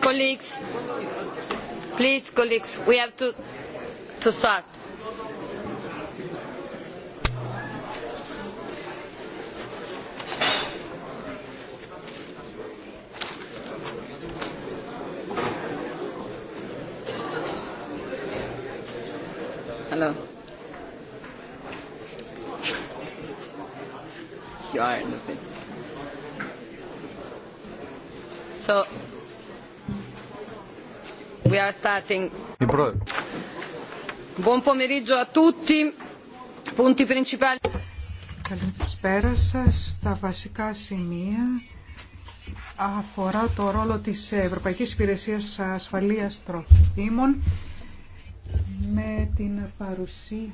Colleagues, please, colleagues, we have to to start. Καλησπέρα σας. Τα βασικά σημεία αφορά το ρόλο της Ευρωπαϊκής Υπηρεσίας Ασφαλείας Τροφίμων με την παρουσία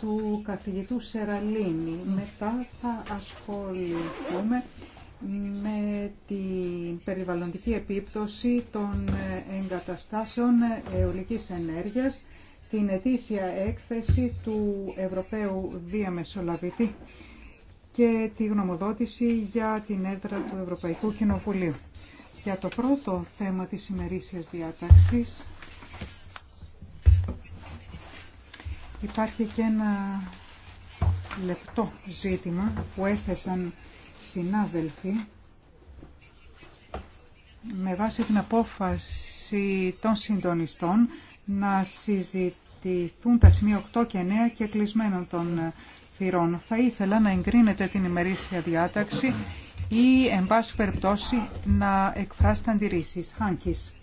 του καθηγητού Σεραλίνη. Μετά θα ασχοληθούμε με την περιβαλλοντική επίπτωση των εγκαταστάσεων αιωλικής ενέργειας, την ετήσια έκθεση του Ευρωπαίου Διαμεσολαβητή και τη γνωμοδότηση για την έδρα του Ευρωπαϊκού Κοινοβουλίου. Για το πρώτο θέμα της ημερήσιας διάταξης υπάρχει και ένα λεπτό ζήτημα που έθεσαν συνάδελφοι, με βάση την απόφαση των συντονιστών να συζητηθούν τα σημεία 8 και 9 και κλεισμένων των θυρών. Θα ήθελα να εγκρίνετε την ημερήσια διάταξη ή, εν πάση περιπτώσει, να εκφράσετε αντιρρήσεις. Χάνκης.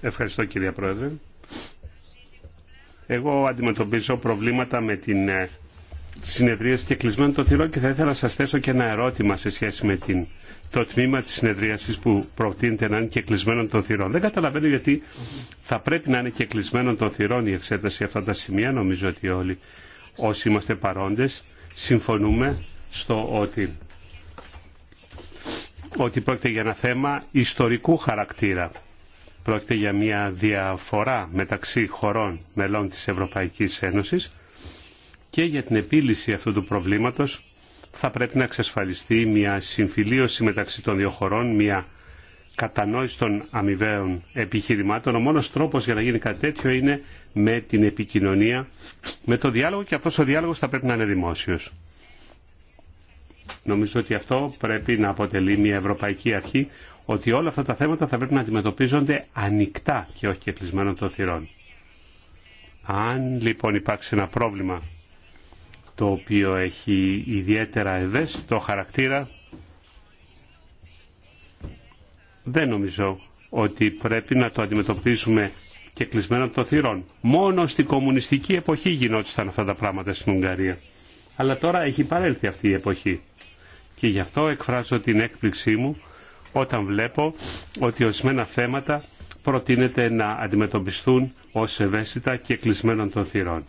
Ευχαριστώ κυρία Πρόεδρε. Εγώ αντιμετωπίζω προβλήματα με την ε, συνεδρίαση και κλεισμένο το θηρόν και θα ήθελα να σας θέσω και ένα ερώτημα σε σχέση με την, το τμήμα της συνεδρίασης που προτείνεται να είναι και κλεισμένο το θηρόν. Δεν καταλαβαίνω γιατί θα πρέπει να είναι και κλεισμένο το θηρόν η εξέταση αυτά τα σημεία. Νομίζω ότι όλοι όσοι είμαστε παρόντες συμφωνούμε στο ότι ότι πρόκειται για ένα θέμα ιστορικού χαρακτήρα. Πρόκειται για μια διαφορά μεταξύ χωρών μελών της Ευρωπαϊκής Ένωσης και για την επίλυση αυτού του προβλήματος θα πρέπει να εξασφαλιστεί μια συμφιλίωση μεταξύ των δύο χωρών, μια κατανόηση των αμοιβαίων επιχειρημάτων. Ο μόνος τρόπος για να γίνει κάτι τέτοιο είναι με την επικοινωνία, με το διάλογο και αυτός ο διάλογος θα πρέπει να είναι δημόσιος. Νομίζω ότι αυτό πρέπει να αποτελεί μια ευρωπαϊκή αρχή ότι όλα αυτά τα θέματα θα πρέπει να αντιμετωπίζονται ανοιχτά και όχι κλεισμένο των θυρών. Αν λοιπόν υπάρξει ένα πρόβλημα το οποίο έχει ιδιαίτερα ευαίσθητο χαρακτήρα. Δεν νομίζω ότι πρέπει να το αντιμετωπίσουμε και κλεισμένο από το θυρών. Μόνο στην κομμουνιστική εποχή γινόταν αυτά τα πράγματα στην Ουγγαρία. Αλλά τώρα έχει παρέλθει αυτή η εποχή. Και γι' αυτό εκφράζω την έκπληξή μου όταν βλέπω ότι ορισμένα θέματα προτείνεται να αντιμετωπιστούν ως ευαίσθητα και κλεισμένων των θυρών.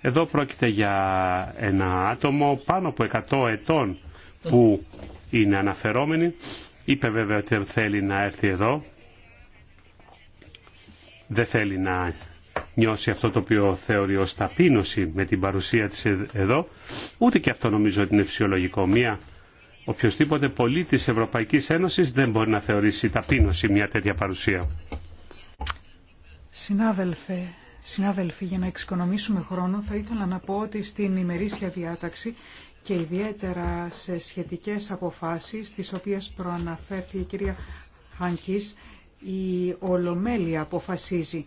Εδώ πρόκειται για ένα άτομο πάνω από 100 ετών που είναι αναφερόμενη. Είπε βέβαια ότι θέλει να έρθει εδώ. Δεν θέλει να νιώσει αυτό το οποίο θεωρεί ως ταπείνωση με την παρουσία της ε, εδώ. Ούτε και αυτό νομίζω ότι είναι φυσιολογικό. Μία οποιοδήποτε πολίτης Ευρωπαϊκής Ένωσης δεν μπορεί να θεωρήσει ταπείνωση μια τέτοια παρουσία. Συνάδελφε, Συνάδελφοι, για να εξοικονομήσουμε χρόνο θα ήθελα να πω ότι στην ημερήσια διάταξη και ιδιαίτερα σε σχετικές αποφάσεις τις οποίες προαναφέρθηκε η κυρία Χάνκης η Ολομέλεια αποφασίζει.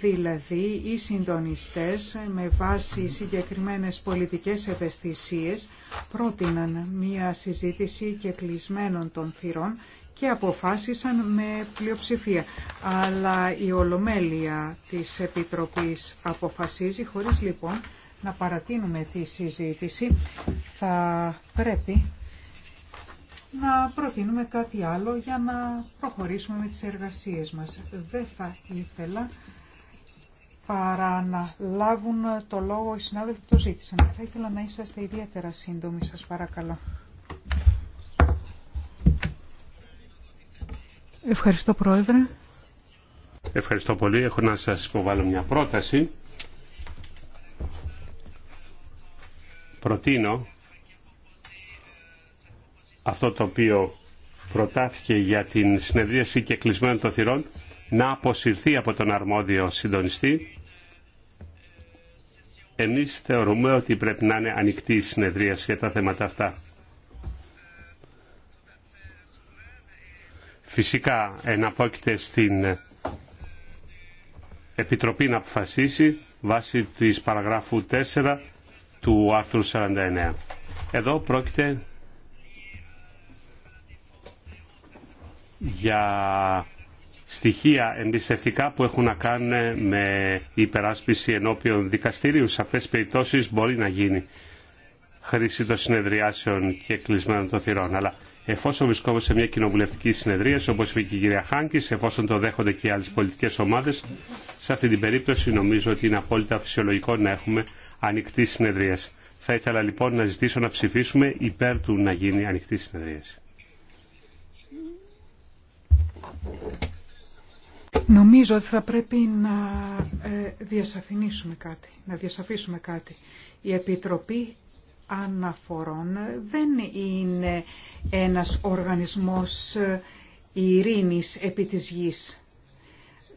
Δηλαδή οι συντονιστές με βάση συγκεκριμένες πολιτικές ευαισθησίες πρότειναν μία συζήτηση και κλεισμένων των θυρών και αποφάσισαν με πλειοψηφία. Αλλά η Ολομέλεια της Επιτροπής αποφασίζει, χωρίς λοιπόν να παρατείνουμε τη συζήτηση, θα πρέπει να προτείνουμε κάτι άλλο για να προχωρήσουμε με τις εργασίες μας. Δεν θα ήθελα παρά να λάβουν το λόγο οι συνάδελφοι που το ζήτησαν. Θα ήθελα να είσαστε ιδιαίτερα σύντομοι, σας παρακαλώ. Ευχαριστώ Πρόεδρε. Ευχαριστώ πολύ. Έχω να σας υποβάλω μια πρόταση. Προτείνω αυτό το οποίο προτάθηκε για την συνεδρίαση και κλεισμένων των θυρών να αποσυρθεί από τον αρμόδιο συντονιστή. Εμείς θεωρούμε ότι πρέπει να είναι ανοιχτή η συνεδρίαση για τα θέματα αυτά. Φυσικά εναπόκειται στην Επιτροπή να αποφασίσει βάσει της παραγράφου 4 του άρθρου 49. Εδώ πρόκειται για στοιχεία εμπιστευτικά που έχουν να κάνουν με υπεράσπιση ενώπιον δικαστήριου. Σε αυτές τις περιπτώσεις μπορεί να γίνει χρήση των συνεδριάσεων και κλεισμένων των θυρών. Αλλά εφόσον βρισκόμαστε σε μια κοινοβουλευτική συνεδρία, όπω είπε και η κυρία Χάνκη, εφόσον το δέχονται και οι άλλε πολιτικέ ομάδε, σε αυτή την περίπτωση νομίζω ότι είναι απόλυτα φυσιολογικό να έχουμε ανοιχτή συνεδρία. Θα ήθελα λοιπόν να ζητήσω να ψηφίσουμε υπέρ του να γίνει ανοιχτή συνεδρία. Νομίζω ότι θα πρέπει να ε, διασαφηνίσουμε κάτι, να διασαφίσουμε κάτι. Η Επιτροπή αναφορών δεν είναι ένας οργανισμός ειρήνης επί της γης.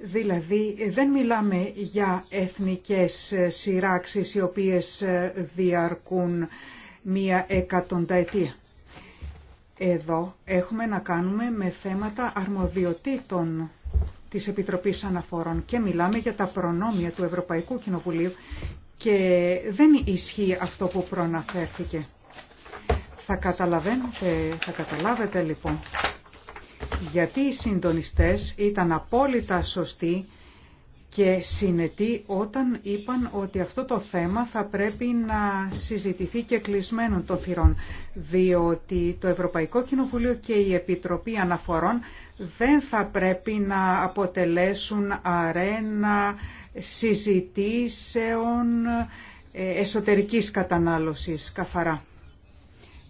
Δηλαδή δεν μιλάμε για εθνικές σειράξεις οι οποίες διαρκούν μία εκατονταετία. Εδώ έχουμε να κάνουμε με θέματα αρμοδιοτήτων της Επιτροπής Αναφορών και μιλάμε για τα προνόμια του Ευρωπαϊκού Κοινοβουλίου και δεν ισχύει αυτό που προαναφέρθηκε. Θα, καταλαβαίνετε, θα καταλάβετε λοιπόν γιατί οι συντονιστές ήταν απόλυτα σωστοί και συνετοί όταν είπαν ότι αυτό το θέμα θα πρέπει να συζητηθεί και κλεισμένων των θυρών, διότι το Ευρωπαϊκό Κοινοβούλιο και η Επιτροπή Αναφορών δεν θα πρέπει να αποτελέσουν αρένα συζητήσεων ε, εσωτερικής κατανάλωσης καθαρά.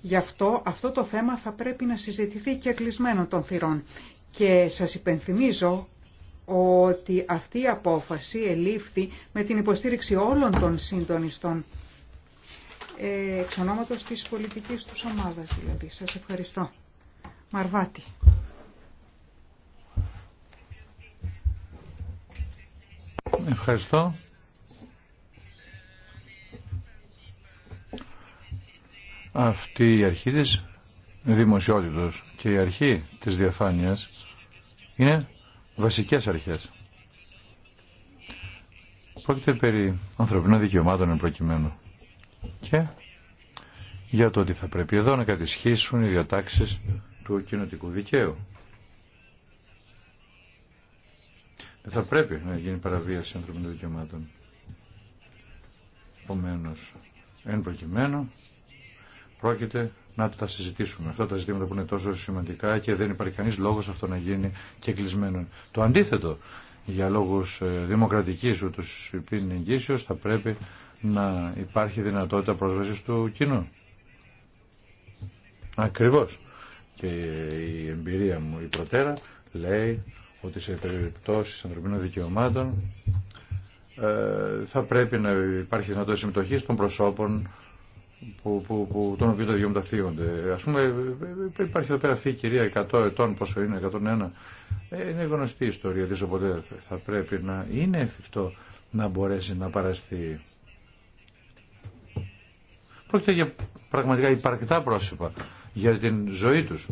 Γι' αυτό αυτό το θέμα θα πρέπει να συζητηθεί και κλεισμένο των θυρών. Και σας υπενθυμίζω ότι αυτή η απόφαση ελήφθη με την υποστήριξη όλων των συντονιστών ε, εξ ονόματος της πολιτικής τους ομάδας δηλαδή. Σας ευχαριστώ. Μαρβάτη. Ευχαριστώ. Αυτή η αρχή της και η αρχή της διαφάνειας είναι βασικές αρχές. Πρόκειται περί ανθρωπινών δικαιωμάτων εν Και για το ότι θα πρέπει εδώ να κατησχίσουν οι διατάξεις του κοινοτικού δικαίου. Δεν θα πρέπει να γίνει παραβίαση ανθρωπίνων δικαιωμάτων. Επομένω, εν προκειμένου, πρόκειται να τα συζητήσουμε. Αυτά τα ζητήματα που είναι τόσο σημαντικά και δεν υπάρχει κανεί λόγο αυτό να γίνει και κλεισμένο. Το αντίθετο, για λόγου ε, δημοκρατική ούτω υπήρνη θα πρέπει να υπάρχει δυνατότητα πρόσβαση του κοινού. Ακριβώ. Και η εμπειρία μου, η προτέρα, λέει ότι σε περιπτώσεις ανθρωπίνων δικαιωμάτων ε, θα πρέπει να υπάρχει δυνατότητα συμμετοχή των προσώπων που, που, που, των οποίων τα δικαιώματα θίγονται. Α πούμε, υπάρχει εδώ πέρα αυτή η κυρία 100 ετών, πόσο είναι, 101. Ε, είναι γνωστή η ιστορία τη, οπότε θα πρέπει να είναι εφικτό να μπορέσει να παραστεί. Πρόκειται για πραγματικά υπαρκτά πρόσωπα για την ζωή τους.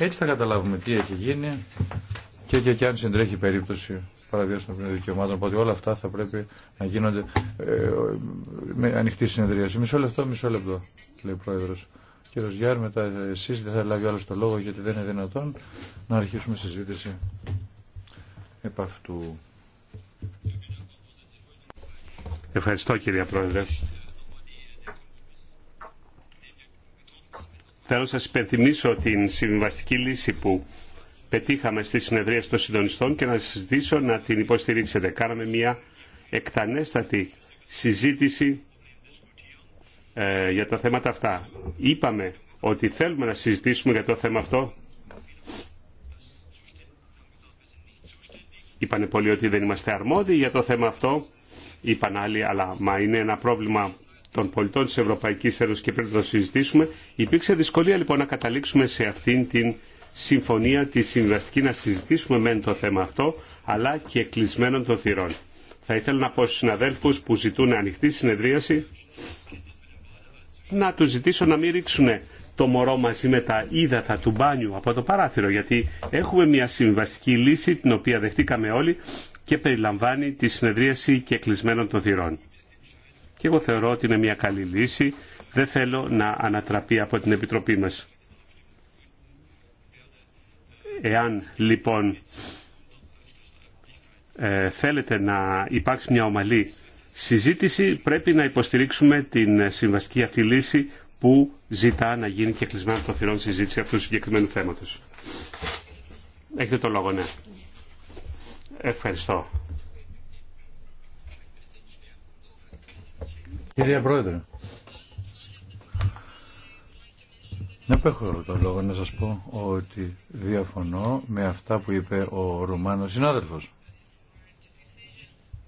Έτσι θα καταλάβουμε τι έχει γίνει και, και, και αν συντρέχει περίπτωση παραβίαση των δικαιωμάτων. Οπότε όλα αυτά θα πρέπει να γίνονται ε, με ανοιχτή συνεδρίαση. Μισό λεπτό, μισό λεπτό, λέει ο Πρόεδρο. Κύριο Γιάρ, μετά εσεί δεν θα λάβει άλλο το λόγο γιατί δεν είναι δυνατόν να αρχίσουμε συζήτηση επ' αυτού. Ευχαριστώ κύριε Πρόεδρε. Θέλω να σας υπενθυμίσω την συμβιβαστική λύση που πετύχαμε στη συνεδρία των συντονιστών και να σας ζητήσω να την υποστηρίξετε. Κάναμε μια εκτανέστατη συζήτηση ε, για τα θέματα αυτά. Είπαμε ότι θέλουμε να συζητήσουμε για το θέμα αυτό. Είπανε πολλοί ότι δεν είμαστε αρμόδιοι για το θέμα αυτό. Είπαν άλλοι, αλλά μα είναι ένα πρόβλημα των πολιτών της Ευρωπαϊκής Ένωσης και πρέπει να το συζητήσουμε. Υπήρξε δυσκολία λοιπόν να καταλήξουμε σε αυτήν την συμφωνία, τη συμβαστική, να συζητήσουμε μεν το θέμα αυτό, αλλά και κλεισμένων των θυρών. Θα ήθελα να πω στους συναδέλφους που ζητούν ανοιχτή συνεδρίαση να τους ζητήσω να μην ρίξουν το μωρό μαζί με τα ύδατα του μπάνιου από το παράθυρο, γιατί έχουμε μια συμβαστική λύση την οποία δεχτήκαμε όλοι και περιλαμβάνει τη συνεδρίαση και κλεισμένων των θυρών και εγώ θεωρώ ότι είναι μια καλή λύση. Δεν θέλω να ανατραπεί από την Επιτροπή μας. Εάν λοιπόν ε, θέλετε να υπάρξει μια ομαλή συζήτηση πρέπει να υποστηρίξουμε την συμβαστική αυτή λύση που ζητά να γίνει και κλεισμένο το θηρόν συζήτηση αυτού του συγκεκριμένου θέματος. Έχετε το λόγο, ναι. Ευχαριστώ. Κυρία Πρόεδρε, να έχω το λόγο να σας πω ότι διαφωνώ με αυτά που είπε ο Ρουμάνος συνάδελφος.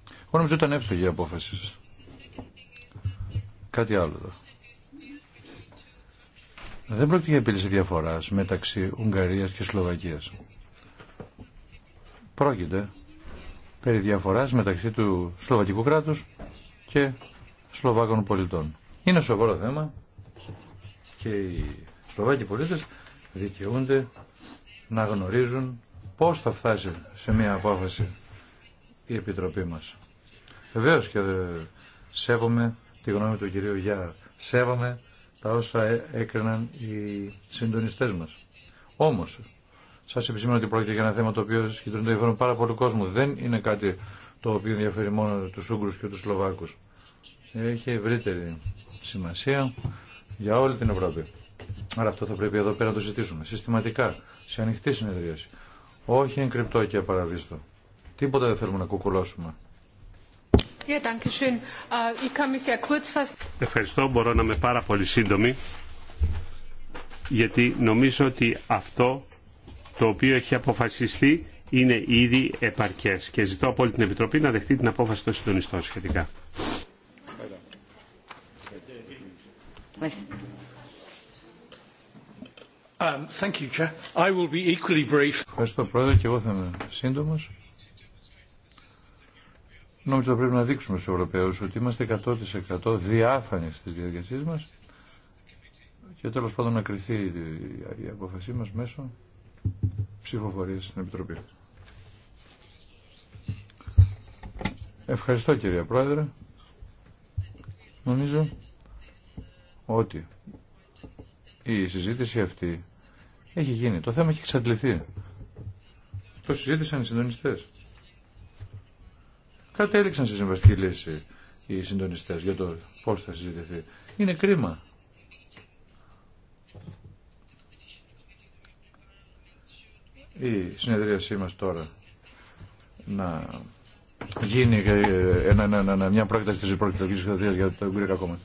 Εγώ νομίζω ήταν εύστοχη η απόφαση Κάτι άλλο εδώ. Δεν πρόκειται για επίλυση διαφοράς μεταξύ Ουγγαρίας και Σλοβακίας. Πρόκειται περί διαφοράς μεταξύ του Σλοβακικού κράτους και Σλοβάκων πολιτών. Είναι σοβαρό θέμα και οι Σλοβάκοι πολίτες δικαιούνται να γνωρίζουν πώς θα φτάσει σε μια απόφαση η Επιτροπή μας. Βεβαίως και σέβομαι τη γνώμη του κυρίου Γιάρ. Σέβομαι τα όσα έκριναν οι συντονιστές μας. Όμως, σας επισημαίνω ότι πρόκειται για ένα θέμα το οποίο συγκεντρώνει το ενδιαφέρον πάρα πολλού κόσμου. Δεν είναι κάτι το οποίο ενδιαφέρει μόνο τους Ούγγρους και του Σλοβάκους έχει ευρύτερη σημασία για όλη την Ευρώπη. Άρα αυτό θα πρέπει εδώ πέρα να το ζητήσουμε συστηματικά, σε ανοιχτή συνεδρίαση. Όχι εν κρυπτό και απαραβίστο. Τίποτα δεν θέλουμε να κουκουλώσουμε. Uh, Ευχαριστώ. Μπορώ να είμαι πάρα πολύ σύντομη γιατί νομίζω ότι αυτό το οποίο έχει αποφασιστεί είναι ήδη επαρκές και ζητώ από όλη την Επιτροπή να δεχτεί την απόφαση των συντονιστών σχετικά. Um, Ευχαριστώ Πρόεδρε και εγώ θα είμαι σύντομος. ότι πρέπει να δείξουμε στους Ευρωπαίους ότι είμαστε 100% διάφανοι στις διαδικασίες μας και τέλο πάντων να κρυθεί η αποφασή μα μέσω ψηφοφορία στην Επιτροπή. Ευχαριστώ κυρία Πρόεδρε. Νομίζω ότι η συζήτηση αυτή έχει γίνει. Το θέμα έχει εξαντληθεί. Το συζήτησαν οι συντονιστές. Κατέληξαν σε συμβαστική λύση οι συντονιστές για το πώς θα συζητηθεί. Είναι κρίμα. Η συνεδρίασή μας τώρα να γίνει ένα, ε, ε, ένα, ένα, μια πρόκληση της προεκλογικής για το Ουγγρικά κόμμα.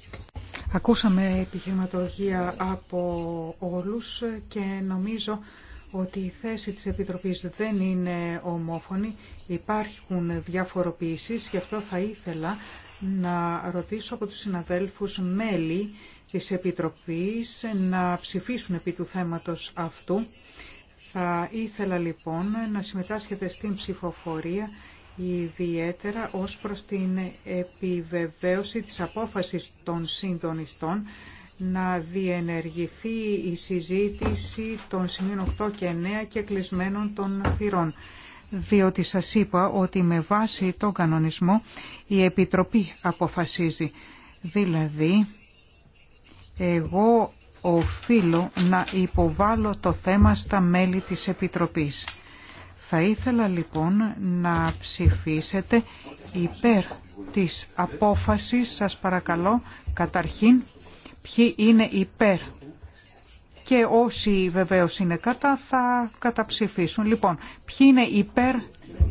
Ακούσαμε επιχειρηματολογία από όλους και νομίζω ότι η θέση της Επιτροπής δεν είναι ομόφωνη. Υπάρχουν διαφοροποιήσεις, και αυτό θα ήθελα να ρωτήσω από τους συναδέλφους μέλη της Επιτροπής να ψηφίσουν επί του θέματος αυτού. Θα ήθελα λοιπόν να συμμετάσχετε στην ψηφοφορία ιδιαίτερα ως προς την επιβεβαίωση της απόφασης των συντονιστών να διενεργηθεί η συζήτηση των σημείων 8 και 9 και κλεισμένων των θυρών. Διότι σας είπα ότι με βάση τον κανονισμό η Επιτροπή αποφασίζει. Δηλαδή, εγώ οφείλω να υποβάλω το θέμα στα μέλη της Επιτροπής. Θα ήθελα λοιπόν να ψηφίσετε υπέρ της απόφασης, σας παρακαλώ, καταρχήν ποιοι είναι υπέρ και όσοι βεβαίως είναι κατά θα καταψηφίσουν. Λοιπόν, ποιοι είναι υπέρ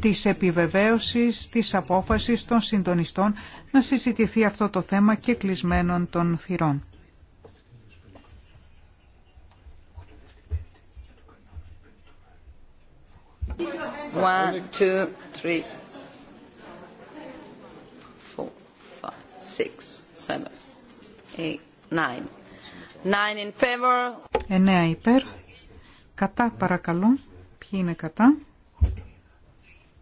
της επιβεβαίωσης της απόφασης των συντονιστών να συζητηθεί αυτό το θέμα και κλεισμένων των θυρών. 1, 2, 3, 4, 5, 6, 7, 8, 9. 9 in favor. 9 υπέρ. Κατά παρακαλώ. Ποιοι είναι κατά.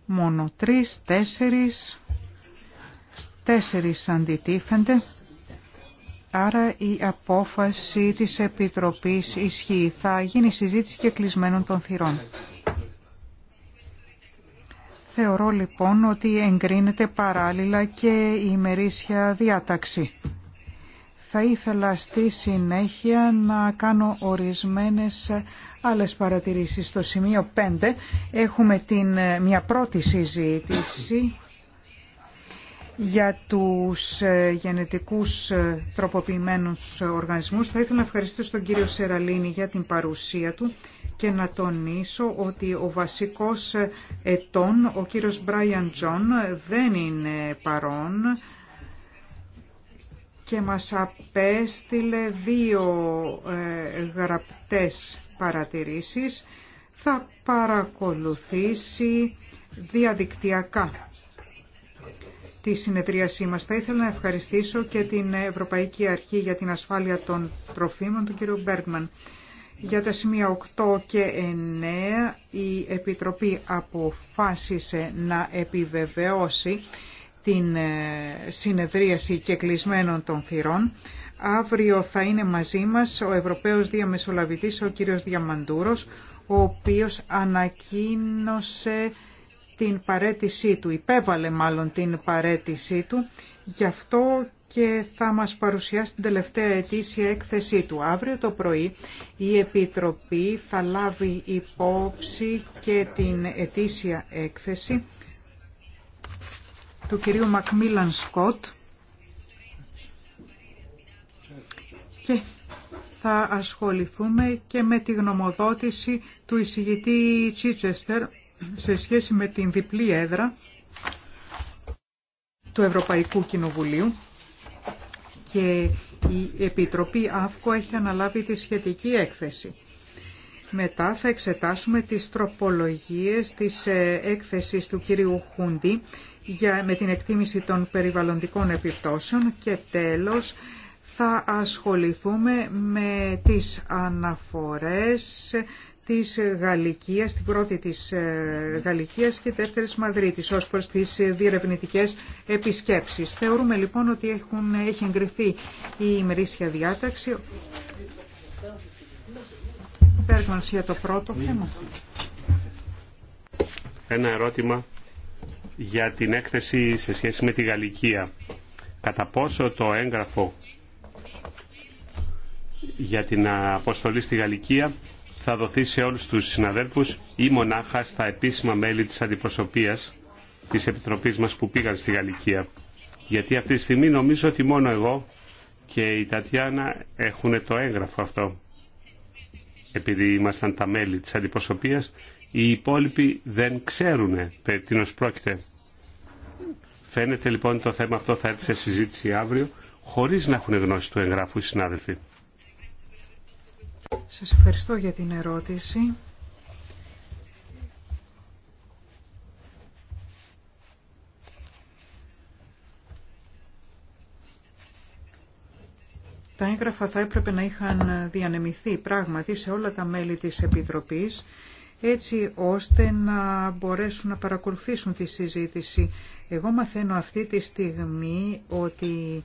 Μόνο 3, 4. 4 αντιτίθενται. Άρα η απόφαση της Επιτροπής ισχύει. Θα γίνει συζήτηση και κλεισμένων των θυρών. Θεωρώ λοιπόν ότι εγκρίνεται παράλληλα και η ημερήσια διάταξη. Θα ήθελα στη συνέχεια να κάνω ορισμένες άλλες παρατηρήσεις. Στο σημείο 5 έχουμε την, μια πρώτη συζήτηση για τους ε, γενετικούς ε, τροποποιημένους οργανισμούς. Θα ήθελα να ευχαριστήσω τον κύριο Σεραλίνη για την παρουσία του και να τονίσω ότι ο βασικός ετών, ο κύριος Μπράιαν Τζον, δεν είναι παρόν και μας απέστειλε δύο ε, γραπτές παρατηρήσεις. Θα παρακολουθήσει διαδικτυακά τη συνεδρίασή μας. Θα ήθελα να ευχαριστήσω και την Ευρωπαϊκή Αρχή για την Ασφάλεια των Τροφίμων, τον κύριο Μπέργμαν. Για τα σημεία 8 και 9 η Επιτροπή αποφάσισε να επιβεβαιώσει την ε, συνεδρίαση και κλεισμένων των θυρών. Αύριο θα είναι μαζί μας ο Ευρωπαίος Διαμεσολαβητής, ο κύριος Διαμαντούρος, ο οποίος ανακοίνωσε την παρέτησή του, υπέβαλε μάλλον την παρέτησή του, γι' αυτό και θα μας παρουσιάσει την τελευταία ετήσια έκθεσή του. Αύριο το πρωί η Επιτροπή θα λάβει υπόψη και την ετήσια έκθεση του κυρίου Μακμίλαν Σκοτ και θα ασχοληθούμε και με τη γνωμοδότηση του εισηγητή Τσίτσεστερ σε σχέση με την διπλή έδρα του Ευρωπαϊκού Κοινοβουλίου και η Επιτροπή ΑΦΚΟ έχει αναλάβει τη σχετική έκθεση. Μετά θα εξετάσουμε τις τροπολογίες της ε, έκθεσης του κυρίου Χούντι για, με την εκτίμηση των περιβαλλοντικών επιπτώσεων και τέλος θα ασχοληθούμε με τις αναφορές της Γαλλικίας, την πρώτη της ε, Γαλλικίας και δεύτερης Μαδρίτης ως προς τις διερευνητικές επισκέψεις. Θεωρούμε λοιπόν ότι έχουν, έχει εγκριθεί η ημερήσια διάταξη. το πρώτο θέμα. Ένα ερώτημα για την έκθεση σε σχέση με τη Γαλλικία. Κατά πόσο το έγγραφο για την αποστολή στη Γαλλικία θα δοθεί σε όλους τους συναδέλφους ή μονάχα στα επίσημα μέλη της αντιπροσωπείας της Επιτροπής μας που πήγαν στη Γαλλικία. Γιατί αυτή τη στιγμή νομίζω ότι μόνο εγώ και η Τατιάνα έχουν το έγγραφο αυτό. Επειδή ήμασταν τα μέλη της αντιπροσωπείας, οι υπόλοιποι δεν ξέρουν περί τίνος πρόκειται. Φαίνεται λοιπόν το θέμα αυτό θα έρθει σε συζήτηση αύριο, χωρίς να έχουν γνώση του εγγράφου οι συνάδελφοι. Σας ευχαριστώ για την ερώτηση. Τα έγγραφα θα έπρεπε να είχαν διανεμηθεί πράγματι σε όλα τα μέλη της Επιτροπής έτσι ώστε να μπορέσουν να παρακολουθήσουν τη συζήτηση. Εγώ μαθαίνω αυτή τη στιγμή ότι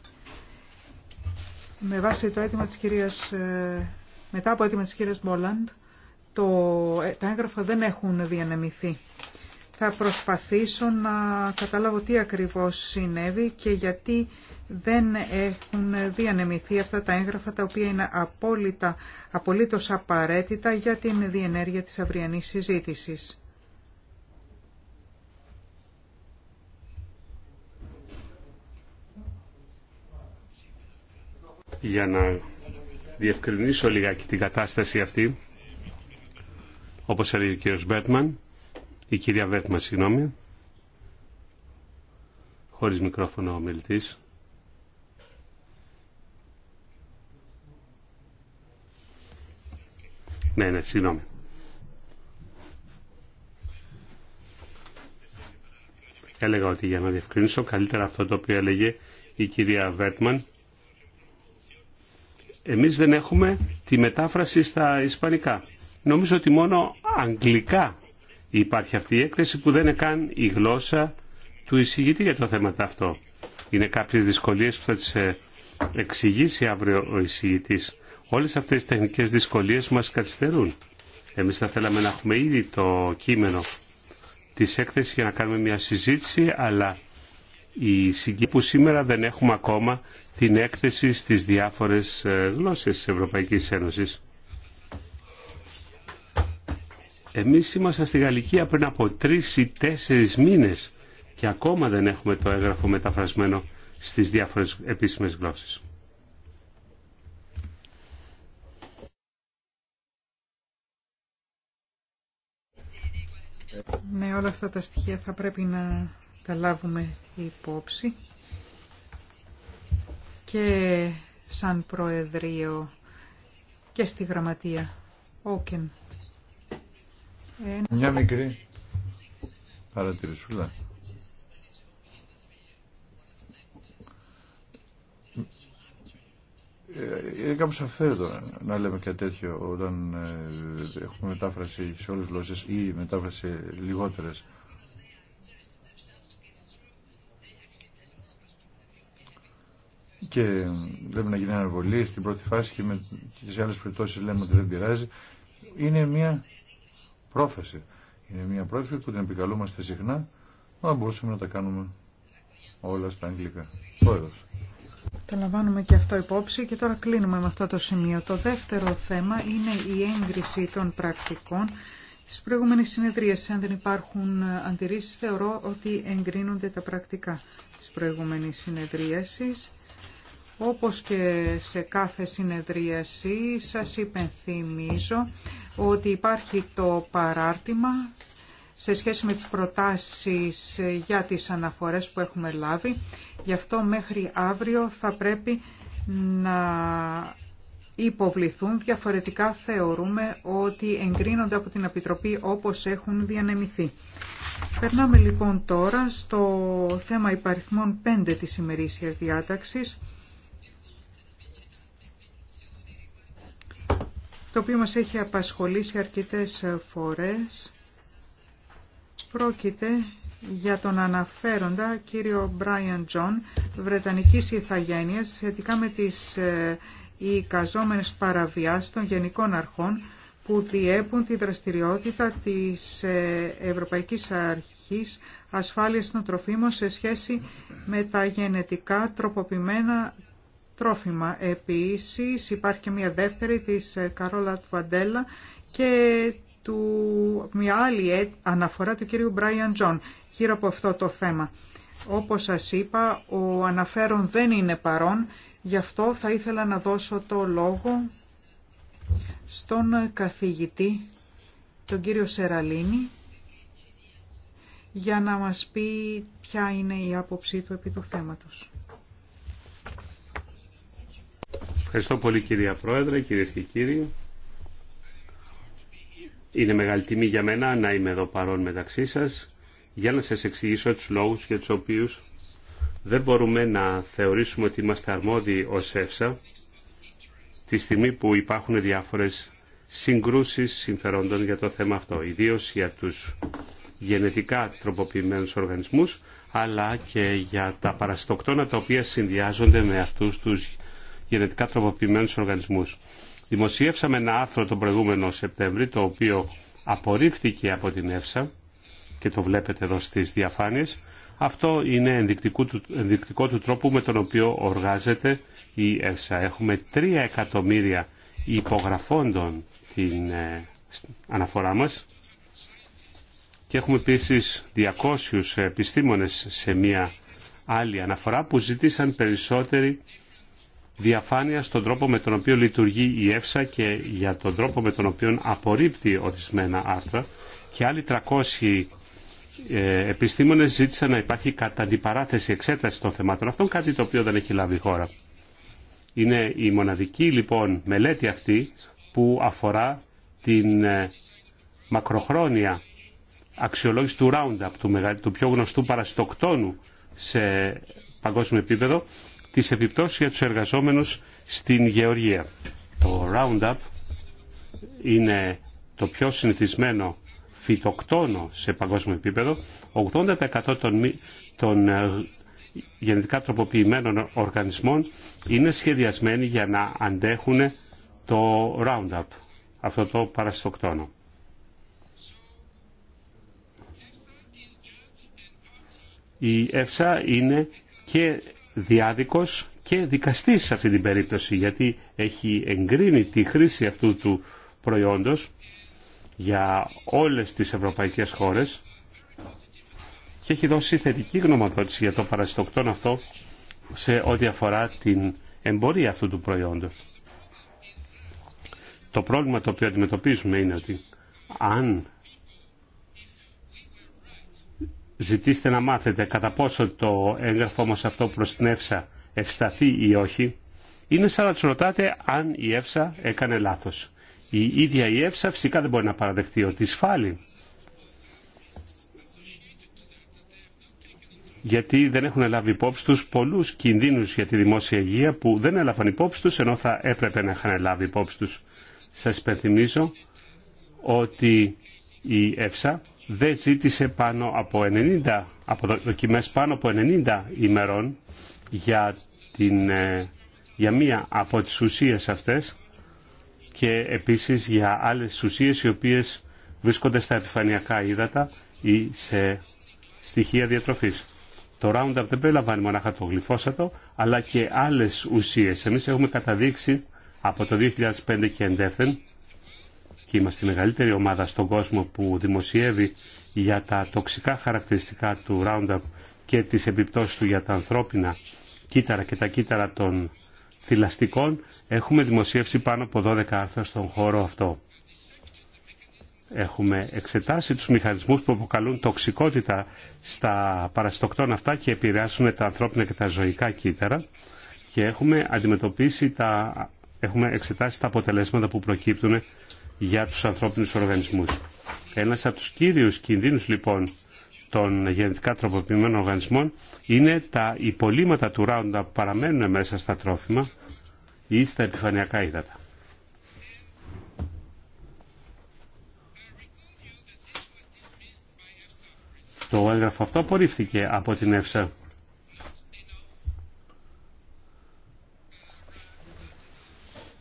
με βάση το αίτημα της κυρίας ε, μετά από έτοιμα της κυρίας Μπόλαντ, ε, τα έγγραφα δεν έχουν διανεμηθεί. Θα προσπαθήσω να καταλάβω τι ακριβώς συνέβη και γιατί δεν έχουν διανεμηθεί αυτά τα έγγραφα τα οποία είναι απόλυτα, απολύτως απαραίτητα για την διενέργεια της αυριανής συζήτησης. Για να διευκρινίσω λιγάκι την κατάσταση αυτή. Όπως έλεγε ο κύριος Μπέρτμαν, η κυρία Βέρτμαν, συγγνώμη, χωρίς μικρόφωνο ο μιλητής. Ναι, ναι, συγγνώμη. Έλεγα ότι για να διευκρινίσω καλύτερα αυτό το οποίο έλεγε η κυρία Βέρτμαν εμείς δεν έχουμε τη μετάφραση στα ισπανικά. Νομίζω ότι μόνο αγγλικά υπάρχει αυτή η έκθεση που δεν είναι καν η γλώσσα του εισηγητή για το θέμα αυτό. Είναι κάποιες δυσκολίες που θα τις ε, εξηγήσει αύριο ο εισηγητής. Όλες αυτές οι τεχνικές δυσκολίες μας καθυστερούν. Εμείς θα θέλαμε να έχουμε ήδη το κείμενο της έκθεσης για να κάνουμε μια συζήτηση, αλλά η συγκή που σήμερα δεν έχουμε ακόμα την έκθεση στις διάφορες ε, γλώσσες της Ευρωπαϊκής Ένωσης. Εμείς ήμασταν στη Γαλλικία πριν από τρεις ή τέσσερις μήνες και ακόμα δεν έχουμε το έγγραφο μεταφρασμένο στις διάφορες επίσημες γλώσσες. Με όλα αυτά τα στοιχεία θα πρέπει να τα λάβουμε υπόψη και σαν Προεδρείο και στη Γραμματεία. Όκεν. Μια μικρή παρατηρησούλα. Ε, είναι κάπως αφαίρετο να λέμε κάτι τέτοιο όταν ε, έχουμε μετάφραση σε όλες τις γλώσσες ή μετάφραση λιγότερες. και βλέπουμε να γίνει αναβολή στην πρώτη φάση και, με, και σε άλλες περιπτώσεις λέμε ότι δεν πειράζει. Είναι μια πρόφαση. Είναι μια πρόφαση που την επικαλούμαστε συχνά, αλλά μπορούσαμε να τα κάνουμε όλα στα αγγλικά. Πόδος. Τα λαμβάνουμε και αυτό υπόψη και τώρα κλείνουμε με αυτό το σημείο. Το δεύτερο θέμα είναι η έγκριση των πρακτικών. Στις προηγούμενες συνεδρίες, αν δεν υπάρχουν αντιρρήσεις, θεωρώ ότι εγκρίνονται τα πρακτικά της προηγούμενης συνεδρίασης. Όπως και σε κάθε συνεδρίαση σας υπενθυμίζω ότι υπάρχει το παράρτημα σε σχέση με τις προτάσεις για τις αναφορές που έχουμε λάβει. Γι' αυτό μέχρι αύριο θα πρέπει να υποβληθούν. Διαφορετικά θεωρούμε ότι εγκρίνονται από την Επιτροπή όπως έχουν διανεμηθεί. Περνάμε λοιπόν τώρα στο θέμα υπαριθμών 5 της ημερήσιας διάταξης. το οποίο μας έχει απασχολήσει αρκετές φορές. Πρόκειται για τον αναφέροντα κύριο Μπράιαν Τζον, Βρετανικής Ιθαγένειας, σχετικά με τις ε, εικαζόμενες παραβιάσεις των γενικών αρχών που διέπουν τη δραστηριότητα της ε, Ευρωπαϊκής Αρχής Ασφάλειας των Τροφίμων σε σχέση με τα γενετικά τροποποιημένα τρόφιμα. Επίσης υπάρχει και μια δεύτερη της ε, Καρόλα Τουαντέλα και του, μια άλλη ε, αναφορά του κυρίου Μπράιαν Τζον γύρω από αυτό το θέμα. Όπως σας είπα, ο αναφέρον δεν είναι παρόν, γι' αυτό θα ήθελα να δώσω το λόγο στον καθηγητή, τον κύριο Σεραλίνη, για να μας πει ποια είναι η άποψή του επί του θέματος. Ευχαριστώ πολύ κυρία Πρόεδρε, κυρίε και κύριοι. Είναι μεγάλη τιμή για μένα να είμαι εδώ παρόν μεταξύ σας για να σας εξηγήσω τους λόγους για τους οποίους δεν μπορούμε να θεωρήσουμε ότι είμαστε αρμόδιοι ως ΕΦΣΑ τη στιγμή που υπάρχουν διάφορες συγκρούσεις συμφερόντων για το θέμα αυτό, ιδίω για τους γενετικά τροποποιημένους οργανισμούς αλλά και για τα παραστοκτόνα τα οποία συνδυάζονται με αυτούς τους γενετικά τροποποιημένους οργανισμούς. Δημοσιεύσαμε ένα άρθρο τον προηγούμενο Σεπτέμβρη, το οποίο απορρίφθηκε από την ΕΦΣΑ και το βλέπετε εδώ στις διαφάνειες. Αυτό είναι ενδεικτικό του, τρόπου με τον οποίο οργάζεται η ΕΦΣΑ. Έχουμε 3 εκατομμύρια υπογραφόντων την ε, αναφορά μας και έχουμε επίσης 200 επιστήμονες σε μια άλλη αναφορά που ζητήσαν περισσότερη διαφάνεια στον τρόπο με τον οποίο λειτουργεί η ΕΦΣΑ και για τον τρόπο με τον οποίο απορρίπτει ορισμένα άρθρα και άλλοι 300 ε, επιστήμονες ζήτησαν να υπάρχει κατά αντιπαράθεση εξέταση των θεμάτων αυτών, κάτι το οποίο δεν έχει λάβει η χώρα. Είναι η μοναδική λοιπόν μελέτη αυτή που αφορά την ε, μακροχρόνια αξιολόγηση του Roundup, του, του πιο γνωστού παραστοκτόνου σε παγκόσμιο επίπεδο τις επιπτώσεις για τους εργαζόμενους στην γεωργία. Το Roundup είναι το πιο συνηθισμένο φυτοκτόνο σε παγκόσμιο επίπεδο. 80% των, των ε, γενετικά τροποποιημένων οργανισμών είναι σχεδιασμένοι για να αντέχουν το Roundup, αυτό το παραστοκτόνο. Η ΕΦΣΑ είναι και διάδικος και δικαστής σε αυτή την περίπτωση γιατί έχει εγκρίνει τη χρήση αυτού του προϊόντος για όλες τις ευρωπαϊκές χώρες και έχει δώσει θετική γνωμοδότηση για το παραστοκτόν αυτό σε ό,τι αφορά την εμπορία αυτού του προϊόντος. Το πρόβλημα το οποίο αντιμετωπίζουμε είναι ότι αν ζητήστε να μάθετε κατά πόσο το έγγραφό μας αυτό προς την ΕΦΣΑ ευσταθεί ή όχι, είναι σαν να του ρωτάτε αν η ΕΦΣΑ έκανε λάθος. Η ίδια η ΕΦΣΑ φυσικά δεν μπορεί να παραδεχτεί ότι σφάλει. γιατί δεν έχουν λάβει υπόψη τους πολλούς κινδύνους για τη δημόσια υγεία που δεν έλαβαν υπόψη τους ενώ θα έπρεπε να είχαν λάβει υπόψη τους. Σας υπενθυμίζω ότι η ΕΦΣΑ δεν ζήτησε πάνω από 90, από δοκιμές πάνω από 90 ημερών για, την, ε, για μία από τις ουσίες αυτές και επίσης για άλλες ουσίες οι οποίες βρίσκονται στα επιφανειακά ύδατα ή σε στοιχεία διατροφής. Το Roundup δεν περιλαμβάνει μονάχα το γλυφόσατο, αλλά και άλλες ουσίες. Εμείς έχουμε καταδείξει από το 2005 και εντεύθεν και είμαστε η μεγαλύτερη ομάδα στον κόσμο που δημοσιεύει για τα τοξικά χαρακτηριστικά του Roundup και τις επιπτώσεις του για τα ανθρώπινα κύτταρα και τα κύτταρα των θηλαστικών, έχουμε δημοσιεύσει πάνω από 12 άρθρα στον χώρο αυτό. Έχουμε εξετάσει τους μηχανισμούς που αποκαλούν τοξικότητα στα παραστοκτών αυτά και επηρεάσουν τα ανθρώπινα και τα ζωικά κύτταρα και έχουμε αντιμετωπίσει τα... Έχουμε εξετάσει τα αποτελέσματα που προκύπτουν για τους ανθρώπινους οργανισμούς. Ένας από τους κύριους κινδύνους λοιπόν των γενετικά τροποποιημένων οργανισμών είναι τα υπολείμματα του ράουντα που παραμένουν μέσα στα τρόφιμα ή στα επιφανειακά ύδατα. Το έγγραφο αυτό απορρίφθηκε από την ΕΦΣΑ.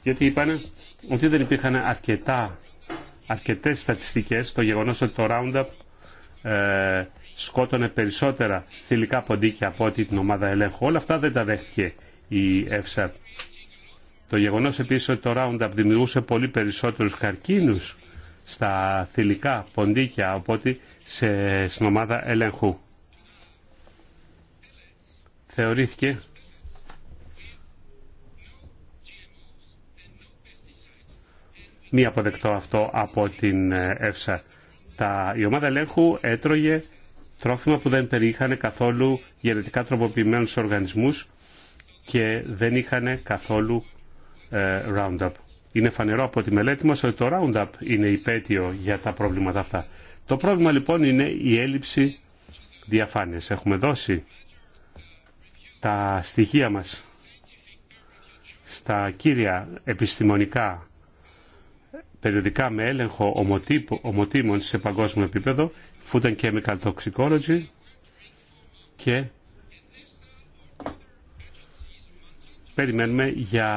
Γιατί είπανε ότι δεν υπήρχαν αρκετά, αρκετές στατιστικές το γεγονός ότι το Roundup ε, σκότωνε περισσότερα θηλυκά ποντίκια από ό,τι την ομάδα ελέγχου. Όλα αυτά δεν τα δέχτηκε η ΕΦΣΑ. Το γεγονός επίσης ότι το Roundup δημιουργούσε πολύ περισσότερους καρκίνους στα θηλυκά ποντίκια από ό,τι σε, στην ομάδα ελέγχου. Θεωρήθηκε μη αποδεκτό αυτό από την ε, ΕΦΣΑ. Τα, η ομάδα ελέγχου έτρωγε τρόφιμα που δεν περιείχαν καθόλου γενετικά τροποποιημένους οργανισμούς και δεν είχαν καθόλου ε, Roundup. Είναι φανερό από τη μελέτη μας ότι το Roundup είναι υπέτειο για τα προβλήματα αυτά. Το πρόβλημα λοιπόν είναι η έλλειψη διαφάνειας. Έχουμε δώσει τα στοιχεία μας στα κύρια επιστημονικά περιοδικά με έλεγχο ομοτήμων σε παγκόσμιο επίπεδο, Food and Chemical Toxicology και περιμένουμε για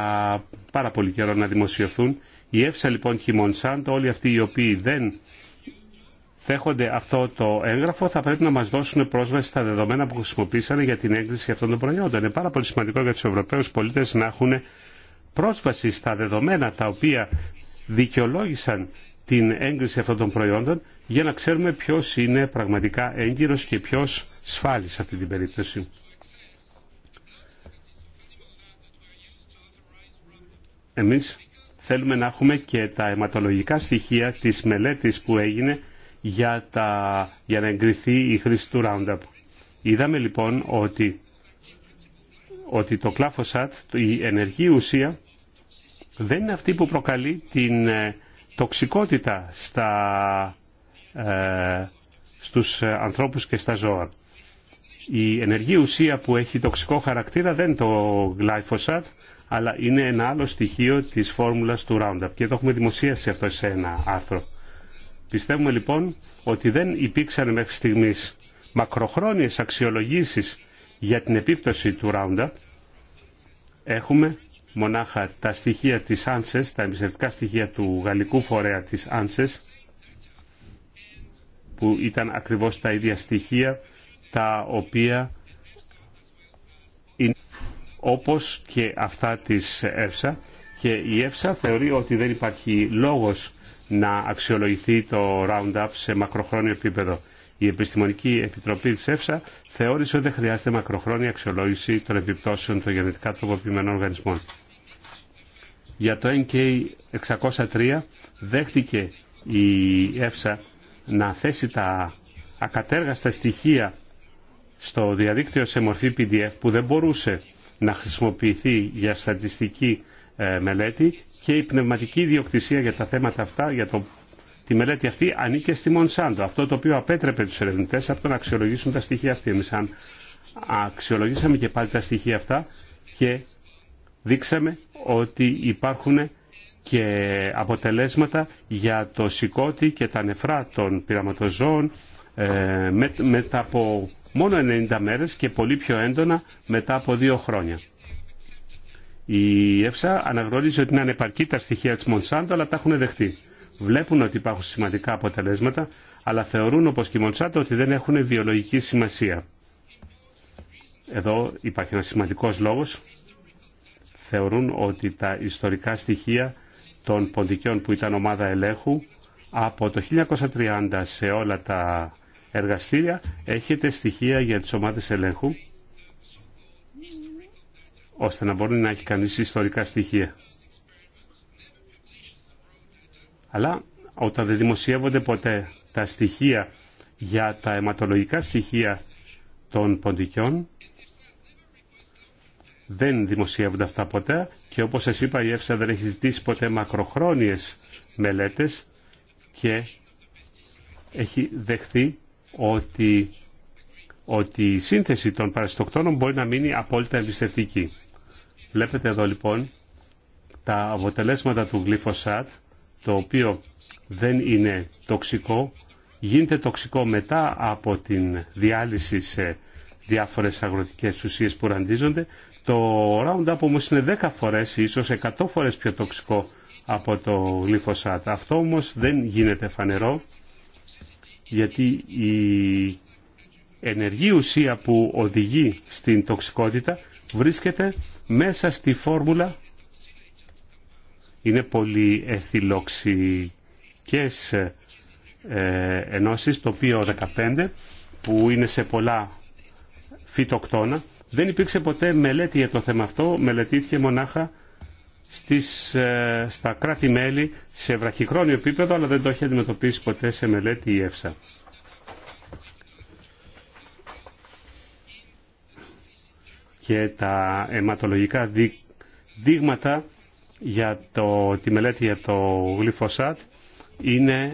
πάρα πολύ καιρό να δημοσιευθούν. Η ΕΦΣΑ λοιπόν και η Μονσάντο, όλοι αυτοί οι οποίοι δεν δέχονται αυτό το έγγραφο, θα πρέπει να μας δώσουν πρόσβαση στα δεδομένα που χρησιμοποίησαν για την έγκριση αυτών των προϊόντων. Είναι πάρα πολύ σημαντικό για τους Ευρωπαίους πολίτες να έχουν πρόσβαση στα δεδομένα τα οποία δικαιολόγησαν την έγκριση αυτών των προϊόντων για να ξέρουμε ποιος είναι πραγματικά έγκυρος και ποιος σφάλει σε αυτή την περίπτωση. Εμείς θέλουμε να έχουμε και τα αιματολογικά στοιχεία της μελέτης που έγινε για, τα, για να εγκριθεί η χρήση του Roundup. Είδαμε λοιπόν ότι, ότι το κλάφοσατ, η ενεργή ουσία, δεν είναι αυτή που προκαλεί την ε, τοξικότητα στα, ε, στους ε, ανθρώπους και στα ζώα. Η ενεργή ουσία που έχει τοξικό χαρακτήρα δεν είναι το γλαϊφωσάτ, αλλά είναι ένα άλλο στοιχείο της φόρμουλας του Roundup και το έχουμε δημοσίασει αυτό σε ένα άρθρο. Πιστεύουμε λοιπόν ότι δεν υπήρξαν μέχρι στιγμής μακροχρόνιες αξιολογήσεις για την επίπτωση του Roundup. Έχουμε μονάχα τα στοιχεία της Άνσες, τα εμπιστευτικά στοιχεία του γαλλικού φορέα της Άνσες, που ήταν ακριβώς τα ίδια στοιχεία, τα οποία είναι όπως και αυτά της ΕΦΣΑ. Και η ΕΦΣΑ θεωρεί ότι δεν υπάρχει λόγος να αξιολογηθεί το Roundup σε μακροχρόνιο επίπεδο. Η Επιστημονική Επιτροπή της ΕΦΣΑ θεώρησε ότι δεν χρειάζεται μακροχρόνια αξιολόγηση των επιπτώσεων των γενετικά τροποποιημένων οργανισμών. Για το NK603 δέχτηκε η ΕΦΣΑ να θέσει τα ακατέργαστα στοιχεία στο διαδίκτυο σε μορφή PDF που δεν μπορούσε να χρησιμοποιηθεί για στατιστική ε, μελέτη και η πνευματική ιδιοκτησία για τα θέματα αυτά, για το, τη μελέτη αυτή, ανήκε στη Μονσάντο. Αυτό το οποίο απέτρεπε τους ερευνητές από το να αξιολογήσουν τα στοιχεία αυτή. Εμείς αξιολογήσαμε και πάλι τα στοιχεία αυτά και δείξαμε ότι υπάρχουν και αποτελέσματα για το σηκώτη και τα νεφρά των πειραματοζώων ε, μετά από μόνο 90 μέρες και πολύ πιο έντονα μετά από δύο χρόνια. Η ΕΦΣΑ αναγνωρίζει ότι είναι ανεπαρκή τα στοιχεία της Μονσάντο, αλλά τα έχουν δεχτεί. Βλέπουν ότι υπάρχουν σημαντικά αποτελέσματα, αλλά θεωρούν, όπως και η Μονσάντο, ότι δεν έχουν βιολογική σημασία. Εδώ υπάρχει ένας σημαντικός λόγος θεωρούν ότι τα ιστορικά στοιχεία των ποντικιών που ήταν ομάδα ελέγχου από το 1930 σε όλα τα εργαστήρια έχετε στοιχεία για τις ομάδες ελέγχου ώστε να μπορεί να έχει κανείς ιστορικά στοιχεία. Αλλά όταν δεν δημοσιεύονται ποτέ τα στοιχεία για τα αιματολογικά στοιχεία των ποντικιών δεν δημοσιεύονται αυτά ποτέ και όπως σας είπα η ΕΦΣΑ δεν έχει ζητήσει ποτέ μακροχρόνιες μελέτες και έχει δεχθεί ότι, ότι η σύνθεση των παραστοκτώνων μπορεί να μείνει απόλυτα εμπιστευτική. Βλέπετε εδώ λοιπόν τα αποτελέσματα του γλυφοσάτ το οποίο δεν είναι τοξικό γίνεται τοξικό μετά από την διάλυση σε διάφορες αγροτικές ουσίες που ραντίζονται το Roundup όμως είναι 10 φορές ή ίσως 100 φορές πιο τοξικό από το γλυφοσάτ. Αυτό όμως δεν γίνεται φανερό γιατί η ενεργή ουσία που οδηγεί στην τοξικότητα βρίσκεται μέσα στη φόρμουλα είναι πολύ εθιλοξικές ε, ενώσεις, το οποίο 15 που είναι σε πολλά φυτοκτόνα δεν υπήρξε ποτέ μελέτη για το θέμα αυτό, μελετήθηκε μονάχα στις, ε, στα κράτη-μέλη σε βραχυχρόνιο επίπεδο, αλλά δεν το έχει αντιμετωπίσει ποτέ σε μελέτη η ΕΦΣΑ. Και τα αιματολογικά δείγματα για το, τη μελέτη για το γλυφοσάτ είναι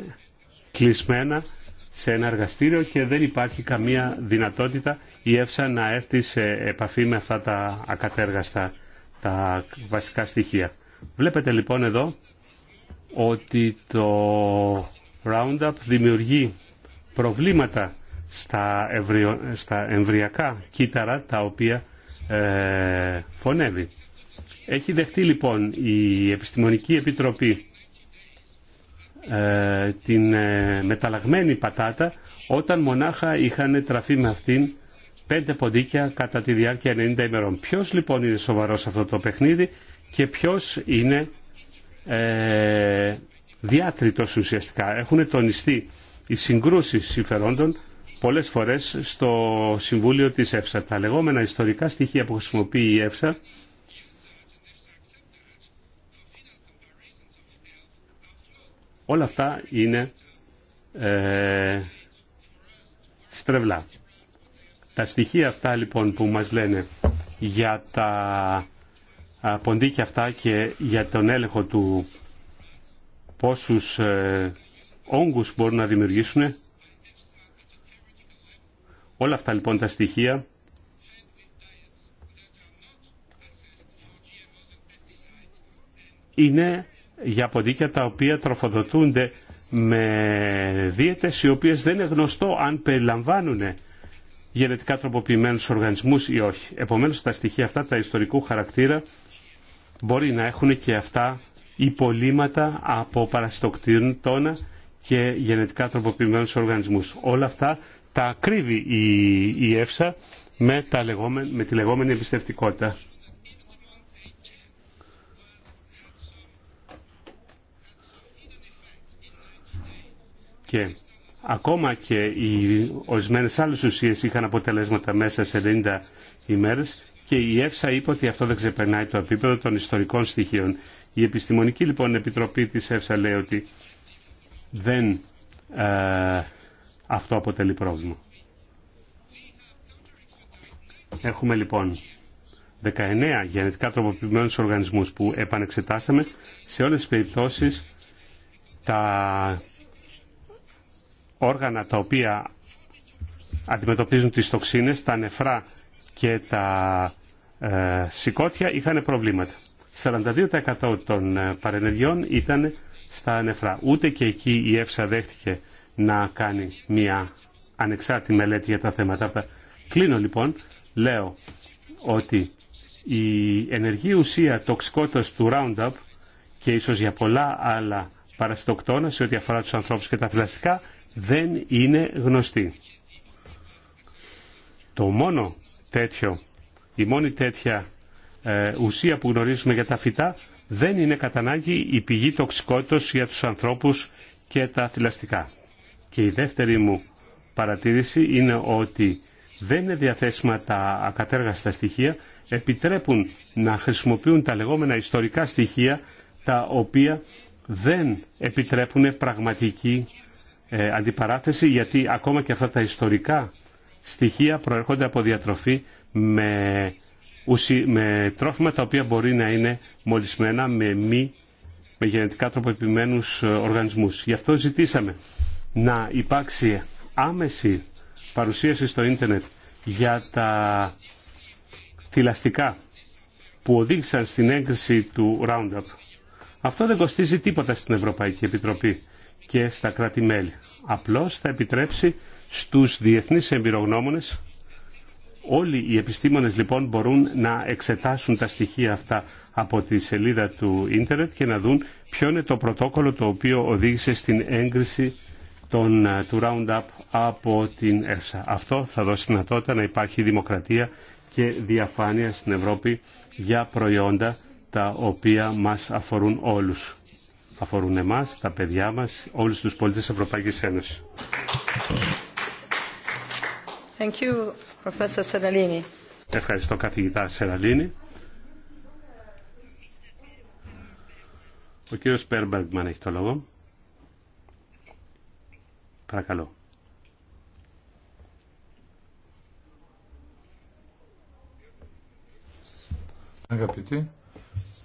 κλεισμένα σε ένα εργαστήριο και δεν υπάρχει καμία δυνατότητα η ΕΦΣΑ να έρθει σε επαφή με αυτά τα ακατέργαστα, τα βασικά στοιχεία. Βλέπετε λοιπόν εδώ ότι το Roundup δημιουργεί προβλήματα στα, ευρυο, στα εμβριακά κύτταρα τα οποία ε, φωνεύει. Έχει δεχτεί λοιπόν η Επιστημονική Επιτροπή ε, την ε, μεταλλαγμένη πατάτα όταν μονάχα είχαν τραφεί με αυτήν πέντε ποντίκια κατά τη διάρκεια 90 ημερών. Ποιο λοιπόν είναι σε αυτό το παιχνίδι και ποιο είναι ε, ουσιαστικά. Έχουν τονιστεί οι συγκρούσεις συμφερόντων πολλές φορές στο Συμβούλιο της ΕΦΣΑ. Τα λεγόμενα ιστορικά στοιχεία που χρησιμοποιεί η ΕΦΣΑ όλα αυτά είναι ε, στρεβλά. Τα στοιχεία αυτά λοιπόν που μας λένε για τα ποντίκια αυτά και για τον έλεγχο του πόσους ε, όγκους μπορούν να δημιουργήσουν. Όλα αυτά λοιπόν τα στοιχεία είναι για ποντίκια τα οποία τροφοδοτούνται με δίαιτες οι οποίες δεν είναι γνωστό αν περιλαμβάνουν γενετικά τροποποιημένους οργανισμούς ή όχι. Επομένως τα στοιχεία αυτά τα ιστορικού χαρακτήρα μπορεί να έχουν και αυτά υπολείμματα από τόνα και γενετικά τροποποιημένους οργανισμούς. Όλα αυτά τα κρύβει η, η ΕΦΣΑ με, τα με τη λεγόμενη εμπιστευτικότητα. Και ακόμα και οι ορισμένε άλλε ουσίε είχαν αποτελέσματα μέσα σε 90 ημέρε και η ΕΦΣΑ είπε ότι αυτό δεν ξεπερνάει το επίπεδο των ιστορικών στοιχείων. Η επιστημονική λοιπόν επιτροπή τη ΕΦΣΑ λέει ότι δεν ε, αυτό αποτελεί πρόβλημα. Έχουμε λοιπόν 19 γενετικά τροποποιημένους οργανισμούς που επανεξετάσαμε. Σε όλες τις περιπτώσεις τα όργανα τα οποία αντιμετωπίζουν τις τοξίνες, τα νεφρά και τα ε, σηκώτια είχαν προβλήματα. 42% των ε, παρενεργειών ήταν στα νεφρά. Ούτε και εκεί η ΕΦΣΑ δέχτηκε να κάνει μια ανεξάρτητη μελέτη για τα θέματα αυτά. Κλείνω λοιπόν, λέω ότι η ενεργή ουσία τοξικότητας του Roundup και ίσως για πολλά άλλα παρασιτοκτόνα σε ό,τι αφορά τους ανθρώπους και τα φυλαστικά δεν είναι γνωστή. Το μόνο τέτοιο, η μόνη τέτοια ε, ουσία που γνωρίζουμε για τα φυτά δεν είναι κατά ανάγκη η πηγή τοξικότητας για τους ανθρώπους και τα θηλαστικά. Και η δεύτερη μου παρατήρηση είναι ότι δεν είναι διαθέσιμα τα ακατέργαστα στοιχεία, επιτρέπουν να χρησιμοποιούν τα λεγόμενα ιστορικά στοιχεία τα οποία δεν επιτρέπουν πραγματική ε, αντιπαράθεση γιατί ακόμα και αυτά τα ιστορικά στοιχεία προέρχονται από διατροφή με, με τρόφιμα τα οποία μπορεί να είναι μολυσμένα με μη με γενετικά τροποποιημένους ε, οργανισμούς. Γι' αυτό ζητήσαμε να υπάρξει άμεση παρουσίαση στο ίντερνετ για τα θηλαστικά που οδήγησαν στην έγκριση του Roundup. Αυτό δεν κοστίζει τίποτα στην Ευρωπαϊκή Επιτροπή και στα κράτη-μέλη. Απλώς θα επιτρέψει στους διεθνείς εμπειρογνώμονες Όλοι οι επιστήμονες λοιπόν μπορούν να εξετάσουν τα στοιχεία αυτά από τη σελίδα του ίντερνετ και να δουν ποιο είναι το πρωτόκολλο το οποίο οδήγησε στην έγκριση των, ε, του Roundup από την ΕΦΣΑ. Αυτό θα δώσει δυνατότητα να υπάρχει δημοκρατία και διαφάνεια στην Ευρώπη για προϊόντα τα οποία μας αφορούν όλους αφορούν εμάς, τα παιδιά μας, όλους τους πολίτες της Ευρωπαϊκής Ένωσης. Thank Ευχαριστώ καθηγητά Σεραλίνη. Ο κύριος Πέρμπεργκμαν έχει το λόγο. Παρακαλώ. Αγαπητοί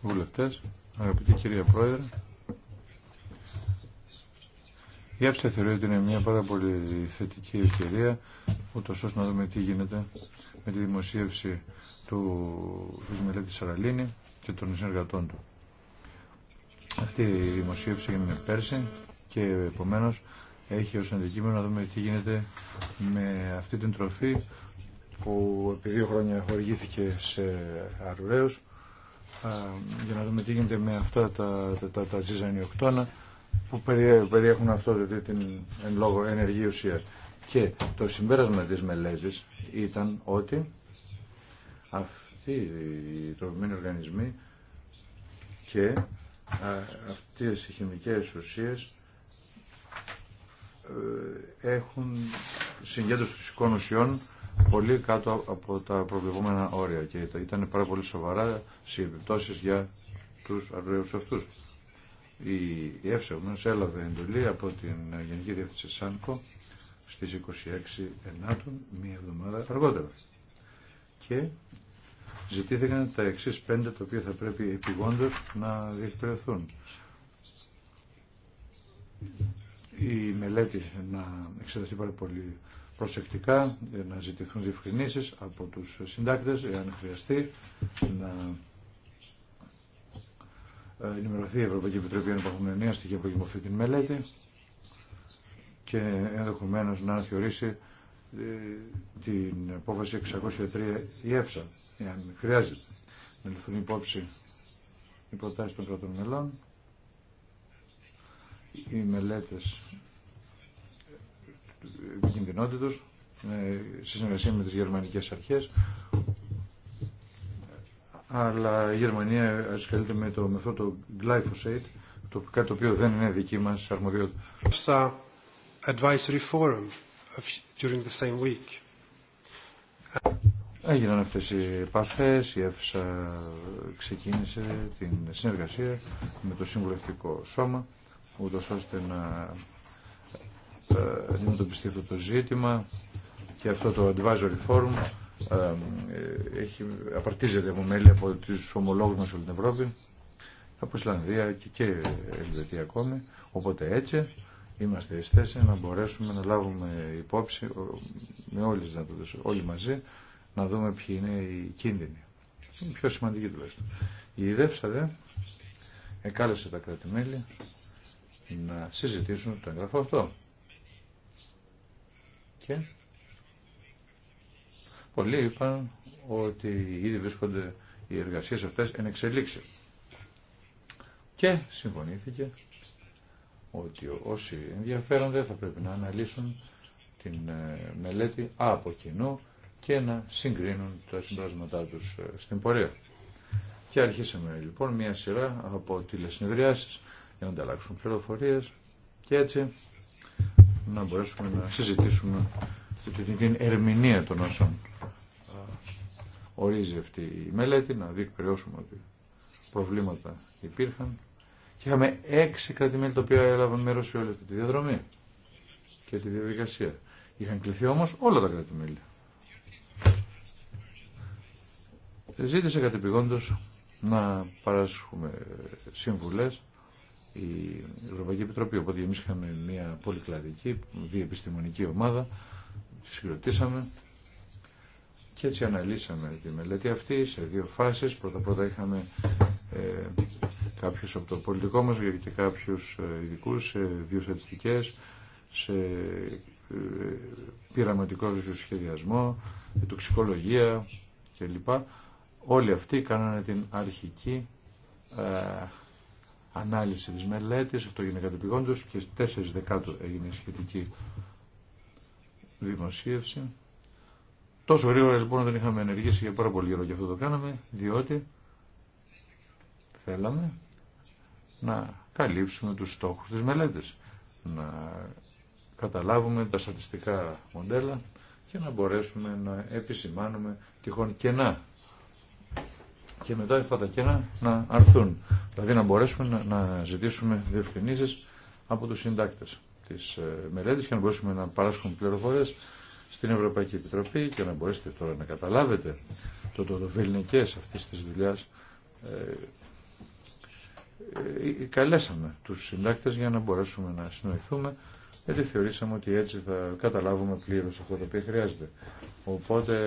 βουλευτές, αγαπητή κυρία Πρόεδρε, η αυτό θεωρεί ότι είναι μια πάρα πολύ θετική ευκαιρία, ούτω ώστε να δούμε τι γίνεται με τη δημοσίευση του, της Σαραλίνη και των συνεργατών του. Αυτή η δημοσίευση έγινε πέρσι και επομένως έχει ως αντικείμενο να δούμε τι γίνεται με αυτή την τροφή που επί δύο χρόνια χορηγήθηκε σε αρουραίους για να δούμε τι γίνεται με αυτά τα, τα, τα, που περιέχουν αυτό την εν λόγω ενεργή ουσία. Και το συμπέρασμα της μελέτης ήταν ότι αυτοί οι τροπημένοι οργανισμοί και αυτές οι χημικές ουσίες ε, έχουν συγκέντρωση φυσικών ουσιών πολύ κάτω από τα προβλεπόμενα όρια και ήταν πάρα πολύ σοβαρά σε επιπτώσεις για τους αρρωίους αυτούς. Η ΕΦΣΑ έλαβε εντολή από την Γενική Διεύθυνση ΣΑΝΚΟ στις 26 Ενάτων, μία εβδομάδα αργότερα. Και ζητήθηκαν τα εξής πέντε τα οποία θα πρέπει επιγόντως να διεκπαιρεθούν. Η μελέτη να εξεταστεί πάρα πολύ προσεκτικά, να ζητηθούν διευκρινήσεις από τους συντάκτες, εάν χρειαστεί, να ε, ενημερωθεί η Ευρωπαϊκή Επιτροπή αν υπάρχουν νέα στοιχεία που έχει την μελέτη και ενδεχομένω να θεωρήσει ε, την απόφαση 603 η ΕΦΣΑ, εάν χρειάζεται να ληφθούν υπόψη οι προτάσει των κρατών μελών. Οι μελέτε ε, επικίνδυνοτητο σε συνεργασία με τι γερμανικέ αρχέ αλλά η Γερμανία ασχολείται με, το, με αυτό το glyphosate, το, κάτι το οποίο δεν είναι δική μας αρμοδιότητα. Advisory Forum ε, during the same week. Έγιναν αυτές οι επαφές, η ΕΦΣΑ ξεκίνησε την συνεργασία με το Συμβουλευτικό Σώμα, ούτως ώστε να ε, αντιμετωπιστεί αυτό το ζήτημα και αυτό το Advisory Forum ε, έχει, απαρτίζεται από μέλη από τους ομολόγους μας όλη την Ευρώπη, από Ισλανδία και, και Ελβετία ακόμη, οπότε έτσι είμαστε εις θέση να μπορέσουμε να λάβουμε υπόψη με όλες το δυνατότητες, όλοι μαζί, να δούμε ποιοι είναι οι κίνδυνοι. Είναι πιο σημαντική τουλάχιστον. Η ΔΕΦΣΑ δε εκάλεσε τα κράτη-μέλη να συζητήσουν το εγγραφό αυτό. Και Πολλοί είπαν ότι ήδη βρίσκονται οι εργασίες αυτές εν εξελίξη. Και συμφωνήθηκε ότι όσοι ενδιαφέρονται θα πρέπει να αναλύσουν την ε, μελέτη από κοινού και να συγκρίνουν τα συμπράσματά τους ε, στην πορεία. Και αρχίσαμε λοιπόν μια σειρά από τηλεσυνεδριάσεις για να ανταλλάξουν πληροφορίες και έτσι να μπορέσουμε να συζητήσουμε την ερμηνεία των όσων ορίζει αυτή η μελέτη, να διεκπαιρεώσουμε ότι προβλήματα υπήρχαν. Και είχαμε έξι κρατημέλη τα οποία έλαβαν μέρο σε όλη αυτή τη διαδρομή και τη διαδικασία. Είχαν κληθεί όμω όλα τα κρατημέλη. Ζήτησε κατεπηγόντω να παράσχουμε συμβουλέ η Ευρωπαϊκή Επιτροπή. Οπότε εμεί είχαμε μια πολυκλαδική, διεπιστημονική ομάδα, τη συγκροτήσαμε και έτσι αναλύσαμε τη μελέτη αυτή σε δύο φάσεις. Πρώτα-πρώτα είχαμε ε, κάποιους από το πολιτικό μας και κάποιους ε, ειδικού σε δύο σε ε, πειραματικό σχεδιασμό, ε, τοξικολογία κλπ. Όλοι αυτοί κάνανε την αρχική ε, ανάλυση της μελέτης, αυτό έγινε και 4 δεκάτου έγινε σχετική δημοσίευση. Τόσο γρήγορα λοιπόν δεν είχαμε ενεργήσει για πάρα πολύ καιρό και αυτό το κάναμε, διότι θέλαμε να καλύψουμε τους στόχους της μελέτης, να καταλάβουμε τα στατιστικά μοντέλα και να μπορέσουμε να επισημάνουμε τυχόν κενά και μετά αυτά τα κενά να αρθούν. Δηλαδή να μπορέσουμε να, ζητήσουμε διευκρινήσεις από τους συντάκτες της ε, μελέτης και να μπορέσουμε να παράσχουμε πληροφορίες στην Ευρωπαϊκή Επιτροπή και να μπορέσετε τώρα να καταλάβετε το το, το αυτής της δουλειάς ε, ε, καλέσαμε τους συντάκτες για να μπορέσουμε να συνοηθούμε γιατί θεωρήσαμε ότι έτσι θα καταλάβουμε πλήρως αυτό το οποίο χρειάζεται. Οπότε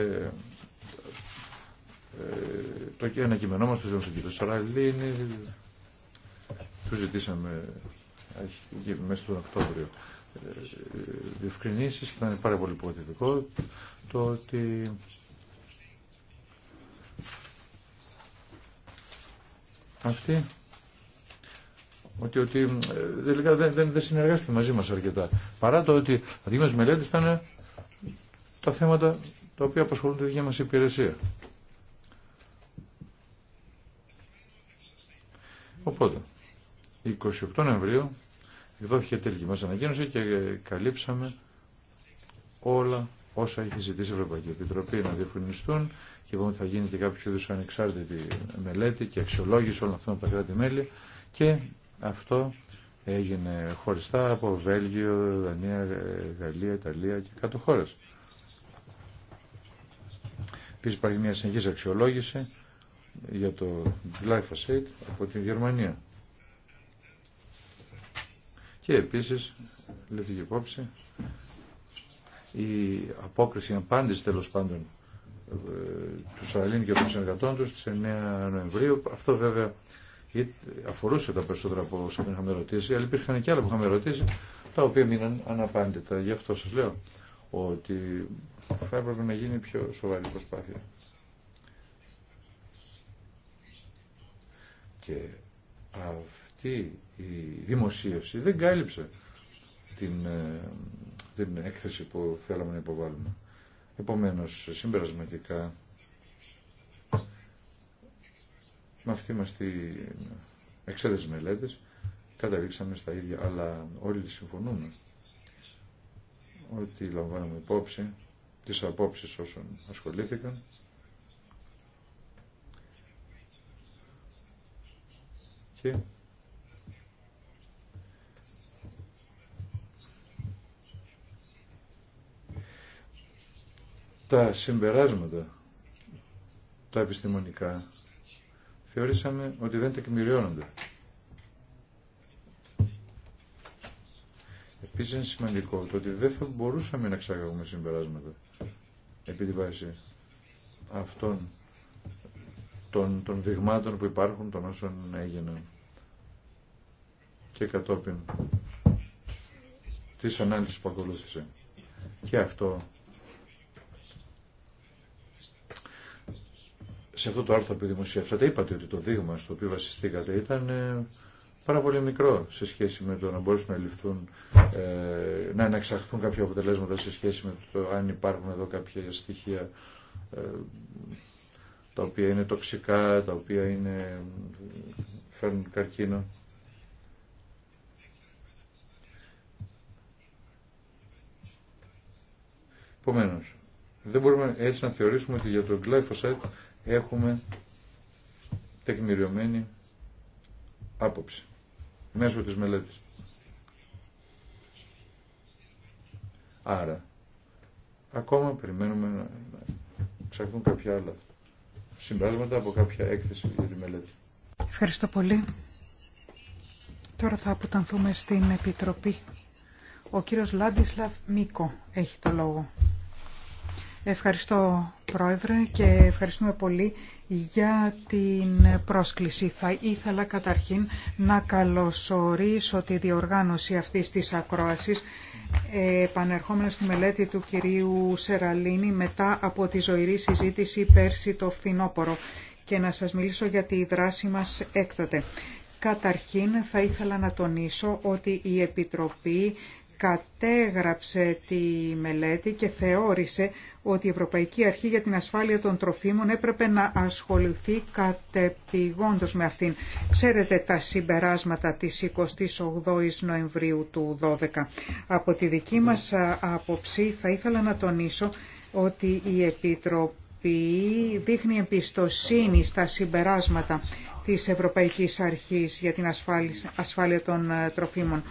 ε, το ανακοιμενό μας του κύριο Σαραλίνη του ζητήσαμε μέσα τον Οκτώβριο διευκρινήσεις και ήταν πάρα πολύ πολιτικό το ότι αυτή ότι, ότι ε, δεν, δεν, δεν συνεργάστηκε μαζί μας αρκετά. Παρά το ότι τα δική μας ήταν τα θέματα τα οποία απασχολούν τη δική μας υπηρεσία. Οπότε, 28 Νοεμβρίου δόθηκε τελική μας ανακοίνωση και καλύψαμε όλα όσα έχει ζητήσει η Ευρωπαϊκή Επιτροπή να διευκρινιστούν και είπαμε ότι θα γίνει και κάποιο είδου ανεξάρτητη μελέτη και αξιολόγηση όλων αυτών τα κράτη-μέλη και αυτό έγινε χωριστά από Βέλγιο, Δανία, Γαλλία, Ιταλία και κάτω χώρες. Επίσης υπάρχει μια συνεχής αξιολόγηση για το glyphosate από τη Γερμανία. Και επίσης, λεφτική υπόψη, η απόκριση, η απάντηση τέλο πάντων ε, του Σαλήν και των συνεργατών του στις 9 Νοεμβρίου. Αυτό βέβαια αφορούσε τα περισσότερα από όσα είχαμε ρωτήσει, αλλά υπήρχαν και άλλα που είχαμε ρωτήσει, τα οποία μείναν αναπάντητα. Γι' αυτό σας λέω ότι θα έπρεπε να γίνει πιο σοβαρή προσπάθεια. Και αυτή η δημοσίευση δεν κάλυψε την, ε, την έκθεση που θέλαμε να υποβάλουμε. Επομένως, συμπερασματικά, με αυτή μας την εξέδεση μελέτες, καταλήξαμε στα ίδια, αλλά όλοι συμφωνούμε ότι λαμβάνουμε υπόψη τις απόψεις όσων ασχολήθηκαν και τα συμπεράσματα, τα επιστημονικά, θεωρήσαμε ότι δεν τεκμηριώνονται. Επίσης είναι σημαντικό το ότι δεν θα μπορούσαμε να ξάγαγουμε συμπεράσματα επί τη βάση αυτών των, των δειγμάτων που υπάρχουν των όσων έγιναν και κατόπιν της ανάλυσης που ακολούθησε. Και αυτό σε αυτό το άρθρο που δημοσιεύσατε είπατε ότι το δείγμα στο οποίο βασιστήκατε ήταν ε, πάρα πολύ μικρό σε σχέση με το να μπορούσαν να ληφθούν, ε, να αναξαχθούν κάποια αποτελέσματα σε σχέση με το αν υπάρχουν εδώ κάποια στοιχεία ε, τα οποία είναι τοξικά, τα οποία είναι, φέρνουν καρκίνο. Επομένω, δεν μπορούμε έτσι να θεωρήσουμε ότι για τον glyphosate έχουμε τεκμηριωμένη άποψη μέσω της μελέτης. Άρα, ακόμα περιμένουμε να, ξέρουμε κάποια άλλα συμπράσματα από κάποια έκθεση για τη μελέτη. Ευχαριστώ πολύ. Τώρα θα αποτανθούμε στην Επιτροπή. Ο κύριος Λάντισλαβ Μίκο έχει το λόγο. Ευχαριστώ Πρόεδρε και ευχαριστούμε πολύ για την πρόσκληση. Θα ήθελα καταρχήν να καλωσορίσω τη διοργάνωση αυτής της ακρόασης επανερχόμενο στη μελέτη του κυρίου Σεραλίνη μετά από τη ζωηρή συζήτηση πέρσι το φθινόπωρο και να σας μιλήσω για τη δράση μας έκτοτε. Καταρχήν θα ήθελα να τονίσω ότι η Επιτροπή κατέγραψε τη μελέτη και θεώρησε ότι η Ευρωπαϊκή Αρχή για την Ασφάλεια των Τροφίμων έπρεπε να ασχοληθεί κατεπηγόντως με αυτήν. Ξέρετε τα συμπεράσματα της 28ης Νοεμβρίου του 12. Από τη δική μας άποψη θα ήθελα να τονίσω ότι η Επιτροπή δείχνει εμπιστοσύνη στα συμπεράσματα της Ευρωπαϊκής Αρχής για την ασφάλεια των ε, τροφίμων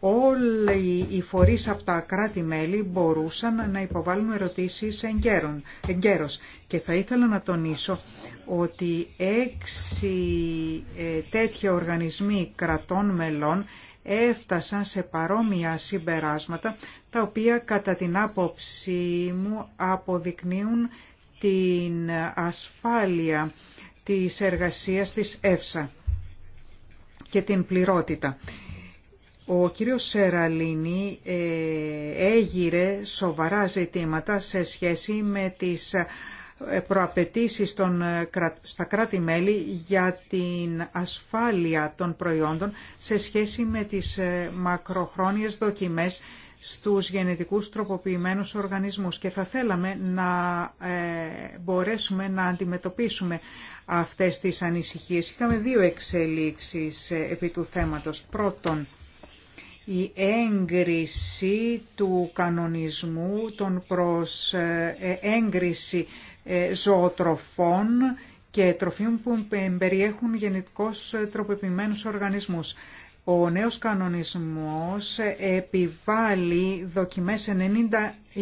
όλοι οι φορείς από τα κράτη-μέλη μπορούσαν να υποβάλουν ερωτήσεις εγκαίρως. Και θα ήθελα να τονίσω ότι έξι ε, τέτοιοι οργανισμοί κρατών μελών έφτασαν σε παρόμοια συμπεράσματα, τα οποία κατά την άποψή μου αποδεικνύουν την ασφάλεια της εργασίας της ΕΦΣΑ και την πληρότητα. Ο κύριος Σεραλίνη ε, έγειρε σοβαρά ζητήματα σε σχέση με τις ε, προαπαιτήσεις των, ε, στα κράτη-μέλη για την ασφάλεια των προϊόντων σε σχέση με τις μακροχρόνιες δοκιμές στους γενετικούς τροποποιημένους οργανισμούς και θα θέλαμε να μπορέσουμε να αντιμετωπίσουμε αυτές τις ανησυχίες. Είχαμε δύο εξελίξεις επί του θέματος. Πρώτον, η έγκριση του κανονισμού, τον προς ε, ε, έγκριση ε, ζωοτροφών και τροφίμων που περιέχουν γενετικώς τροποποιημένους οργανισμούς. Ο νέος κανονισμός επιβάλλει δοκιμές 90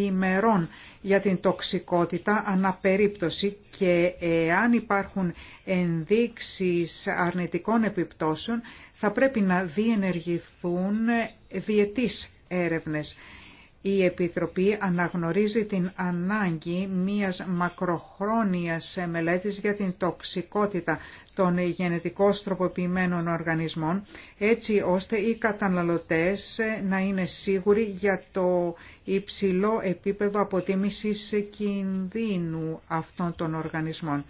ημερών για την τοξικότητα αναπερίπτωση και εάν υπάρχουν ενδείξεις αρνητικών επιπτώσεων θα πρέπει να διενεργηθούν διετής έρευνες. Η Επιτροπή αναγνωρίζει την ανάγκη μιας μακροχρόνιας μελέτης για την τοξικότητα των γενετικώς τροποποιημένων οργανισμών, έτσι ώστε οι καταναλωτές να είναι σίγουροι για το υψηλό επίπεδο αποτίμησης κινδύνου αυτών των οργανισμών.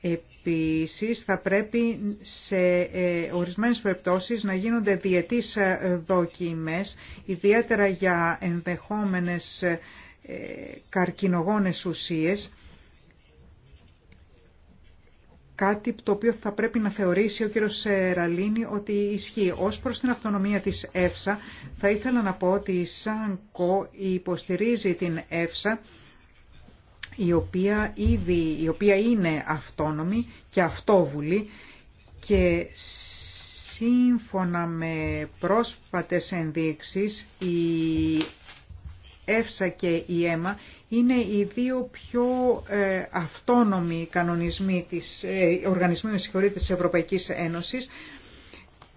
Επίσης θα πρέπει σε ε, ορισμένες περιπτώσεις να γίνονται διετής ε, δοκιμές, ιδιαίτερα για ενδεχόμενες ε, καρκινογόνες ουσίες, κάτι το οποίο θα πρέπει να θεωρήσει ο κύριος Σεραλίνη ότι ισχύει. Ως προς την αυτονομία της ΕΦΣΑ, θα ήθελα να πω ότι η ΣΑΝΚΟ υποστηρίζει την ΕΦΣΑ, η οποία, ήδη, η οποία είναι αυτόνομη και αυτόβουλη και σύμφωνα με πρόσφατες ενδείξεις η ΕΦΣΑ και η ΕΜΑ είναι οι δύο πιο ε, αυτόνομοι κανονισμοί της, ε, οργανισμοί της Ευρωπαϊκής Ένωσης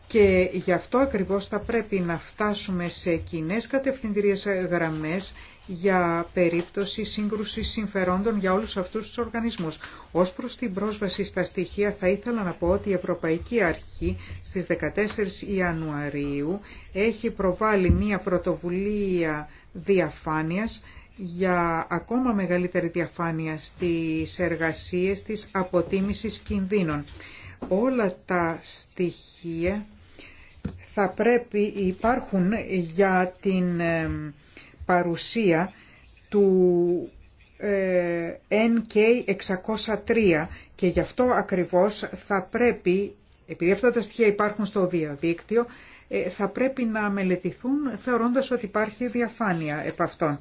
και γι' αυτό ακριβώς θα πρέπει να φτάσουμε σε κοινέ κατευθυντηρίες γραμμές για περίπτωση σύγκρουση συμφερόντων για όλους αυτούς τους οργανισμούς. Ως προς την πρόσβαση στα στοιχεία θα ήθελα να πω ότι η Ευρωπαϊκή Αρχή στις 14 Ιανουαρίου έχει προβάλει μία πρωτοβουλία διαφάνειας για ακόμα μεγαλύτερη διαφάνεια στις εργασίες της αποτίμησης κινδύνων. Όλα τα στοιχεία θα πρέπει υπάρχουν για την παρουσία του NK603 ε, και γι' αυτό ακριβώς θα πρέπει, επειδή αυτά τα στοιχεία υπάρχουν στο διαδίκτυο, ε, θα πρέπει να μελετηθούν θεωρώντας ότι υπάρχει διαφάνεια επ' αυτών.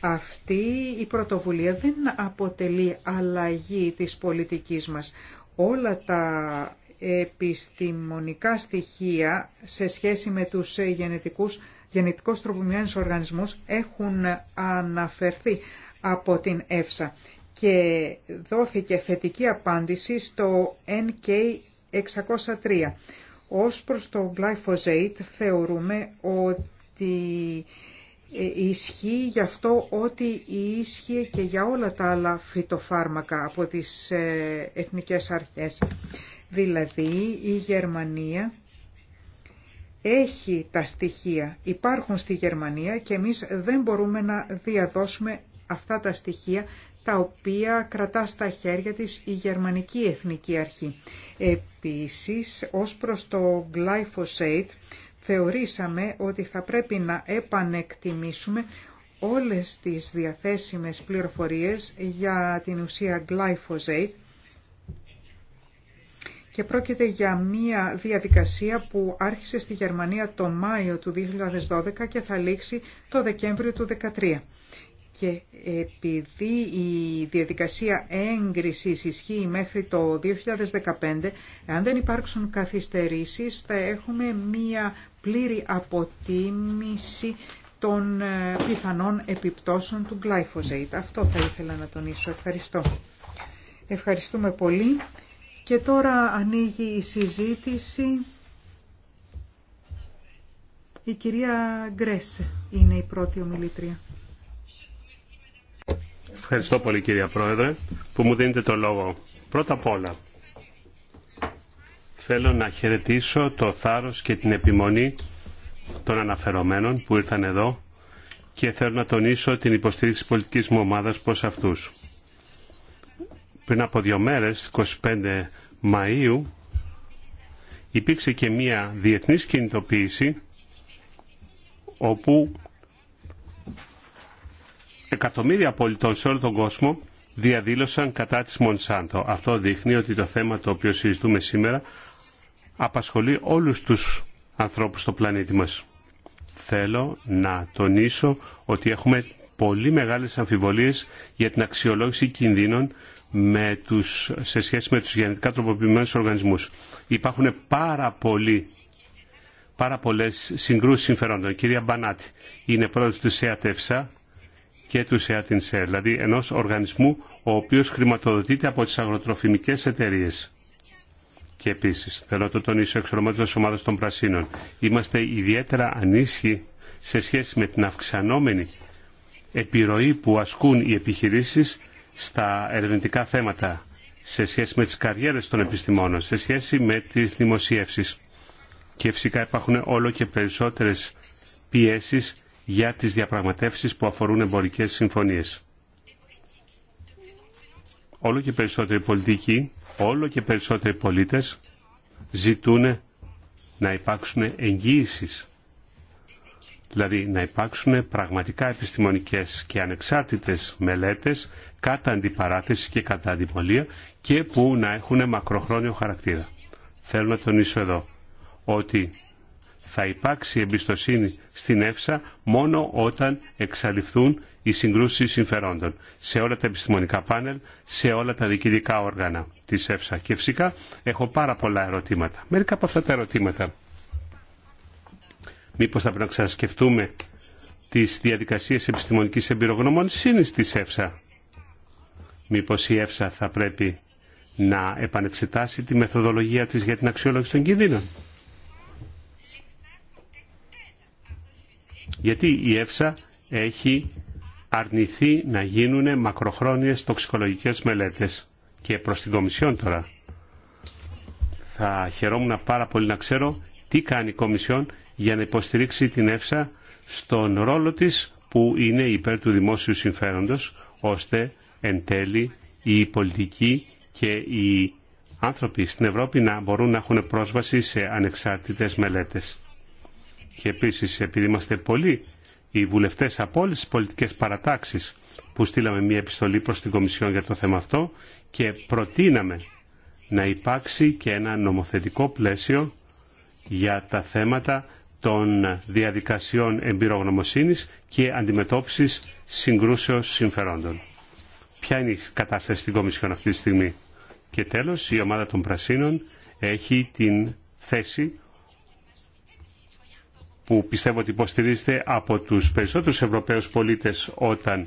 Αυτή η πρωτοβουλία δεν αποτελεί αλλαγή της πολιτικής μας. Όλα τα επιστημονικά στοιχεία σε σχέση με τους γενετικούς, γενετικώς τροποποιημένους οργανισμούς έχουν αναφερθεί από την ΕΦΣΑ και δόθηκε θετική απάντηση στο NK603. Ως προς το glyphosate θεωρούμε ότι ε, ισχύει γι' αυτό ότι ίσχυε και για όλα τα άλλα φυτοφάρμακα από τις ε, εθνικές αρχές. Δηλαδή η Γερμανία έχει τα στοιχεία, υπάρχουν στη Γερμανία και εμείς δεν μπορούμε να διαδώσουμε αυτά τα στοιχεία τα οποία κρατά στα χέρια της η Γερμανική Εθνική Αρχή. Επίσης, ως προς το glyphosate, θεωρήσαμε ότι θα πρέπει να επανεκτιμήσουμε όλες τις διαθέσιμες πληροφορίες για την ουσία glyphosate και πρόκειται για μία διαδικασία που άρχισε στη Γερμανία το Μάιο του 2012 και θα λήξει το Δεκέμβριο του 2013. Και επειδή η διαδικασία έγκρισης ισχύει μέχρι το 2015, αν δεν υπάρξουν καθυστερήσεις θα έχουμε μία πλήρη αποτίμηση των ε, πιθανών επιπτώσεων του glyphosate. Αυτό θα ήθελα να τονίσω. Ευχαριστώ. Ευχαριστούμε πολύ. Και τώρα ανοίγει η συζήτηση. Η κυρία Γκρέσε είναι η πρώτη ομιλήτρια. Ευχαριστώ πολύ κύριε Πρόεδρε που μου δίνετε το λόγο. Πρώτα απ' όλα θέλω να χαιρετήσω το θάρρος και την επιμονή των αναφερομένων που ήρθαν εδώ και θέλω να τονίσω την υποστήριξη πολιτικής μου ομάδας προς αυτούς. Πριν από δύο μέρες, 25 Μαΐου, υπήρξε και μία διεθνής κινητοποίηση όπου εκατομμύρια πολιτών σε όλο τον κόσμο διαδήλωσαν κατά της Μονσάντο. Αυτό δείχνει ότι το θέμα το οποίο συζητούμε σήμερα απασχολεί όλους τους ανθρώπους στο πλανήτη μας. Θέλω να τονίσω ότι έχουμε πολύ μεγάλες αμφιβολίες για την αξιολόγηση κινδύνων με τους, σε σχέση με τους γενετικά τροποποιημένους οργανισμούς. Υπάρχουν πάρα πολλοί Πάρα πολλέ συγκρούσει συμφερόντων. Η κυρία Μπανάτη είναι πρόεδρος της ΕΑΤΕΦΣΑ και του ΣΕΑΤΙΝΣΕΡ, δηλαδή ενό οργανισμού ο οποίο χρηματοδοτείται από τι αγροτροφημικέ εταιρείε. Και επίση, θέλω να το τονίσω εξ ονομάτων ομάδα των Πρασίνων, είμαστε ιδιαίτερα ανίσχυοι σε σχέση με την αυξανόμενη επιρροή που ασκούν οι επιχειρήσει στα ερευνητικά θέματα, σε σχέση με τις καριέρες των επιστημόνων, σε σχέση με τις δημοσίευσεις. Και φυσικά υπάρχουν όλο και περισσότερες πιέσει για τις διαπραγματεύσεις που αφορούν εμπορικές συμφωνίες. Όλο και περισσότεροι πολιτικοί, όλο και περισσότεροι πολίτες ζητούν να υπάρξουν εγγύησεις. Δηλαδή να υπάρξουν πραγματικά επιστημονικές και ανεξάρτητες μελέτες κατά αντιπαράθεση και κατά αντιπολία και που να έχουν μακροχρόνιο χαρακτήρα. Θέλω να τονίσω εδώ ότι θα υπάρξει εμπιστοσύνη στην ΕΦΣΑ μόνο όταν εξαλειφθούν οι συγκρούσει συμφερόντων σε όλα τα επιστημονικά πάνελ, σε όλα τα δικηδικά όργανα τη ΕΦΣΑ. Και φυσικά έχω πάρα πολλά ερωτήματα. Μερικά από αυτά τα ερωτήματα. Μήπω θα πρέπει να ξανασκεφτούμε τι διαδικασίε επιστημονική εμπειρογνωμονησύνη τη ΕΦΣΑ. Μήπω η ΕΦΣΑ θα πρέπει να επανεξετάσει τη μεθοδολογία της για την αξιολόγηση των κινδύνων. Γιατί η ΕΦΣΑ έχει αρνηθεί να γίνουν μακροχρόνιες τοξικολογικές μελέτες. Και προς την Κομισιόν τώρα. Θα χαιρόμουν πάρα πολύ να ξέρω τι κάνει η Κομισιόν για να υποστηρίξει την ΕΦΣΑ στον ρόλο της που είναι υπέρ του δημόσιου συμφέροντος, ώστε εν τέλει οι πολιτικοί και οι άνθρωποι στην Ευρώπη να μπορούν να έχουν πρόσβαση σε ανεξάρτητες μελέτες. Και επίσης επειδή είμαστε πολλοί οι βουλευτές από όλες τις πολιτικές παρατάξεις που στείλαμε μια επιστολή προς την Κομισιόν για το θέμα αυτό και προτείναμε να υπάρξει και ένα νομοθετικό πλαίσιο για τα θέματα των διαδικασιών εμπειρογνωμοσύνης και αντιμετώπισης συγκρούσεως συμφερόντων. Ποια είναι η κατάσταση στην Κομισιόν αυτή τη στιγμή. Και τέλος, η ομάδα των Πρασίνων έχει την θέση που πιστεύω ότι υποστηρίζεται από τους περισσότερους Ευρωπαίους πολίτες όταν,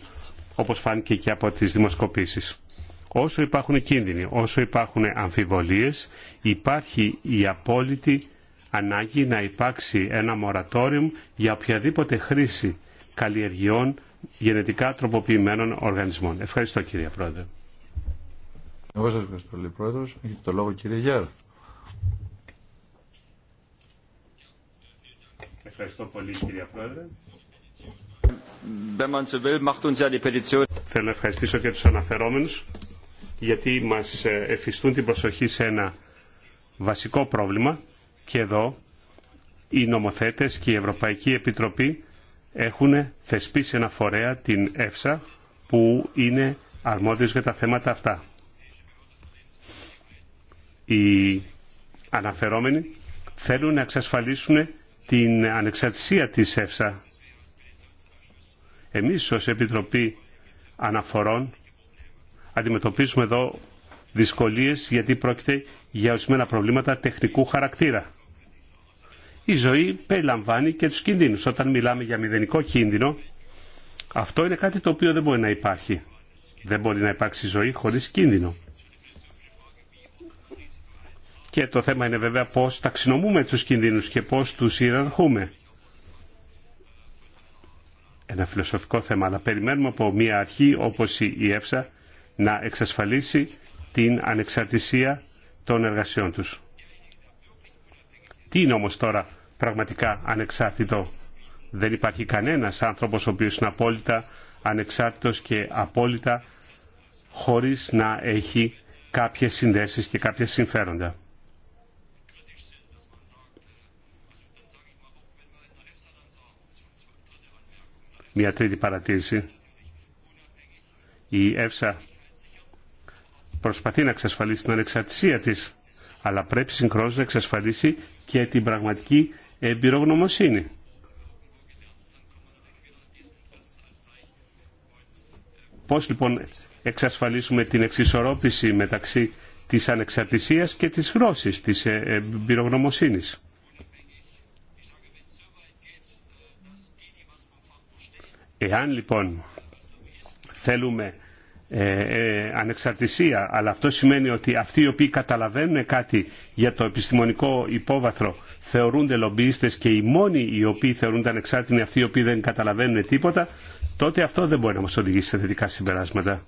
όπως φάνηκε και από τις δημοσκοπήσεις. Όσο υπάρχουν κίνδυνοι, όσο υπάρχουν αμφιβολίες, υπάρχει η απόλυτη ανάγκη να υπάρξει ένα μορατόριο για οποιαδήποτε χρήση καλλιεργειών γενετικά τροποποιημένων οργανισμών. Ευχαριστώ κύριε Πρόεδρε. Εγώ σας ευχαριστώ πολύ Πρόεδρος. Έχετε το λόγο κύριε Ευχαριστώ πολύ Πρόεδρε. Θέλω να ευχαριστήσω και τους αναφερόμενους γιατί μας ε, εφιστούν την προσοχή σε ένα βασικό πρόβλημα και εδώ οι νομοθέτες και η Ευρωπαϊκή Επιτροπή έχουν θεσπίσει ένα φορέα την ΕΦΣΑ που είναι αρμόδιος για τα θέματα αυτά. Οι αναφερόμενοι θέλουν να εξασφαλίσουν την ανεξαρτησία της ΕΦΣΑ. Εμείς ως Επιτροπή Αναφορών αντιμετωπίζουμε εδώ δυσκολίες γιατί πρόκειται για ορισμένα προβλήματα τεχνικού χαρακτήρα. Η ζωή περιλαμβάνει και τους κινδύνους. Όταν μιλάμε για μηδενικό κίνδυνο, αυτό είναι κάτι το οποίο δεν μπορεί να υπάρχει. Δεν μπορεί να υπάρξει ζωή χωρίς κίνδυνο. Και το θέμα είναι βέβαια πώς ταξινομούμε τους κινδύνους και πώς τους ιεραρχούμε. Ένα φιλοσοφικό θέμα, αλλά περιμένουμε από μια αρχή όπως η ΕΦΣΑ να εξασφαλίσει την ανεξαρτησία των εργασιών τους. Τι είναι όμως τώρα πραγματικά ανεξάρτητο. Δεν υπάρχει κανένας άνθρωπος ο οποίος είναι απόλυτα ανεξάρτητος και απόλυτα χωρίς να έχει κάποιες συνδέσεις και κάποια συμφέροντα. Μια τρίτη παρατήρηση. Η ΕΦΣΑ προσπαθεί να εξασφαλίσει την ανεξαρτησία της, αλλά πρέπει συγχρόνως να εξασφαλίσει και την πραγματική εμπειρογνωμοσύνη. Πώς λοιπόν εξασφαλίσουμε την εξισορρόπηση μεταξύ της ανεξαρτησίας και της γνώσης, της ε, εμπειρογνωμοσύνης. Εάν λοιπόν θέλουμε ε, ε, ανεξαρτησία, αλλά αυτό σημαίνει ότι αυτοί οι οποίοι καταλαβαίνουν κάτι για το επιστημονικό υπόβαθρο θεωρούνται λομπίστες και οι μόνοι οι οποίοι θεωρούνται ανεξάρτητοι είναι αυτοί οι οποίοι δεν καταλαβαίνουν τίποτα, τότε αυτό δεν μπορεί να μας οδηγήσει σε θετικά συμπεράσματα.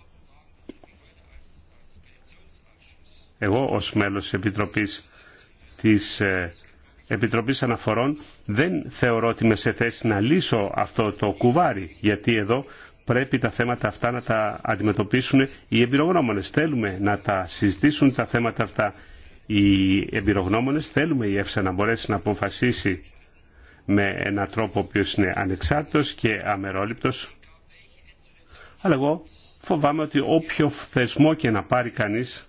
Εγώ ως μέλος της Επιτροπής της ε, Επιτροπής Αναφορών δεν θεωρώ ότι είμαι σε θέση να λύσω αυτό το κουβάρι, γιατί εδώ πρέπει τα θέματα αυτά να τα αντιμετωπίσουν οι εμπειρογνώμονες. Θέλουμε να τα συζητήσουν τα θέματα αυτά οι εμπειρογνώμονες, θέλουμε η ΕΦΣΑ να μπορέσει να αποφασίσει με έναν τρόπο ο οποίος είναι ανεξάρτητος και αμερόληπτος. Αλλά εγώ φοβάμαι ότι όποιο θεσμό και να πάρει κανείς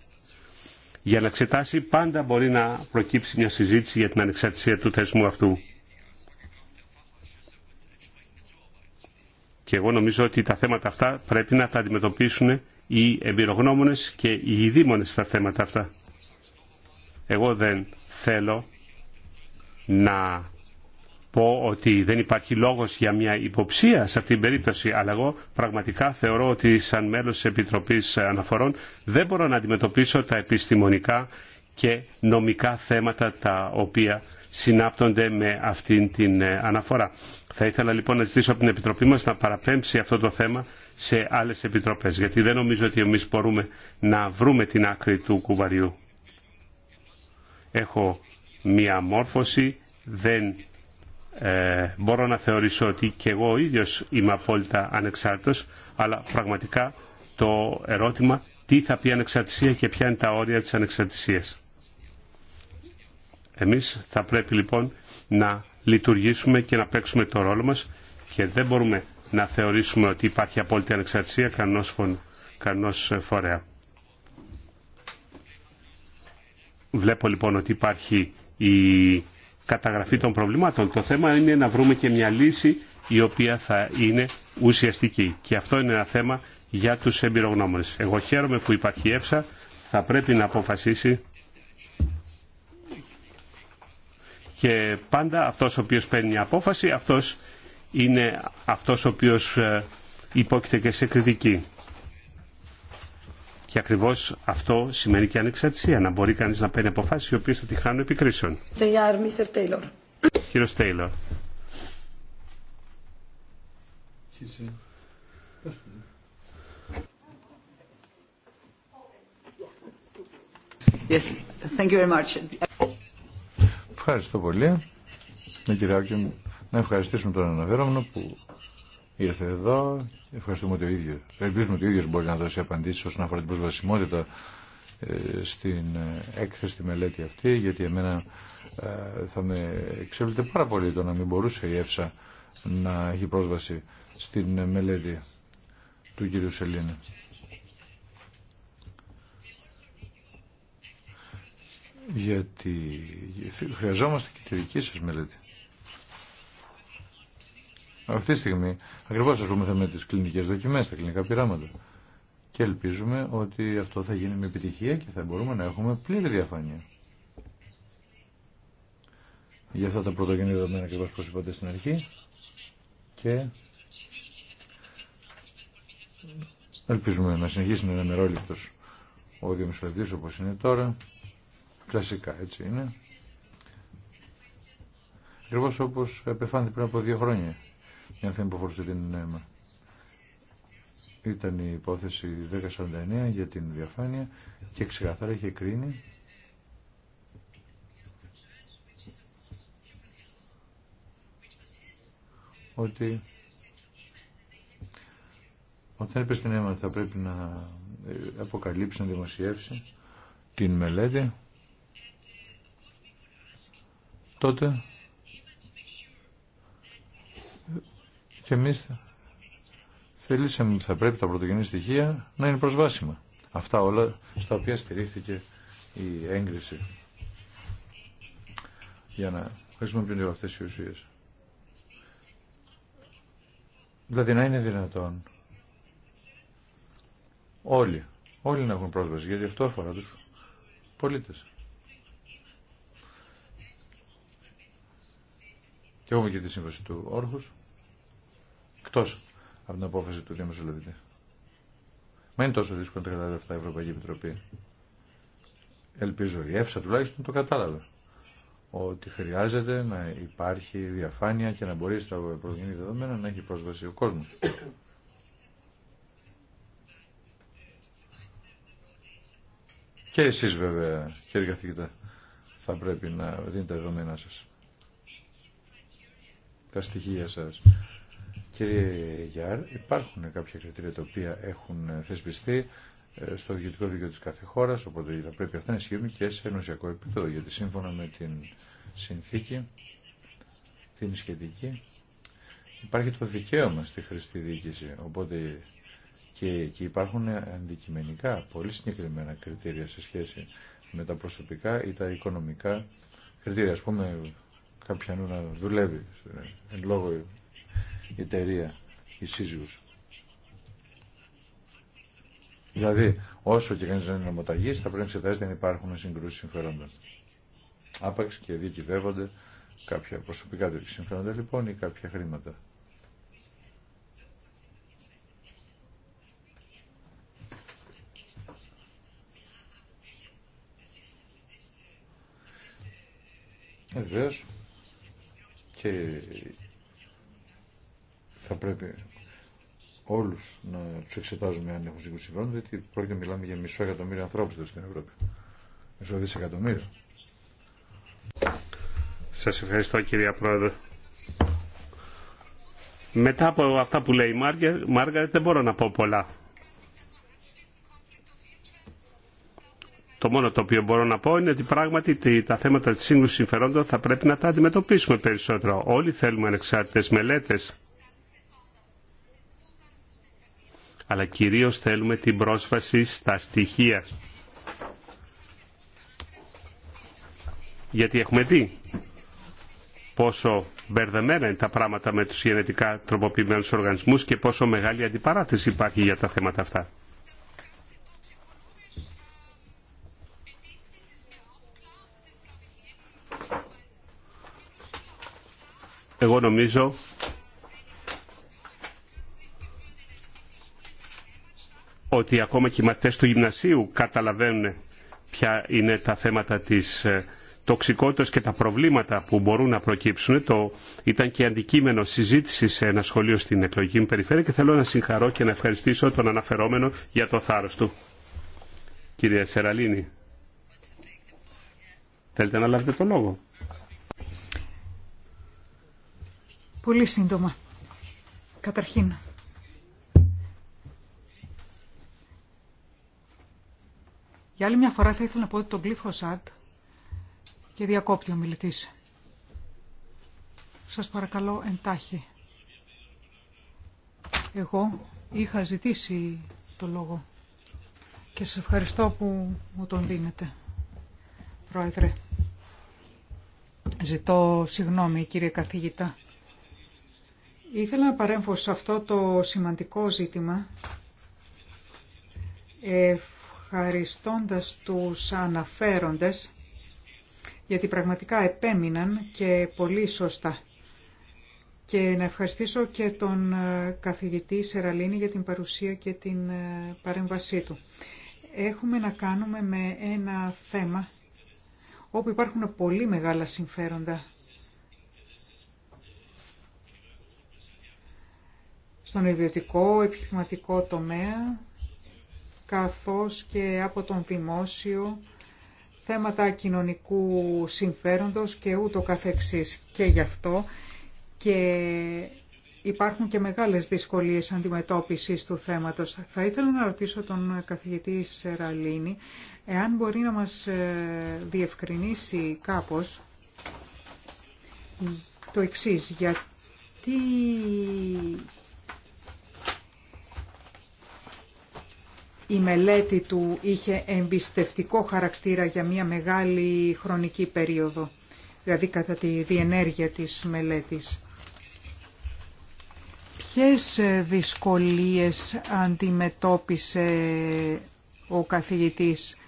για να εξετάσει πάντα μπορεί να προκύψει μια συζήτηση για την ανεξαρτησία του θεσμού αυτού. Και εγώ νομίζω ότι τα θέματα αυτά πρέπει να τα αντιμετωπίσουν οι εμπειρογνώμονες και οι ειδήμονες στα θέματα αυτά. Εγώ δεν θέλω να πω ότι δεν υπάρχει λόγος για μια υποψία σε αυτήν την περίπτωση, αλλά εγώ πραγματικά θεωρώ ότι σαν μέλος της Επιτροπής Αναφορών δεν μπορώ να αντιμετωπίσω τα επιστημονικά και νομικά θέματα τα οποία συνάπτονται με αυτήν την ε, αναφορά. Θα ήθελα λοιπόν να ζητήσω από την Επιτροπή μας να παραπέμψει αυτό το θέμα σε άλλες επιτροπές, γιατί δεν νομίζω ότι εμείς μπορούμε να βρούμε την άκρη του κουβαριού. Έχω μία μόρφωση, δεν ε, μπορώ να θεωρήσω ότι και εγώ ο ίδιος είμαι απόλυτα ανεξάρτητος, αλλά πραγματικά το ερώτημα τι θα πει ανεξαρτησία και ποια είναι τα όρια της ανεξαρτησίας. Εμείς θα πρέπει λοιπόν να λειτουργήσουμε και να παίξουμε το ρόλο μας και δεν μπορούμε να θεωρήσουμε ότι υπάρχει απόλυτη ανεξαρτησία κανός, κανός φορέα. Βλέπω λοιπόν ότι υπάρχει η καταγραφή των προβλημάτων. Το θέμα είναι να βρούμε και μια λύση η οποία θα είναι ουσιαστική. Και αυτό είναι ένα θέμα για τους εμπειρογνώμονες. Εγώ χαίρομαι που υπάρχει ΕΦΣΑ, θα πρέπει να αποφασίσει και πάντα αυτός ο οποίος παίρνει απόφαση, αυτός είναι αυτός ο οποίος ε, υπόκειται και σε κριτική. Και ακριβώ αυτό σημαίνει και ανεξαρτησία. Να μπορεί κανεί να παίρνει αποφάσει οι οποίε θα τη χάνουν επικρίσεων. Κύριο Τέιλορ. Yes, thank you very Ευχαριστώ πολύ. να ευχαριστήσουμε τον αναφέρομενο που ήρθε εδώ Ευχαριστούμε ότι ο ίδιο. Ελπίζουμε ότι ο ίδιο μπορεί να δώσει απαντήσει όσον αφορά την προσβασιμότητα ε, στην ε, έκθεση, τη μελέτη αυτή, γιατί εμένα ε, θα με εξέλιξε πάρα πολύ το να μην μπορούσε η ΕΦΣΑ να έχει πρόσβαση στην μελέτη του κύριου Σελήνη. Γιατί χρειαζόμαστε και τη δική σας μελέτη. Αυτή τη στιγμή ακριβώ πούμε, με τι κλινικέ δοκιμέ, τα κλινικά πειράματα. Και ελπίζουμε ότι αυτό θα γίνει με επιτυχία και θα μπορούμε να έχουμε πλήρη διαφάνεια. Για αυτά τα πρωτογενή δεδομένα ακριβώ όπω είπατε στην αρχή. Και ελπίζουμε να συνεχίσει να είναι μερόληπτο ο διαμεσολαβητή όπω είναι τώρα. Κλασικά έτσι είναι. Ακριβώ όπω επεφάνθη πριν από δύο χρόνια να να που αφορούσε την αίμα ε, Ήταν η υπόθεση 1049 για την διαφάνεια και ξεκαθάρα είχε κρίνει ότι όταν έπεσε την αίμα θα πρέπει να ε, αποκαλύψει, να δημοσιεύσει την μελέτη, τότε Και εμείς θελήσαμε ότι θα πρέπει τα πρωτογενή στοιχεία να είναι προσβάσιμα. Αυτά όλα στα οποία στηρίχθηκε η έγκριση για να χρησιμοποιούνται αυτές οι ουσίες. Δηλαδή να είναι δυνατόν όλοι, όλοι να έχουν πρόσβαση, γιατί αυτό αφορά τους πολίτες. Και έχουμε και τη σύμβαση του όρχους, Εκτό από την απόφαση του Διαμεσολαβητή. Μα είναι τόσο δύσκολο να τα καταλάβει αυτά η Ευρωπαϊκή Επιτροπή. Ελπίζω η ΕΦΣΑ τουλάχιστον το κατάλαβε ότι χρειάζεται να υπάρχει διαφάνεια και να μπορεί στα προγενή δεδομένα να έχει πρόσβαση ο κόσμο. Και εσείς βέβαια, κύριε καθηγητά, θα πρέπει να δίνετε τα δεδομένα σας. Τα στοιχεία σας. Κύριε Γιάρ, υπάρχουν κάποια κριτήρια τα οποία έχουν θεσπιστεί ε, στο διοικητικό δίκαιο της κάθε χώρας, οπότε θα πρέπει αυτά να ισχύουν και σε ενωσιακό επίπεδο, γιατί σύμφωνα με την συνθήκη, την σχετική, υπάρχει το δικαίωμα στη χρηστή διοίκηση, οπότε και εκεί υπάρχουν αντικειμενικά πολύ συγκεκριμένα κριτήρια σε σχέση με τα προσωπικά ή τα οικονομικά κριτήρια. Ας πούμε, κάποια νου να δουλεύει ε, εν λόγω η εταιρεία, η σύζυγος. Δηλαδή, όσο και κανείς δεν είναι νομοταγής, θα πρέπει να εξετάζεται αν υπάρχουν συγκρούσεις συμφερόντων. Άπαξ και διακυβεύονται κάποια προσωπικά του συμφέροντα λοιπόν ή κάποια χρήματα. Ε, Βεβαίω και θα πρέπει όλου να του εξετάζουμε αν έχουν σύγκρουση συμφέροντα, γιατί πρόκειται να μιλάμε για μισό εκατομμύριο ανθρώπους στην Ευρώπη. Μισό δισεκατομμύριο. Σα ευχαριστώ κυρία Πρόεδρε. Μετά από αυτά που λέει η Μάργαρετ δεν μπορώ να πω πολλά. Το μόνο το οποίο μπορώ να πω είναι ότι πράγματι τα θέματα της σύγκρουσης συμφερόντων θα πρέπει να τα αντιμετωπίσουμε περισσότερο. Όλοι θέλουμε ανεξάρτητες μελέτες αλλά κυρίως θέλουμε την πρόσβαση στα στοιχεία. Γιατί έχουμε δει πόσο μπερδεμένα είναι τα πράγματα με τους γενετικά τροποποιημένους οργανισμούς και πόσο μεγάλη αντιπαράθεση υπάρχει για τα θέματα αυτά. Εγώ νομίζω ότι ακόμα και οι μαθητές του γυμνασίου καταλαβαίνουν ποια είναι τα θέματα της ε, τοξικότητας και τα προβλήματα που μπορούν να προκύψουν. Το ήταν και αντικείμενο συζήτηση σε ένα σχολείο στην εκλογική μου περιφέρεια και θέλω να συγχαρώ και να ευχαριστήσω τον αναφερόμενο για το θάρρος του. Κυρία Σεραλίνη, θέλετε να λάβετε το λόγο. Πολύ σύντομα. Καταρχήν, Για άλλη μια φορά θα ήθελα να πω ότι το γλυφοσάτ και διακόπτει ο μιλητής. Σας παρακαλώ εντάχει. Εγώ είχα ζητήσει το λόγο και σας ευχαριστώ που μου τον δίνετε, Πρόεδρε. Ζητώ συγγνώμη, κύριε καθηγητά. Ήθελα να παρέμβω σε αυτό το σημαντικό ζήτημα ευχαριστώντας τους αναφέροντες γιατί πραγματικά επέμειναν και πολύ σωστά. Και να ευχαριστήσω και τον ε, καθηγητή Σεραλίνη για την παρουσία και την ε, παρέμβασή του. Έχουμε να κάνουμε με ένα θέμα όπου υπάρχουν πολύ μεγάλα συμφέροντα. Στον ιδιωτικό, επιχειρηματικό τομέα, καθώς και από τον δημόσιο θέματα κοινωνικού συμφέροντος και ούτω καθεξής. Και γι' αυτό και υπάρχουν και μεγάλες δυσκολίες αντιμετώπισης του θέματος. Θα ήθελα να ρωτήσω τον καθηγητή Σεραλίνη, εάν μπορεί να μας ε, διευκρινίσει κάπως το εξής, γιατί η μελέτη του είχε εμπιστευτικό χαρακτήρα για μια μεγάλη χρονική περίοδο, δηλαδή κατά τη διενέργεια της μελέτης. Ποιες δυσκολίες αντιμετώπισε ο καθηγητής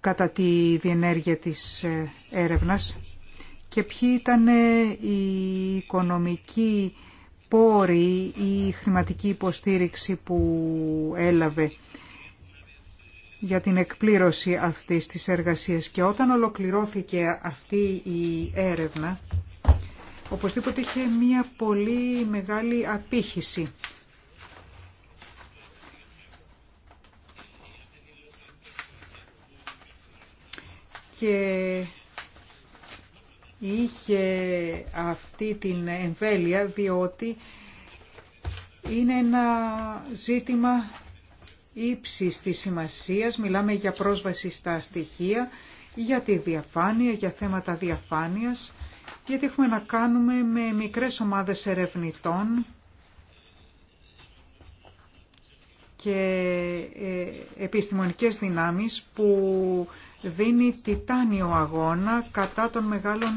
κατά τη διενέργεια της έρευνας και ποιοι ήταν οι οικονομικοί η χρηματικη υποστήριξη που έλαβε για την εκπλήρωση αυτής της εργασίας. Και όταν ολοκληρώθηκε αυτή η έρευνα, οπωσδήποτε είχε μία πολύ μεγάλη απήχηση. Και είχε αυτή την εμβέλεια διότι είναι ένα ζήτημα ύψης της σημασίας, μιλάμε για πρόσβαση στα στοιχεία, για τη διαφάνεια, για θέματα διαφάνειας, γιατί έχουμε να κάνουμε με μικρές ομάδες ερευνητών και ε, επιστημονικές δυνάμεις που δίνει τιτάνιο αγώνα κατά των μεγάλων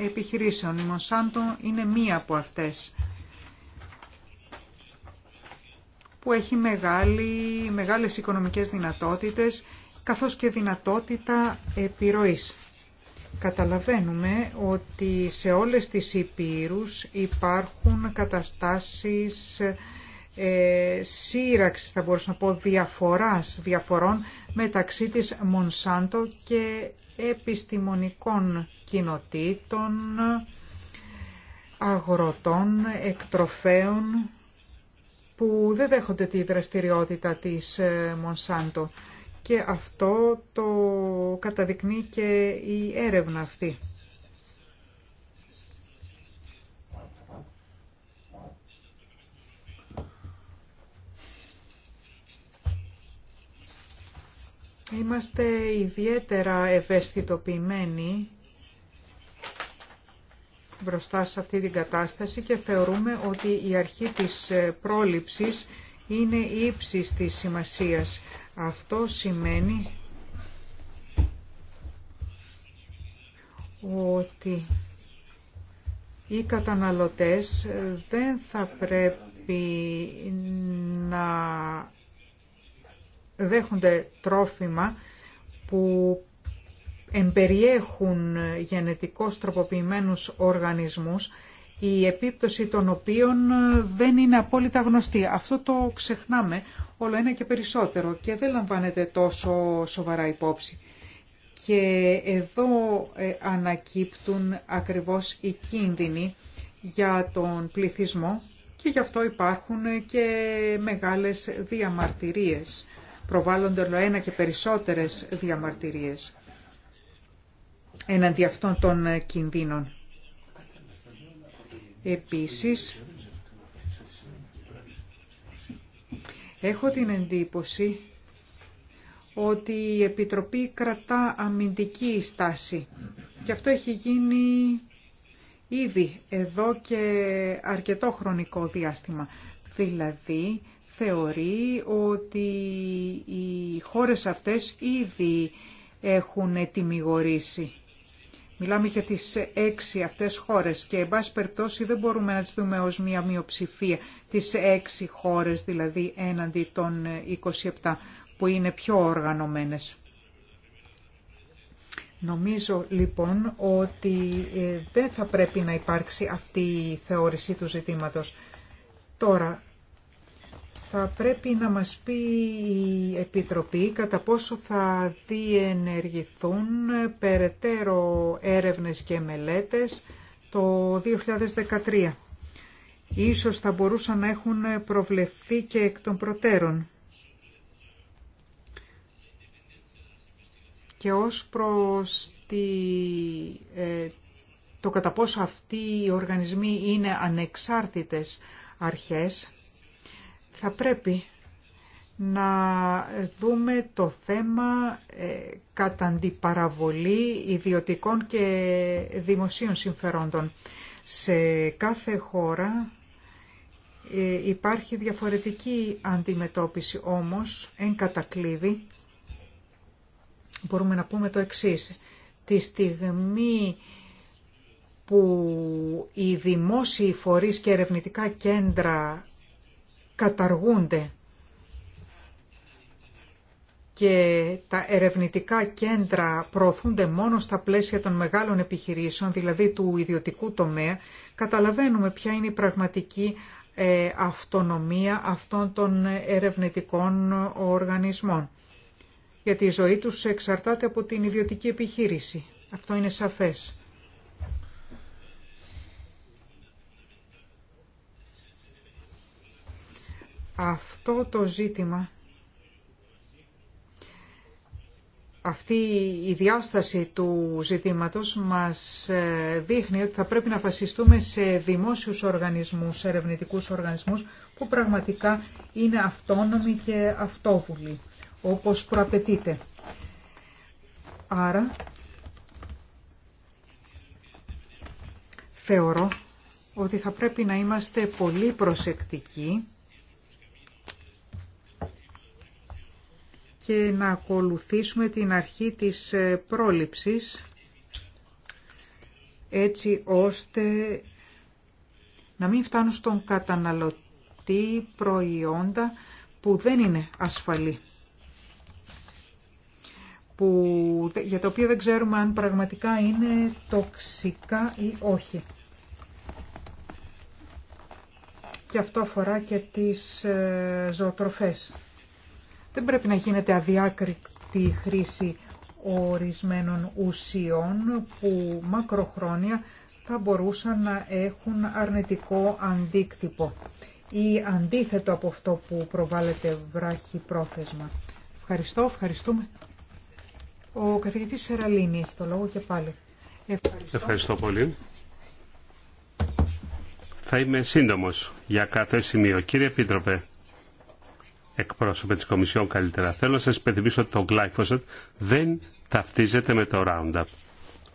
ε, επιχειρήσεων. Η Μονσάντο είναι μία από αυτές που έχει μεγάλη, μεγάλες οικονομικές δυνατότητες καθώς και δυνατότητα επιρροής. Καταλαβαίνουμε ότι σε όλες τις υπήρους υπάρχουν καταστάσεις ε, σύραξης, θα μπορούσα να πω διαφοράς, διαφορών μεταξύ της Μονσάντο και επιστημονικών κοινοτήτων, αγροτών, εκτροφέων που δεν δέχονται τη δραστηριότητα της ε, Μονσάντο και αυτό το καταδεικνύει και η έρευνα αυτή. Είμαστε ιδιαίτερα ευαισθητοποιημένοι μπροστά σε αυτή την κατάσταση και θεωρούμε ότι η αρχή της πρόληψης είναι ύψη της σημασίας. Αυτό σημαίνει ότι οι καταναλωτές δεν θα πρέπει να δέχονται τρόφιμα που εμπεριέχουν γενετικώς τροποποιημένους οργανισμούς η επίπτωση των οποίων δεν είναι απόλυτα γνωστή. Αυτό το ξεχνάμε όλο ένα και περισσότερο και δεν λαμβάνεται τόσο σοβαρά υπόψη. Και εδώ ε, ανακύπτουν ακριβώς οι κίνδυνοι για τον πληθυσμό και γι' αυτό υπάρχουν και μεγάλες διαμαρτυρίες προβάλλονται όλο ένα και περισσότερες διαμαρτυρίες εναντί αυτών των ε, κινδύνων. Επίσης, έχω την εντύπωση ότι η Επιτροπή κρατά αμυντική στάση και αυτό έχει γίνει ήδη εδώ και αρκετό χρονικό διάστημα. Δηλαδή, θεωρεί ότι οι χώρες αυτές ήδη έχουν τιμιγορήσει. Μιλάμε για τις έξι αυτές χώρες και εν πάση περιπτώσει δεν μπορούμε να τις δούμε ως μια μειοψηφία τις έξι χώρες δηλαδή έναντι των 27 που είναι πιο οργανωμένες. Νομίζω λοιπόν ότι ε, δεν θα πρέπει να υπάρξει αυτή η θεώρηση του ζητήματος. Τώρα θα πρέπει να μας πει η Επιτροπή κατά πόσο θα διενεργηθούν περαιτέρω έρευνες και μελέτες το 2013. Ίσως θα μπορούσαν να έχουν προβλεφθεί και εκ των προτέρων. Και ως προς τη, ε, το κατά πόσο αυτοί οι οργανισμοί είναι ανεξάρτητες αρχές, θα πρέπει να δούμε το θέμα ε, κατά αντιπαραβολή ιδιωτικών και δημοσίων συμφερόντων. Σε κάθε χώρα ε, υπάρχει διαφορετική αντιμετώπιση όμως, εν κατακλείδη, μπορούμε να πούμε το εξής. Τη στιγμή που οι δημόσιοι φορείς και ερευνητικά κέντρα καταργούνται και τα ερευνητικά κέντρα προωθούνται μόνο στα πλαίσια των μεγάλων επιχειρήσεων, δηλαδή του ιδιωτικού τομέα, καταλαβαίνουμε ποια είναι η πραγματική ε, αυτονομία αυτών των ερευνητικών οργανισμών. Γιατί η ζωή τους εξαρτάται από την ιδιωτική επιχείρηση. Αυτό είναι σαφές. αυτό το ζήτημα, αυτή η διάσταση του ζητήματος μας ε, δείχνει ότι θα πρέπει να βασιστούμε σε δημόσιους οργανισμούς, σε ερευνητικούς οργανισμούς που πραγματικά είναι αυτόνομοι και αυτόβουλοι, όπως προαπαιτείται. Άρα, θεωρώ ότι θα πρέπει να είμαστε πολύ προσεκτικοί και να ακολουθήσουμε την αρχή της ε, πρόληψης έτσι ώστε να μην φτάνουν στον καταναλωτή προϊόντα που δεν είναι ασφαλή. Που, για το οποίο δεν ξέρουμε αν πραγματικά είναι τοξικά ή όχι. Και αυτό αφορά και τις ε, ζωοτροφές. Δεν πρέπει να γίνεται αδιάκριτη χρήση ορισμένων ουσιών που μακροχρόνια θα μπορούσαν να έχουν αρνητικό αντίκτυπο ή αντίθετο από αυτό που προβάλλεται βράχη πρόθεσμα. Ευχαριστώ, ευχαριστούμε. Ο καθηγητής Σεραλίνη έχει το λόγο και πάλι. Ευχαριστώ. Ευχαριστώ πολύ. Θα είμαι σύντομος για κάθε σημείο. Κύριε Επίτροπε, εκπρόσωπε της Κομισιόν καλύτερα. Θέλω να σας υπενθυμίσω ότι το glyphosate δεν ταυτίζεται με το Roundup.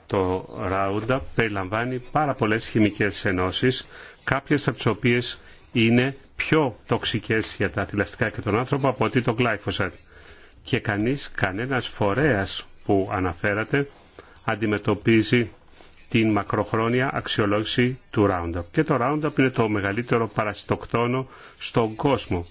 Το Roundup περιλαμβάνει πάρα πολλές χημικές ενώσεις, κάποιες από τις οποίες είναι πιο τοξικές για τα θηλαστικά και τον άνθρωπο από ότι το glyphosate. Και κανείς, κανένας φορέας που αναφέρατε αντιμετωπίζει την μακροχρόνια αξιολόγηση του Roundup. Και το Roundup είναι το μεγαλύτερο παρασιτοκτόνο στον κόσμο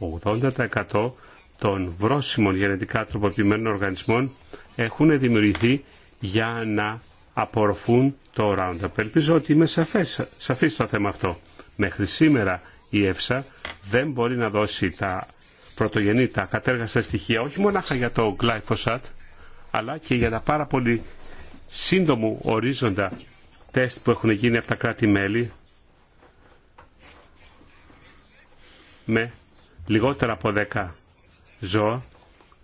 80% των βρόσιμων γενετικά τροποποιημένων οργανισμών έχουν δημιουργηθεί για να απορροφούν το Roundup. Ελπίζω ότι είμαι σαφές, σαφής στο θέμα αυτό. Μέχρι σήμερα η ΕΦΣΑ δεν μπορεί να δώσει τα πρωτογενή, τα κατέργαστα στοιχεία, όχι μονάχα για το γκλαϊφοσάτ, αλλά και για τα πάρα πολύ σύντομου ορίζοντα τεστ που έχουν γίνει από τα κράτη-μέλη λιγότερα από 10 ζώα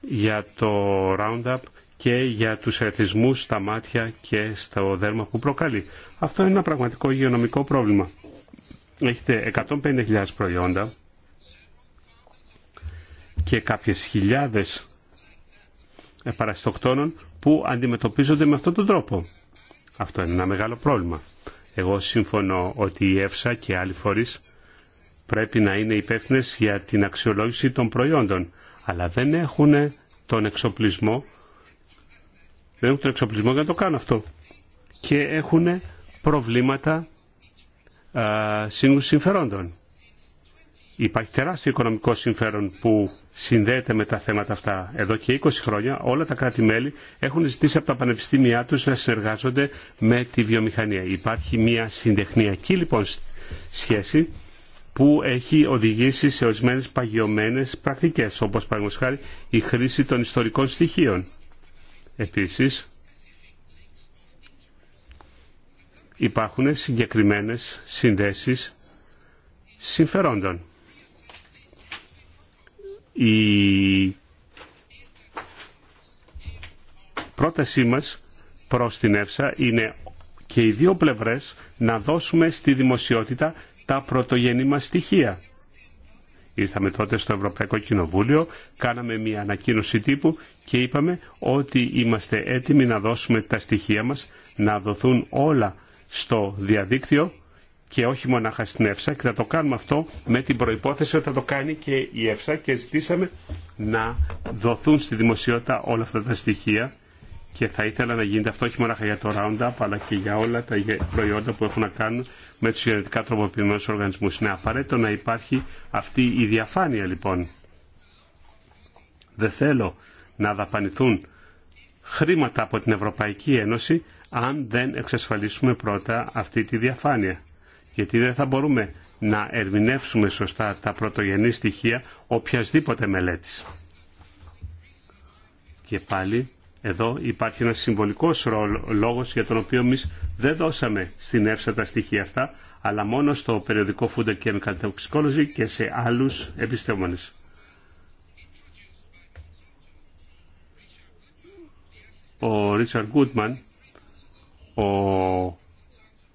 για το Roundup και για τους ερθισμούς στα μάτια και στο δέρμα που προκαλεί. Αυτό είναι ένα πραγματικό υγειονομικό πρόβλημα. Έχετε 150.000 προϊόντα και κάποιες χιλιάδες παραστοκτόνων που αντιμετωπίζονται με αυτόν τον τρόπο. Αυτό είναι ένα μεγάλο πρόβλημα. Εγώ συμφωνώ ότι η ΕΦΣΑ και άλλοι φορείς πρέπει να είναι υπεύθυνε για την αξιολόγηση των προϊόντων, αλλά δεν έχουν τον εξοπλισμό, δεν έχουν τον εξοπλισμό για να το κάνουν αυτό. Και έχουν προβλήματα σύγκρουση συμφερόντων. Υπάρχει τεράστιο οικονομικό συμφέρον που συνδέεται με τα θέματα αυτά. Εδώ και 20 χρόνια όλα τα κράτη-μέλη έχουν ζητήσει από τα πανεπιστήμια τους να συνεργάζονται με τη βιομηχανία. Υπάρχει μια συντεχνιακή λοιπόν σχέση που έχει οδηγήσει σε ορισμένες παγιωμένες πρακτικές, όπως χάρη η χρήση των ιστορικών στοιχείων. Επίση, υπάρχουν συγκεκριμένες συνδέσεις συμφερόντων. Η πρότασή μας προς την ΕΦΣΑ είναι και οι δύο πλευρές να δώσουμε στη δημοσιότητα τα πρωτογενή μας στοιχεία. Ήρθαμε τότε στο Ευρωπαϊκό Κοινοβούλιο, κάναμε μια ανακοίνωση τύπου και είπαμε ότι είμαστε έτοιμοι να δώσουμε τα στοιχεία μας, να δοθούν όλα στο διαδίκτυο και όχι μονάχα στην ΕΦΣΑ και θα το κάνουμε αυτό με την προϋπόθεση ότι θα το κάνει και η ΕΦΣΑ και ζητήσαμε να δοθούν στη δημοσιότητα όλα αυτά τα στοιχεία και θα ήθελα να γίνεται αυτό όχι μόνο για το Roundup αλλά και για όλα τα προϊόντα που έχουν να κάνουν με τους γενετικά τροποποιημένους οργανισμούς. Είναι απαραίτητο να υπάρχει αυτή η διαφάνεια λοιπόν. Δεν θέλω να δαπανηθούν χρήματα από την Ευρωπαϊκή Ένωση αν δεν εξασφαλίσουμε πρώτα αυτή τη διαφάνεια. Γιατί δεν θα μπορούμε να ερμηνεύσουμε σωστά τα πρωτογενή στοιχεία οποιασδήποτε μελέτης. Και πάλι εδώ υπάρχει ένας συμβολικός λόγος για τον οποίο εμεί δεν δώσαμε στην ΕΦΣΑ τα στοιχεία αυτά, αλλά μόνο στο περιοδικό Food and Chemical Toxicology και σε άλλους επιστήμονες. Ο Ρίτσαρντ Γκούτμαν, ο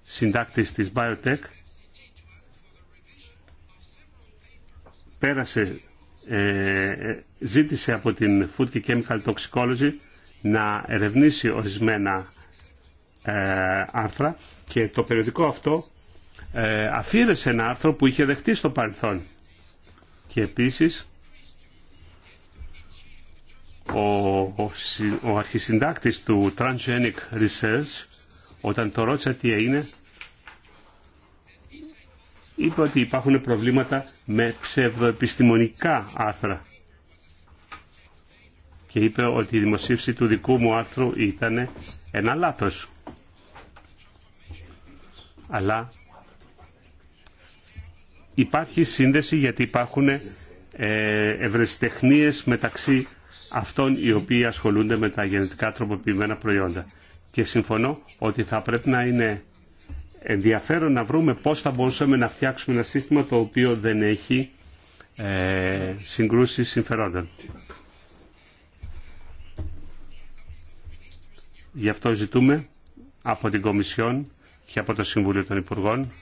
συντάκτης της Biotech, πέρασε, ε, ε, ζήτησε από την Food and Chemical Toxicology να ερευνήσει ορισμένα ε, άρθρα και το περιοδικό αυτό ε, αφήρεσε ένα άρθρο που είχε δεχτεί στο παρελθόν. Και επίσης ο, ο, αρχισυντάκτης του Transgenic Research όταν το ρώτησα τι είναι είπε ότι υπάρχουν προβλήματα με ψευδοεπιστημονικά άρθρα και είπε ότι η δημοσίευση του δικού μου άρθρου ήταν ένα λάθος. Αλλά υπάρχει σύνδεση γιατί υπάρχουν ε, ευρεσιτεχνίες μεταξύ αυτών οι οποίοι ασχολούνται με τα γενετικά τροποποιημένα προϊόντα. Και συμφωνώ ότι θα πρέπει να είναι ενδιαφέρον να βρούμε πώς θα μπορούσαμε να φτιάξουμε ένα σύστημα το οποίο δεν έχει ε, συγκρούσεις συμφερόντων. Γι' αυτό ζητούμε από την Κομισιόν και από το Συμβούλιο των Υπουργών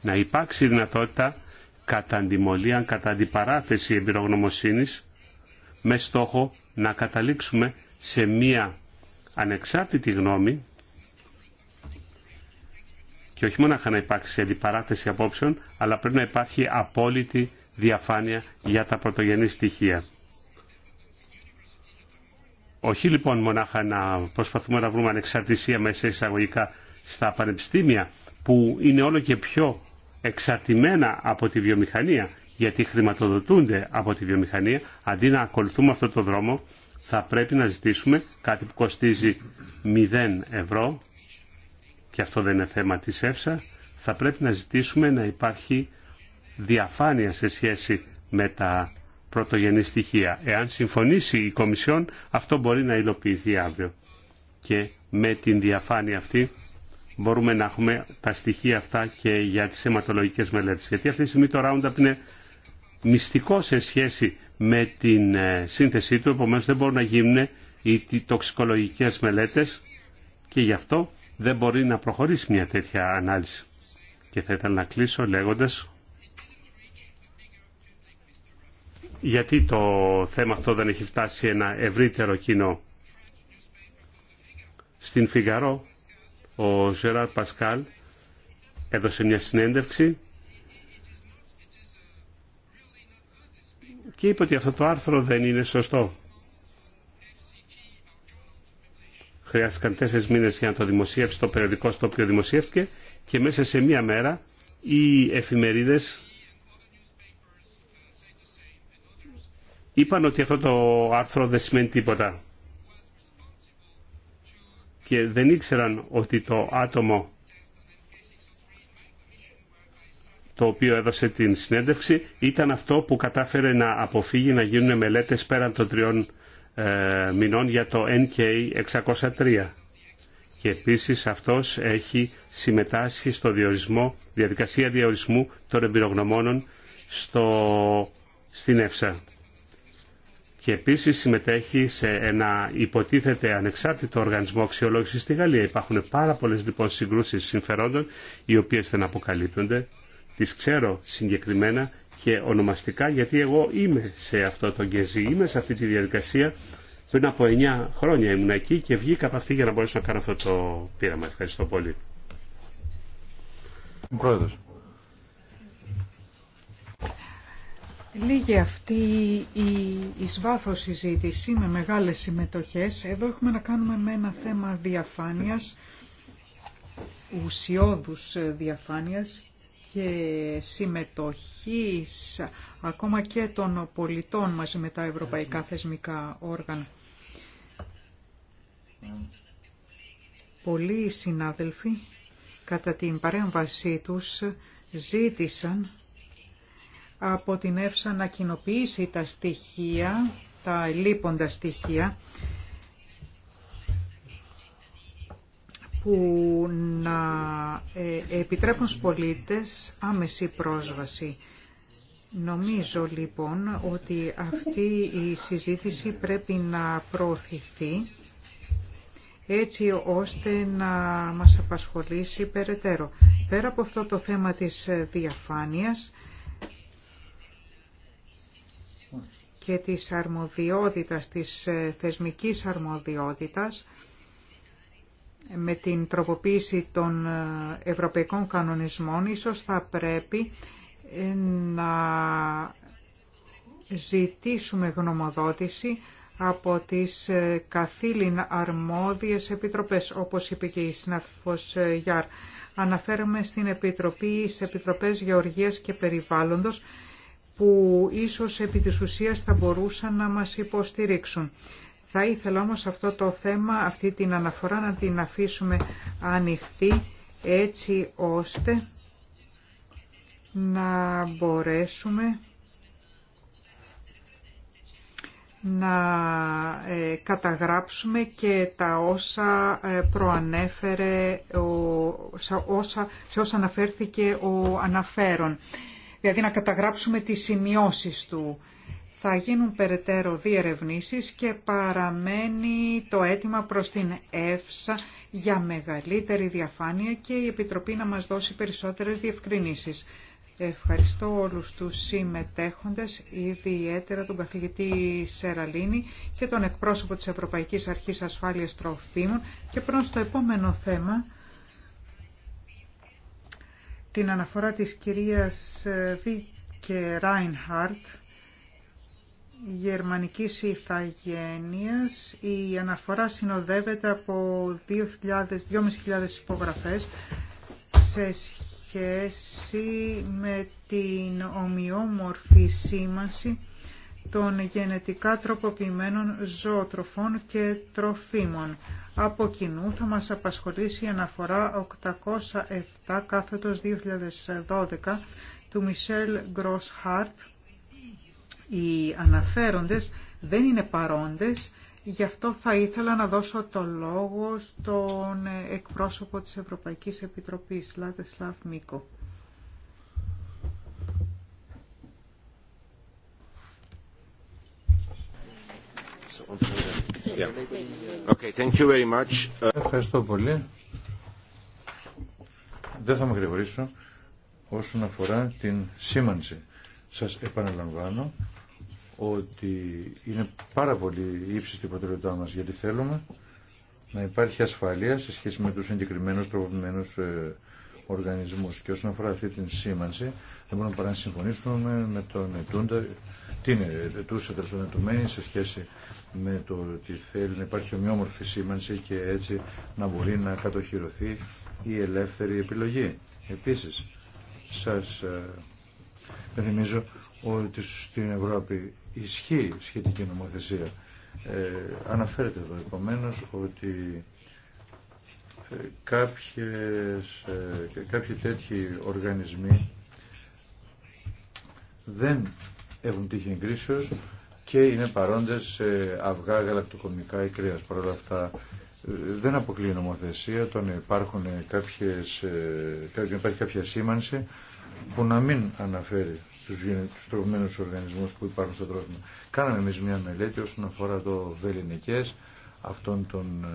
να υπάρξει δυνατότητα κατά αντιμολία, κατά αντιπαράθεση εμπειρογνωμοσύνης με στόχο να καταλήξουμε σε μία ανεξάρτητη γνώμη και όχι μόνο να υπάρξει αντιπαράθεση απόψεων, αλλά πρέπει να υπάρχει απόλυτη διαφάνεια για τα πρωτογενή στοιχεία. Όχι λοιπόν μονάχα να προσπαθούμε να βρούμε ανεξαρτησία μέσα εισαγωγικά στα πανεπιστήμια που είναι όλο και πιο εξαρτημένα από τη βιομηχανία γιατί χρηματοδοτούνται από τη βιομηχανία αντί να ακολουθούμε αυτό το δρόμο θα πρέπει να ζητήσουμε κάτι που κοστίζει 0 ευρώ και αυτό δεν είναι θέμα της ΕΦΣΑ θα πρέπει να ζητήσουμε να υπάρχει διαφάνεια σε σχέση με τα πρωτογενή στοιχεία. Εάν συμφωνήσει η Κομισιόν, αυτό μπορεί να υλοποιηθεί αύριο. Και με την διαφάνεια αυτή μπορούμε να έχουμε τα στοιχεία αυτά και για τις αιματολογικές μελέτες. Γιατί αυτή τη στιγμή το Roundup είναι μυστικό σε σχέση με την ε, σύνθεσή του, επομένως δεν μπορούν να γίνουν οι τοξικολογικές μελέτες και γι' αυτό δεν μπορεί να προχωρήσει μια τέτοια ανάλυση. Και θα ήθελα να κλείσω λέγοντας γιατί το θέμα αυτό δεν έχει φτάσει ένα ευρύτερο κοινό. Στην Φιγαρό, ο Ζεράρ Πασκάλ έδωσε μια συνέντευξη και είπε ότι αυτό το άρθρο δεν είναι σωστό. Χρειάστηκαν τέσσερις μήνες για να το δημοσίευσει το περιοδικό στο οποίο δημοσιεύτηκε και μέσα σε μία μέρα οι εφημερίδες είπαν ότι αυτό το άρθρο δεν σημαίνει τίποτα και δεν ήξεραν ότι το άτομο το οποίο έδωσε την συνέντευξη ήταν αυτό που κατάφερε να αποφύγει να γίνουν μελέτες πέραν των τριών ε, μηνών για το NK603. Και επίσης αυτός έχει συμμετάσχει στο διορισμό, διαδικασία διορισμού των εμπειρογνωμόνων στο, στην ΕΦΣΑ και επίσης συμμετέχει σε ένα υποτίθεται ανεξάρτητο οργανισμό αξιολόγησης στη Γαλλία. Υπάρχουν πάρα πολλές λοιπόν συγκρούσεις συμφερόντων οι οποίες δεν αποκαλύπτονται. Τις ξέρω συγκεκριμένα και ονομαστικά γιατί εγώ είμαι σε αυτό το γκεζί, είμαι σε αυτή τη διαδικασία. Πριν από 9 χρόνια ήμουν εκεί και βγήκα από αυτή για να μπορέσω να κάνω αυτό το πείραμα. Ευχαριστώ πολύ. Πρόεδρος. Λίγη αυτή η εισβάθο συζήτηση με μεγάλες συμμετοχές. Εδώ έχουμε να κάνουμε με ένα θέμα διαφάνειας, ουσιώδους διαφάνειας και συμμετοχής ακόμα και των πολιτών μαζί με τα ευρωπαϊκά θεσμικά όργανα. Πολλοί συνάδελφοι κατά την παρέμβασή τους ζήτησαν από την Εύσα να κοινοποιήσει τα στοιχεία, τα λείποντα στοιχεία, που να ε, επιτρέπουν στους πολίτες άμεση πρόσβαση. Νομίζω λοιπόν ότι αυτή η συζήτηση πρέπει να προωθηθεί έτσι ώστε να μας απασχολήσει περαιτέρω. Πέρα από αυτό το θέμα της διαφάνειας, και της αρμοδιότητας, της ε, θεσμικής αρμοδιότητας με την τροποποίηση των ε, ευρωπαϊκών κανονισμών ίσως θα πρέπει ε, να ζητήσουμε γνωμοδότηση από τις καθήλυν αρμόδιες επιτροπές, όπως είπε και η συνάδελφος Γιάρ. Αναφέρομαι στην Επιτροπή, στις Επιτροπές Γεωργίας και Περιβάλλοντος που ίσως επί της ουσίας θα μπορούσαν να μας υποστηρίξουν. Θα ήθελα όμως αυτό το θέμα, αυτή την αναφορά να την αφήσουμε ανοιχτή έτσι ώστε να μπορέσουμε να ε, καταγράψουμε και τα όσα ε, προανέφερε, όσα, σε όσα αναφέρθηκε ο αναφέρον δηλαδή να καταγράψουμε τις σημειώσεις του. Θα γίνουν περαιτέρω διερευνήσεις και παραμένει το αίτημα προς την ΕΦΣΑ για μεγαλύτερη διαφάνεια και η Επιτροπή να μας δώσει περισσότερες διευκρινήσεις. Ευχαριστώ όλους τους συμμετέχοντες, ιδιαίτερα τον καθηγητή Σεραλίνη και τον εκπρόσωπο της Ευρωπαϊκής Αρχής Ασφάλειας Τροφίμων και προς το επόμενο θέμα την αναφορά της κυρίας ε, Βίκε Ράινχαρτ, γερμανικής ηθαγένειας. Η αναφορά συνοδεύεται από 2.500 υπογραφές σε σχέση με την ομοιόμορφη σήμανση των γενετικά τροποποιημένων ζωοτροφών και τροφίμων. Από κοινού θα μας απασχολήσει η αναφορά 807 κάθετος 2012 του Μισελ Γκροσχάρτ. Οι αναφέροντες δεν είναι παρόντες, γι' αυτό θα ήθελα να δώσω το λόγο στον εκπρόσωπο της Ευρωπαϊκής Επιτροπής, Λάτεσλαβ Μίκο. Ευχαριστώ πολύ. Δεν θα με γρηγορήσω όσον αφορά την σήμανση. Σας επαναλαμβάνω ότι είναι πάρα πολύ ύψιστη η προτεραιότητά μας γιατί θέλουμε να υπάρχει ασφαλεία σε σχέση με τους συγκεκριμένους τροποποιημένους ε, οργανισμούς. Και όσον αφορά αυτή την σήμανση, δεν μπορούμε παρά να συμφωνήσουμε με τον Ετούντα τι Είναι ετούσα τελεσοδετωμένη σε σχέση με το ότι θέλει να υπάρχει ομοιόμορφη σήμανση και έτσι να μπορεί να κατοχυρωθεί η ελεύθερη επιλογή. Επίσης, σας ε, θυμίζω ότι στην Ευρώπη ισχύει σχετική νομοθεσία. Ε, αναφέρεται εδώ επομένω ότι ε, κάποιες, ε, κάποιοι τέτοιοι οργανισμοί δεν έχουν τύχει εγκρίσεως και είναι παρόντες σε αυγά γαλακτοκομικά ή κρέα. Παρ' όλα αυτά δεν αποκλείει νομοθεσία το να υπάρχουν κάποιες, ε, υπάρχει κάποια σήμανση που να μην αναφέρει τους, τους οργανισμού οργανισμούς που υπάρχουν στο τρόφιμο. Κάναμε εμείς μια μελέτη όσον αφορά το βεληνικές αυτών των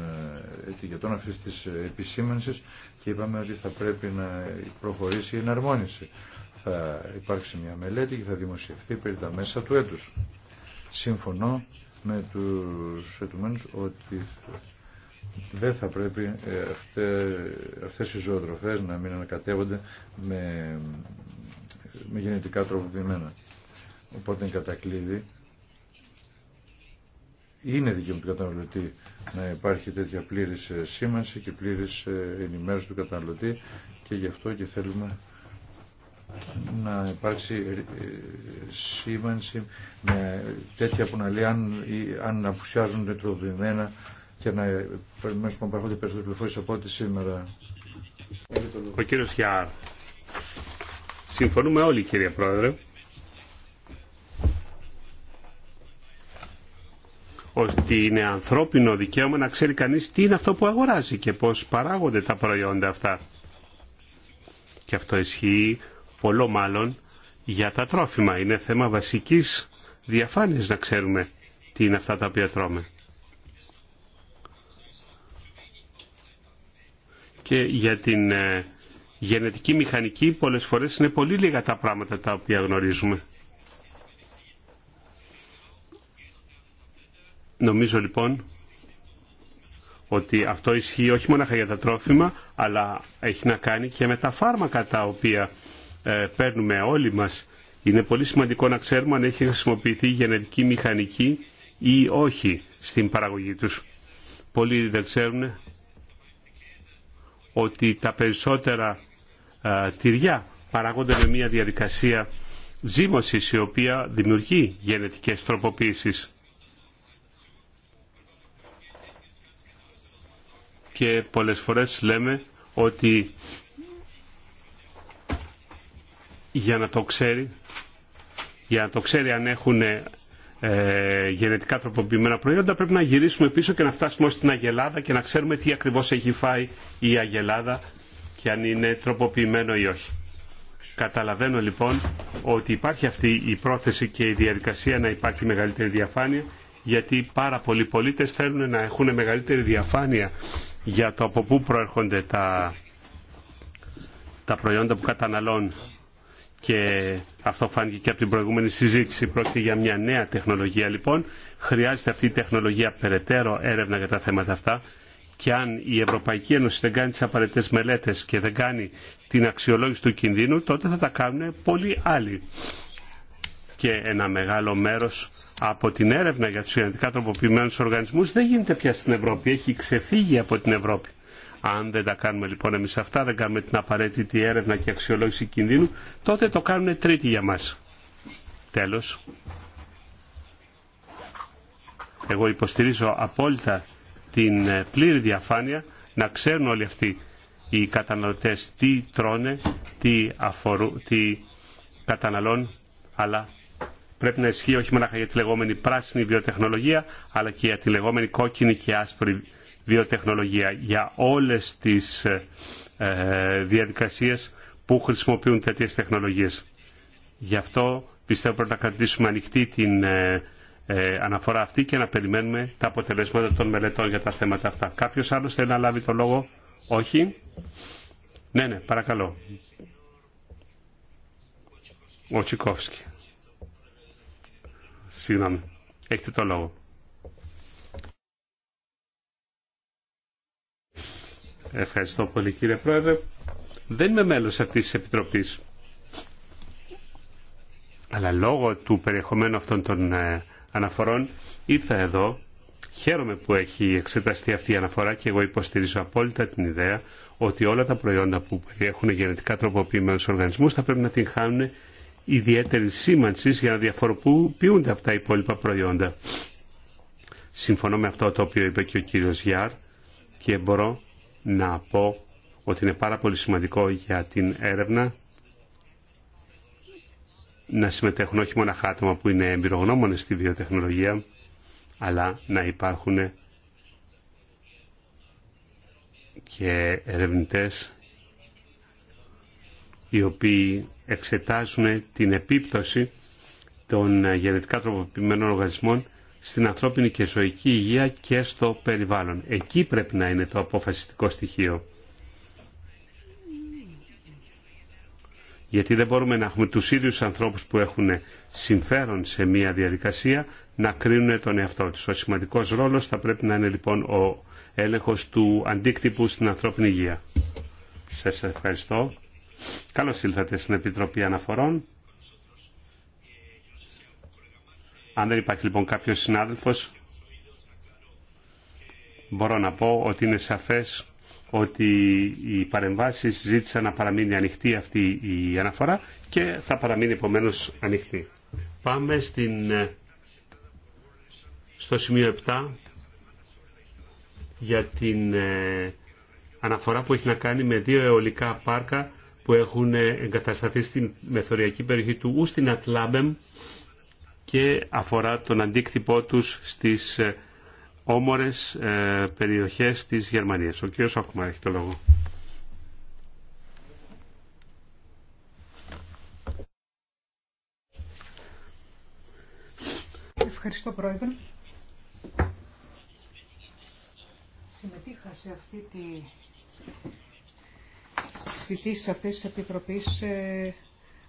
ετικετών αυτής της ε, επισήμανσης και είπαμε ότι θα πρέπει να προχωρήσει η εναρμόνιση θα υπάρξει μια μελέτη και θα δημοσιευθεί περί τα μέσα του έτους. Συμφωνώ με τους ετουμένους ότι δεν θα πρέπει ε, αυτές οι ζωοτροφές να μην ανακατεύονται με, με γενετικά τροποποιημένα. Οπότε κατακλείδη είναι δικαίωμα του καταναλωτή να υπάρχει τέτοια πλήρης ε, σήμανση και πλήρης ε, ενημέρωση του καταναλωτή και γι' αυτό και θέλουμε να υπάρξει ε, ε, σήμανση με τέτοια που να λέει αν, αν απουσιάζουν και να περιμένουμε να παρέχονται περισσότερες πληροφορίες από ό,τι σήμερα. Ο κύριος Χιάρ Συμφωνούμε όλοι κύριε Πρόεδρε. ότι είναι ανθρώπινο δικαίωμα να ξέρει κανείς τι είναι αυτό που αγοράζει και πώς παράγονται τα προϊόντα αυτά. Και αυτό ισχύει πολλό μάλλον για τα τρόφιμα. Είναι θέμα βασικής διαφάνειας να ξέρουμε τι είναι αυτά τα οποία τρώμε. Και για την ε, γενετική μηχανική πολλές φορές είναι πολύ λίγα τα πράγματα τα οποία γνωρίζουμε. Νομίζω λοιπόν ότι αυτό ισχύει όχι μόνο για τα τρόφιμα, αλλά έχει να κάνει και με τα φάρμακα τα οποία ε, παίρνουμε όλοι μας. Είναι πολύ σημαντικό να ξέρουμε αν έχει χρησιμοποιηθεί γενετική μηχανική ή όχι στην παραγωγή τους. Πολλοί δεν ξέρουν ότι τα περισσότερα ε, τυριά παραγόνται με μια διαδικασία ζύμωσης η οποία δημιουργεί γενετικές τροποποίησεις. Και πολλές φορές λέμε ότι για να το ξέρει, για να το ξέρει αν έχουν ε, γενετικά τροποποιημένα προϊόντα πρέπει να γυρίσουμε πίσω και να φτάσουμε ως την Αγελάδα και να ξέρουμε τι ακριβώς έχει φάει η Αγελάδα και αν είναι τροποποιημένο ή όχι. Καταλαβαίνω λοιπόν ότι υπάρχει αυτή η πρόθεση και η διαδικασία να υπάρχει μεγαλύτερη διαφάνεια γιατί πάρα πολλοί πολίτες θέλουν να έχουν μεγαλύτερη διαφάνεια για το από πού προέρχονται τα, τα προϊόντα που καταναλώνουν και αυτό φάνηκε και από την προηγούμενη συζήτηση. Πρόκειται για μια νέα τεχνολογία λοιπόν. Χρειάζεται αυτή η τεχνολογία περαιτέρω έρευνα για τα θέματα αυτά και αν η Ευρωπαϊκή Ένωση δεν κάνει τι απαραίτητε μελέτε και δεν κάνει την αξιολόγηση του κινδύνου, τότε θα τα κάνουν πολλοί άλλοι. Και ένα μεγάλο μέρο από την έρευνα για του γενετικά τροποποιημένου οργανισμού δεν γίνεται πια στην Ευρώπη. Έχει ξεφύγει από την Ευρώπη. Αν δεν τα κάνουμε λοιπόν εμείς αυτά, δεν κάνουμε την απαραίτητη έρευνα και αξιολόγηση κινδύνου, τότε το κάνουν τρίτη για μας. Τέλος. Εγώ υποστηρίζω απόλυτα την ε, πλήρη διαφάνεια να ξέρουν όλοι αυτοί οι καταναλωτές τι τρώνε, τι, αφορού, τι καταναλώνουν, αλλά πρέπει να ισχύει όχι μόνο για τη λεγόμενη πράσινη βιοτεχνολογία, αλλά και για τη λεγόμενη κόκκινη και άσπρη βιοτεχνολογία για όλες τις ε, διαδικασίες που χρησιμοποιούν τέτοιες τεχνολογίες. Γι' αυτό πιστεύω πρέπει να κρατήσουμε ανοιχτή την ε, ε, αναφορά αυτή και να περιμένουμε τα αποτελέσματα των μελετών για τα θέματα αυτά. Κάποιος άλλος θέλει να λάβει το λόγο. Όχι. Ναι, ναι, παρακαλώ. Ο Τσικόφσκι. Συγγνώμη. Έχετε το λόγο. Ευχαριστώ πολύ κύριε Πρόεδρε. Δεν είμαι μέλος αυτής της Επιτροπής. Αλλά λόγω του περιεχομένου αυτών των ε, αναφορών ήρθα εδώ. Χαίρομαι που έχει εξεταστεί αυτή η αναφορά και εγώ υποστηρίζω απόλυτα την ιδέα ότι όλα τα προϊόντα που περιέχουν γενετικά τροποποιημένους οργανισμούς θα πρέπει να την χάνουν ιδιαίτερη σήμανση για να διαφοροποιούνται από τα υπόλοιπα προϊόντα. Συμφωνώ με αυτό το οποίο είπε και ο κύριος Γιάρ και μπορώ να πω ότι είναι πάρα πολύ σημαντικό για την έρευνα να συμμετέχουν όχι μόνο άτομα που είναι εμπειρογνώμονες στη βιοτεχνολογία, αλλά να υπάρχουν και ερευνητές οι οποίοι εξετάζουν την επίπτωση των γενετικά τροποποιημένων οργανισμών στην ανθρώπινη και ζωική υγεία και στο περιβάλλον. Εκεί πρέπει να είναι το αποφασιστικό στοιχείο. Γιατί δεν μπορούμε να έχουμε τους ίδιους ανθρώπους που έχουν συμφέρον σε μια διαδικασία να κρίνουν τον εαυτό τους. Ο σημαντικός ρόλος θα πρέπει να είναι λοιπόν ο έλεγχος του αντίκτυπου στην ανθρώπινη υγεία. Σας ευχαριστώ. Καλώς ήλθατε στην Επιτροπή Αναφορών. Αν δεν υπάρχει λοιπόν κάποιος συνάδελφος, μπορώ να πω ότι είναι σαφές ότι οι παρεμβάσεις ζήτησαν να παραμείνει ανοιχτή αυτή η αναφορά και θα παραμείνει επομένω ανοιχτή. Πάμε στην, στο σημείο 7 για την ε, αναφορά που έχει να κάνει με δύο αιωλικά πάρκα που έχουν εγκατασταθεί στην μεθοριακή περιοχή του Ού στην και αφορά τον αντίκτυπό τους στις ε, όμορες ε, περιοχές της Γερμανίας. Ο κ. Σόκμα έχει το λόγο. Ευχαριστώ Πρόεδρε. Συμμετείχα σε αυτή τη συζήτηση αυτής της Επιτροπής ε,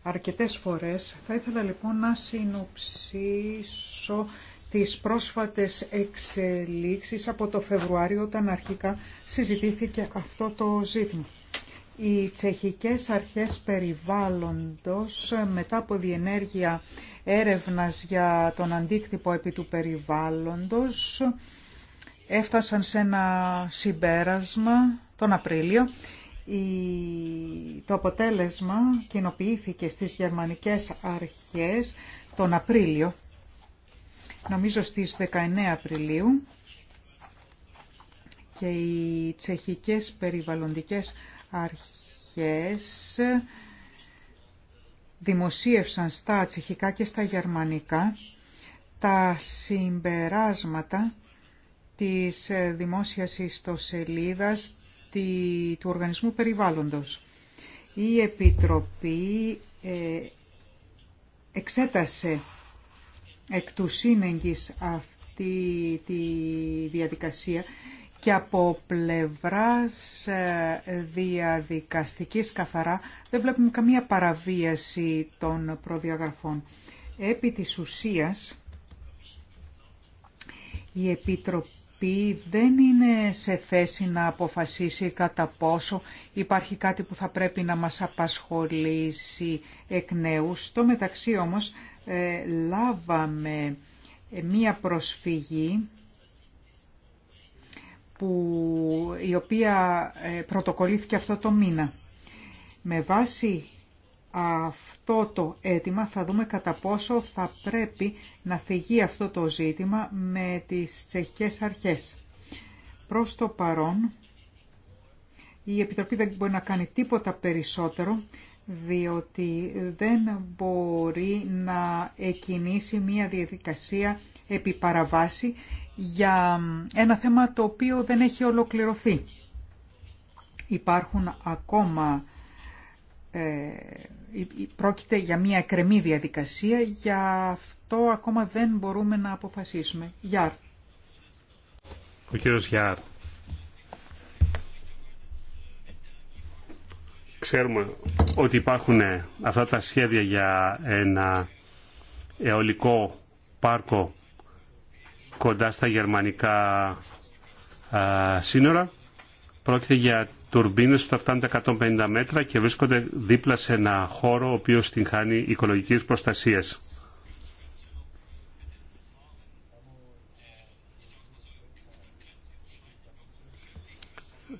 αρκετές φορές. Θα ήθελα λοιπόν να συνοψίσω τις πρόσφατες εξελίξεις από το Φεβρουάριο όταν αρχικά συζητήθηκε αυτό το ζήτημα. Οι τσεχικές αρχές περιβάλλοντος μετά από διενέργεια έρευνας για τον αντίκτυπο επί του περιβάλλοντος έφτασαν σε ένα συμπέρασμα τον Απρίλιο το αποτέλεσμα κοινοποιήθηκε στις γερμανικές αρχές τον Απρίλιο, νομίζω στις 19 Απριλίου και οι τσεχικές περιβαλλοντικές αρχές δημοσίευσαν στα τσεχικά και στα γερμανικά τα συμπεράσματα της δημόσιας ιστοσελίδας του Οργανισμού Περιβάλλοντος. Η Επιτροπή ε, εξέτασε εκ του σύνεγγης αυτή τη διαδικασία και από πλευράς ε, διαδικαστικής καθαρά δεν βλέπουμε καμία παραβίαση των προδιαγραφών. Επί της ουσίας, η Επιτροπή δεν είναι σε θέση να αποφασίσει κατά πόσο υπάρχει κάτι που θα πρέπει να μας απασχολήσει εκ νέου. Στο μεταξύ όμως ε, λάβαμε ε, μία προσφυγή που, η οποία ε, πρωτοκολλήθηκε αυτό το μήνα. Με βάση αυτό το αίτημα θα δούμε κατά πόσο θα πρέπει να φυγεί αυτό το ζήτημα με τις τσεχικές αρχές. Προς το παρόν, η Επιτροπή δεν μπορεί να κάνει τίποτα περισσότερο, διότι δεν μπορεί να εκινήσει μία διαδικασία επί παραβάση για ένα θέμα το οποίο δεν έχει ολοκληρωθεί. Υπάρχουν ακόμα ε, ε, ε, πρόκειται για μια εκρεμή διαδικασία, γι' αυτό ακόμα δεν μπορούμε να αποφασίσουμε. Γιάρ. Ο κύριος Γιάρ. Ξέρουμε ότι υπάρχουν ε, αυτά τα σχέδια για ένα αιωλικό πάρκο κοντά στα γερμανικά σύνορα. Πρόκειται για τουρμπίνες που θα φτάνουν τα 150 μέτρα και βρίσκονται δίπλα σε ένα χώρο ο οποίος την χάνει οικολογικής προστασίας.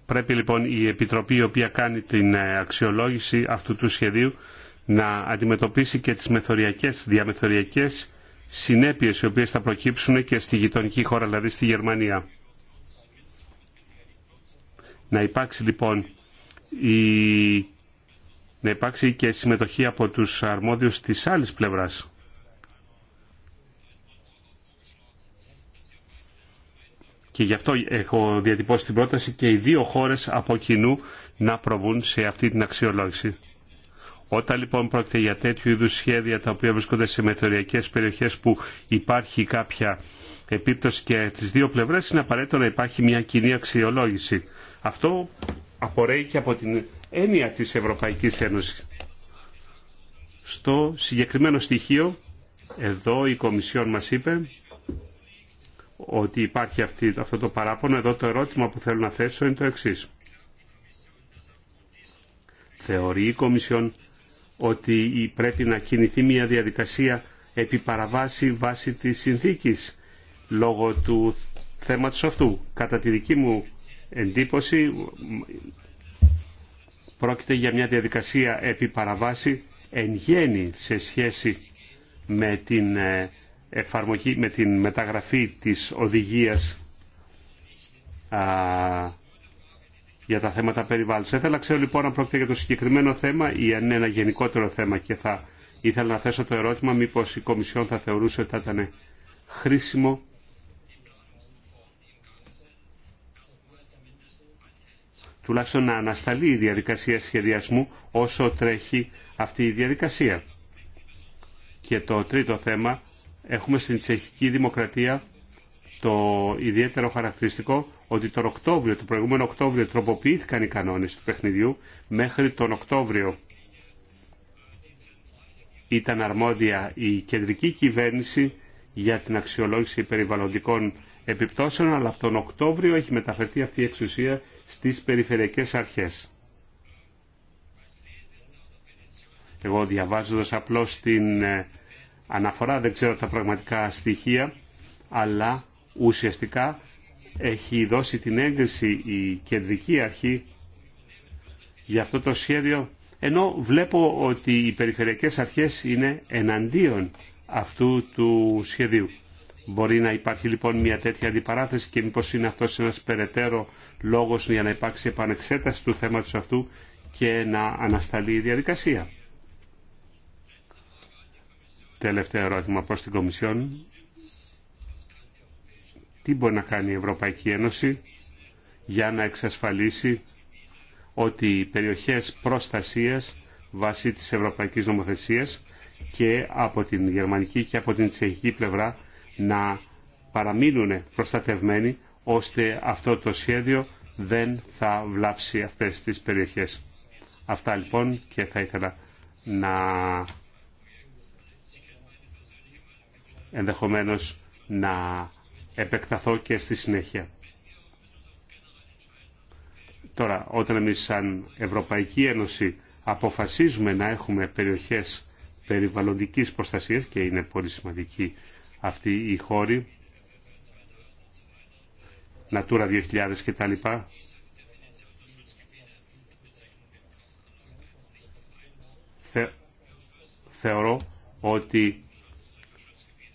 Πρέπει λοιπόν η Επιτροπή η οποία κάνει την ε, αξιολόγηση αυτού του σχεδίου να αντιμετωπίσει και τις μεθοριακές, διαμεθοριακές συνέπειες οι οποίες θα προκύψουν και στη γειτονική χώρα, δηλαδή στη Γερμανία. Να υπάρξει λοιπόν η... να υπάρξει και συμμετοχή από τους αρμόδιους της άλλης πλευράς. Και γι' αυτό έχω διατυπώσει την πρόταση και οι δύο χώρες από κοινού να προβούν σε αυτή την αξιολόγηση. Όταν λοιπόν πρόκειται για τέτοιου είδους σχέδια τα οποία βρίσκονται σε μεθοριακές περιοχές που υπάρχει κάποια επίπτωση και τις δύο πλευρές είναι απαραίτητο να υπάρχει μια κοινή αξιολόγηση. Αυτό απορρέει και από την έννοια της Ευρωπαϊκής Ένωσης. Στο συγκεκριμένο στοιχείο, εδώ η Κομισιόν μας είπε ότι υπάρχει αυτή, αυτό το παράπονο. Εδώ το ερώτημα που θέλω να θέσω είναι το εξής. Θεωρεί η Κομισιόν ότι πρέπει να κινηθεί μια διαδικασία επί παραβάση βάση της συνθήκης λόγω του θέματος αυτού. Κατά τη δική μου εντύπωση. Πρόκειται για μια διαδικασία επί παραβάση εν γέννη σε σχέση με την ε, με την μεταγραφή της οδηγίας α, για τα θέματα περιβάλλοντος. να ξέρω λοιπόν αν πρόκειται για το συγκεκριμένο θέμα ή αν είναι ένα γενικότερο θέμα και θα ήθελα να θέσω το ερώτημα μήπως η Κομισιόν θα θεωρούσε ότι θα ήταν χρήσιμο τουλάχιστον να ανασταλεί η διαδικασία σχεδιασμού όσο τρέχει αυτή η διαδικασία. Και το τρίτο θέμα, έχουμε στην τσεχική δημοκρατία το ιδιαίτερο χαρακτηριστικό ότι τον Οκτώβριο, το προηγούμενο Οκτώβριο τροποποιήθηκαν οι κανόνες του παιχνιδιού μέχρι τον Οκτώβριο ήταν αρμόδια η κεντρική κυβέρνηση για την αξιολόγηση περιβαλλοντικών επιπτώσεων, αλλά από τον Οκτώβριο έχει μεταφερθεί αυτή η εξουσία στις περιφερειακές αρχές. Εγώ διαβάζοντας απλώς την ε, αναφορά, δεν ξέρω τα πραγματικά στοιχεία, αλλά ουσιαστικά έχει δώσει την έγκριση η κεντρική αρχή για αυτό το σχέδιο, ενώ βλέπω ότι οι περιφερειακές αρχές είναι εναντίον αυτού του σχεδίου. Μπορεί να υπάρχει λοιπόν μια τέτοια αντιπαράθεση και μήπως είναι αυτός ένας περαιτέρω λόγος για να υπάρξει επανεξέταση του θέματος αυτού και να ανασταλεί η διαδικασία. Τελευταίο ερώτημα προς την Κομισιόν. Τι μπορεί να κάνει η Ευρωπαϊκή Ένωση για να εξασφαλίσει ότι οι περιοχές προστασίας βάσει της Ευρωπαϊκής Νομοθεσίας και από την γερμανική και από την τσεχική πλευρά να παραμείνουν προστατευμένοι ώστε αυτό το σχέδιο δεν θα βλάψει αυτές τις περιοχές. Αυτά λοιπόν και θα ήθελα να ενδεχομένως να επεκταθώ και στη συνέχεια. Τώρα, όταν εμείς σαν Ευρωπαϊκή Ένωση αποφασίζουμε να έχουμε περιοχές περιβαλλοντικής προστασίας και είναι πολύ σημαντική αυτοί οι χώροι, Natura 2000 κτλ. θεωρώ ότι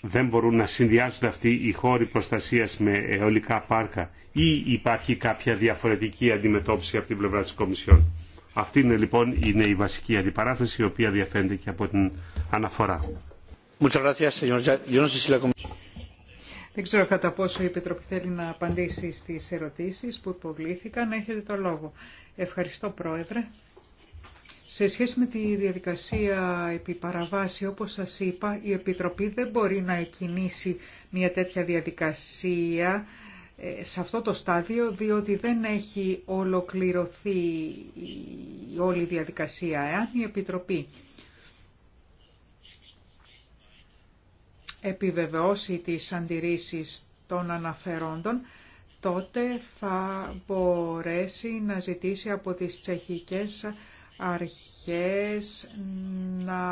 δεν μπορούν να συνδυάζονται αυτοί οι χώροι προστασίας με αιωλικά πάρκα ή υπάρχει κάποια διαφορετική αντιμετώπιση από την πλευρά της Κομισιόν. Αυτή είναι λοιπόν είναι η βασική αντιπαράθεση η οποία διαφαίνεται και από την αναφορά. Δεν ξέρω κατά πόσο η Επιτροπή θέλει να απαντήσει στις ερωτήσεις που υποβλήθηκαν. Έχετε το λόγο. Ευχαριστώ, Πρόεδρε. Σε σχέση με τη διαδικασία επί παραβάση, όπως σας είπα, η Επιτροπή δεν μπορεί να εκκινήσει μια τέτοια διαδικασία ε, σε αυτό το στάδιο, διότι δεν έχει ολοκληρωθεί όλη η διαδικασία. Εάν η Επιτροπή επιβεβαιώσει τις αντιρρήσεις των αναφερόντων, τότε θα μπορέσει να ζητήσει από τις τσεχικές αρχές να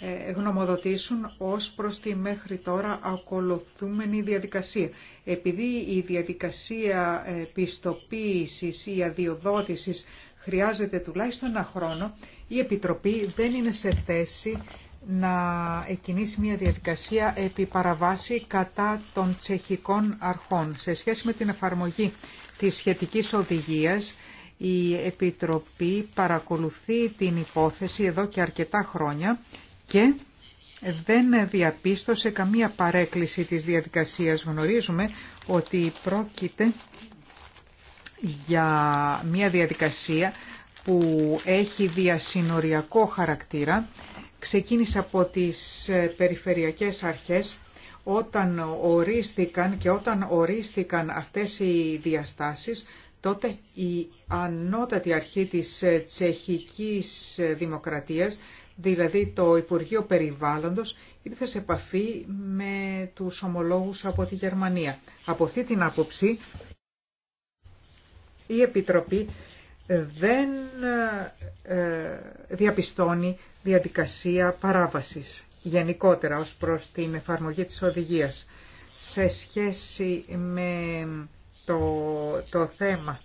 ε, γνωμοδοτήσουν ως προς τη μέχρι τώρα ακολουθούμενη διαδικασία. Επειδή η διαδικασία ε, πιστοποίησης ή αδειοδότησης χρειάζεται τουλάχιστον ένα χρόνο, η Επιτροπή δεν είναι σε θέση να εκκινήσει μια διαδικασία επί παραβάση κατά των τσεχικών αρχών. Σε σχέση με την εφαρμογή της σχετικής οδηγίας, η Επιτροπή παρακολουθεί την υπόθεση εδώ και αρκετά χρόνια και δεν διαπίστωσε καμία παρέκκληση της διαδικασίας. Γνωρίζουμε ότι πρόκειται για μια διαδικασία που έχει διασυνοριακό χαρακτήρα ξεκίνησε από τις ε, περιφερειακές αρχές όταν ορίστηκαν και όταν ορίστηκαν αυτές οι διαστάσεις τότε η ανώτατη αρχή της ε, τσεχικής ε, δημοκρατίας δηλαδή το Υπουργείο Περιβάλλοντος ήρθε σε επαφή με τους ομολόγους από τη Γερμανία. Από αυτή την άποψη η Επιτροπή δεν διαπιστώνει διαδικασία παράβασης γενικότερα ως προς την εφαρμογή της οδηγίας σε σχέση με το, θέμα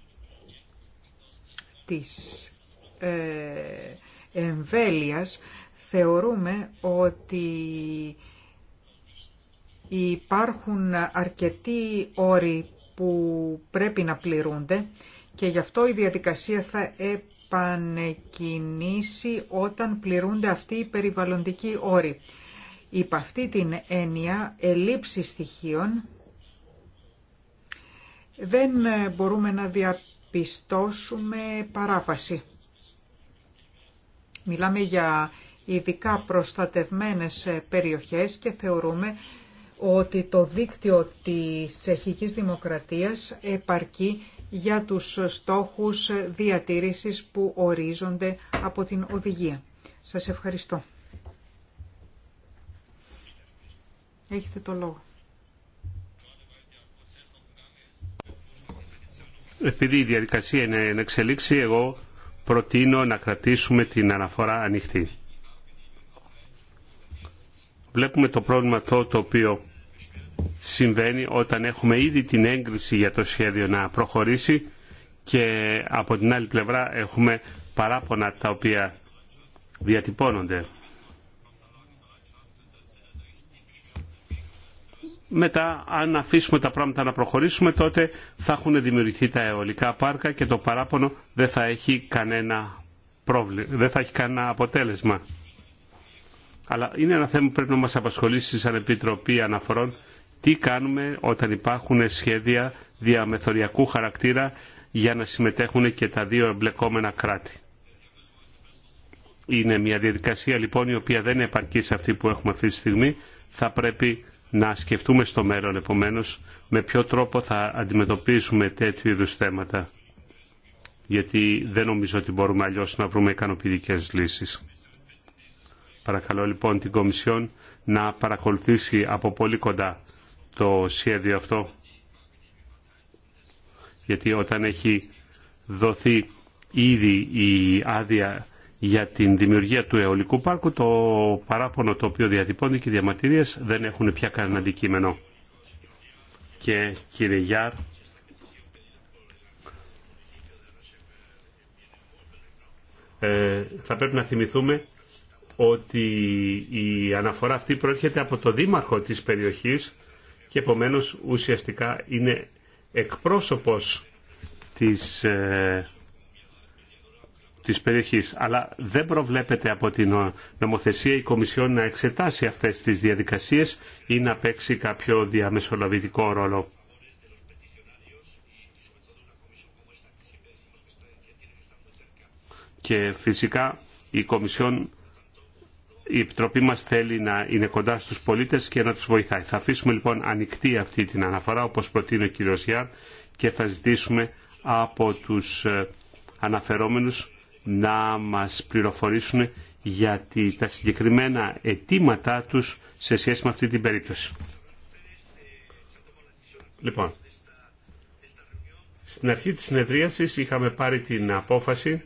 της ε, εμβέλειας θεωρούμε ότι υπάρχουν αρκετοί όροι που πρέπει να πληρούνται και γι' αυτό η διαδικασία θα επανεκκινήσει όταν πληρούνται αυτοί οι περιβαλλοντικοί όροι. Υπ' αυτή την έννοια, ελλείψη στοιχείων δεν μπορούμε να διαπιστώσουμε παράβαση. Μιλάμε για ειδικά προστατευμένες περιοχές και θεωρούμε ότι το δίκτυο της τσεχικής δημοκρατίας επαρκεί για τους στόχους διατήρησης που ορίζονται από την οδηγία. Σας ευχαριστώ. Έχετε το λόγο. Επειδή η διαδικασία είναι εν εξελίξη, εγώ προτείνω να κρατήσουμε την αναφορά ανοιχτή. Βλέπουμε το πρόβλημα αυτό το οποίο συμβαίνει όταν έχουμε ήδη την έγκριση για το σχέδιο να προχωρήσει και από την άλλη πλευρά έχουμε παράπονα τα οποία διατυπώνονται. Μετά, αν αφήσουμε τα πράγματα να προχωρήσουμε, τότε θα έχουν δημιουργηθεί τα αεολικά πάρκα και το παράπονο δεν θα έχει κανένα, πρόβλημα, δεν θα έχει κανένα αποτέλεσμα. Αλλά είναι ένα θέμα που πρέπει να μας απασχολήσει σαν Επιτροπή Αναφορών τι κάνουμε όταν υπάρχουν σχέδια διαμεθοριακού χαρακτήρα για να συμμετέχουν και τα δύο εμπλεκόμενα κράτη. Είναι μια διαδικασία λοιπόν η οποία δεν επαρκεί σε αυτή που έχουμε αυτή τη στιγμή. Θα πρέπει να σκεφτούμε στο μέλλον επομένως με ποιο τρόπο θα αντιμετωπίσουμε τέτοιου είδους θέματα. Γιατί δεν νομίζω ότι μπορούμε αλλιώς να βρούμε ικανοποιητικέ λύσεις. Παρακαλώ λοιπόν την Κομισιόν να παρακολουθήσει από πολύ κοντά το σχέδιο αυτό. Γιατί όταν έχει δοθεί ήδη η άδεια για την δημιουργία του αιωλικού πάρκου, το παράπονο το οποίο διατυπώνει και οι διαμαρτυρίες δεν έχουν πια κανένα αντικείμενο. Και κύριε Γιάρ, ε, θα πρέπει να θυμηθούμε ότι η αναφορά αυτή προέρχεται από το δήμαρχο της περιοχής και επομένως ουσιαστικά είναι εκπρόσωπος της, ε, της περιοχής. Αλλά δεν προβλέπεται από την νομοθεσία η Κομισιόν να εξετάσει αυτές τις διαδικασίες ή να παίξει κάποιο διαμεσολαβητικό ρόλο. Και φυσικά η Κομισιόν η Επιτροπή μας θέλει να είναι κοντά στους πολίτες και να τους βοηθάει. Θα αφήσουμε λοιπόν ανοιχτή αυτή την αναφορά όπως προτείνει ο κ. Γιάρ και θα ζητήσουμε από τους ε, αναφερόμενους να μας πληροφορήσουν για τα συγκεκριμένα αιτήματά τους σε σχέση με αυτή την περίπτωση. Λοιπόν, στην αρχή της συνεδρίασης είχαμε πάρει την απόφαση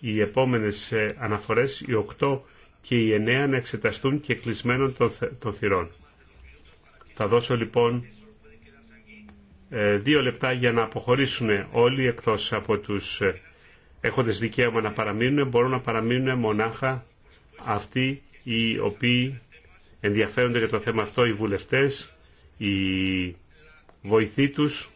οι επόμενες ε, αναφορές, οι οκτώ και οι εννέα να εξεταστούν και κλεισμένων των θυρών. Θα δώσω λοιπόν ε, δύο λεπτά για να αποχωρήσουν όλοι εκτός από τους ε, έχοντες δικαίωμα να παραμείνουν. Μπορούν να παραμείνουν μονάχα αυτοί οι οποίοι ενδιαφέρονται για το θέμα αυτό, οι βουλευτές, οι βοηθοί τους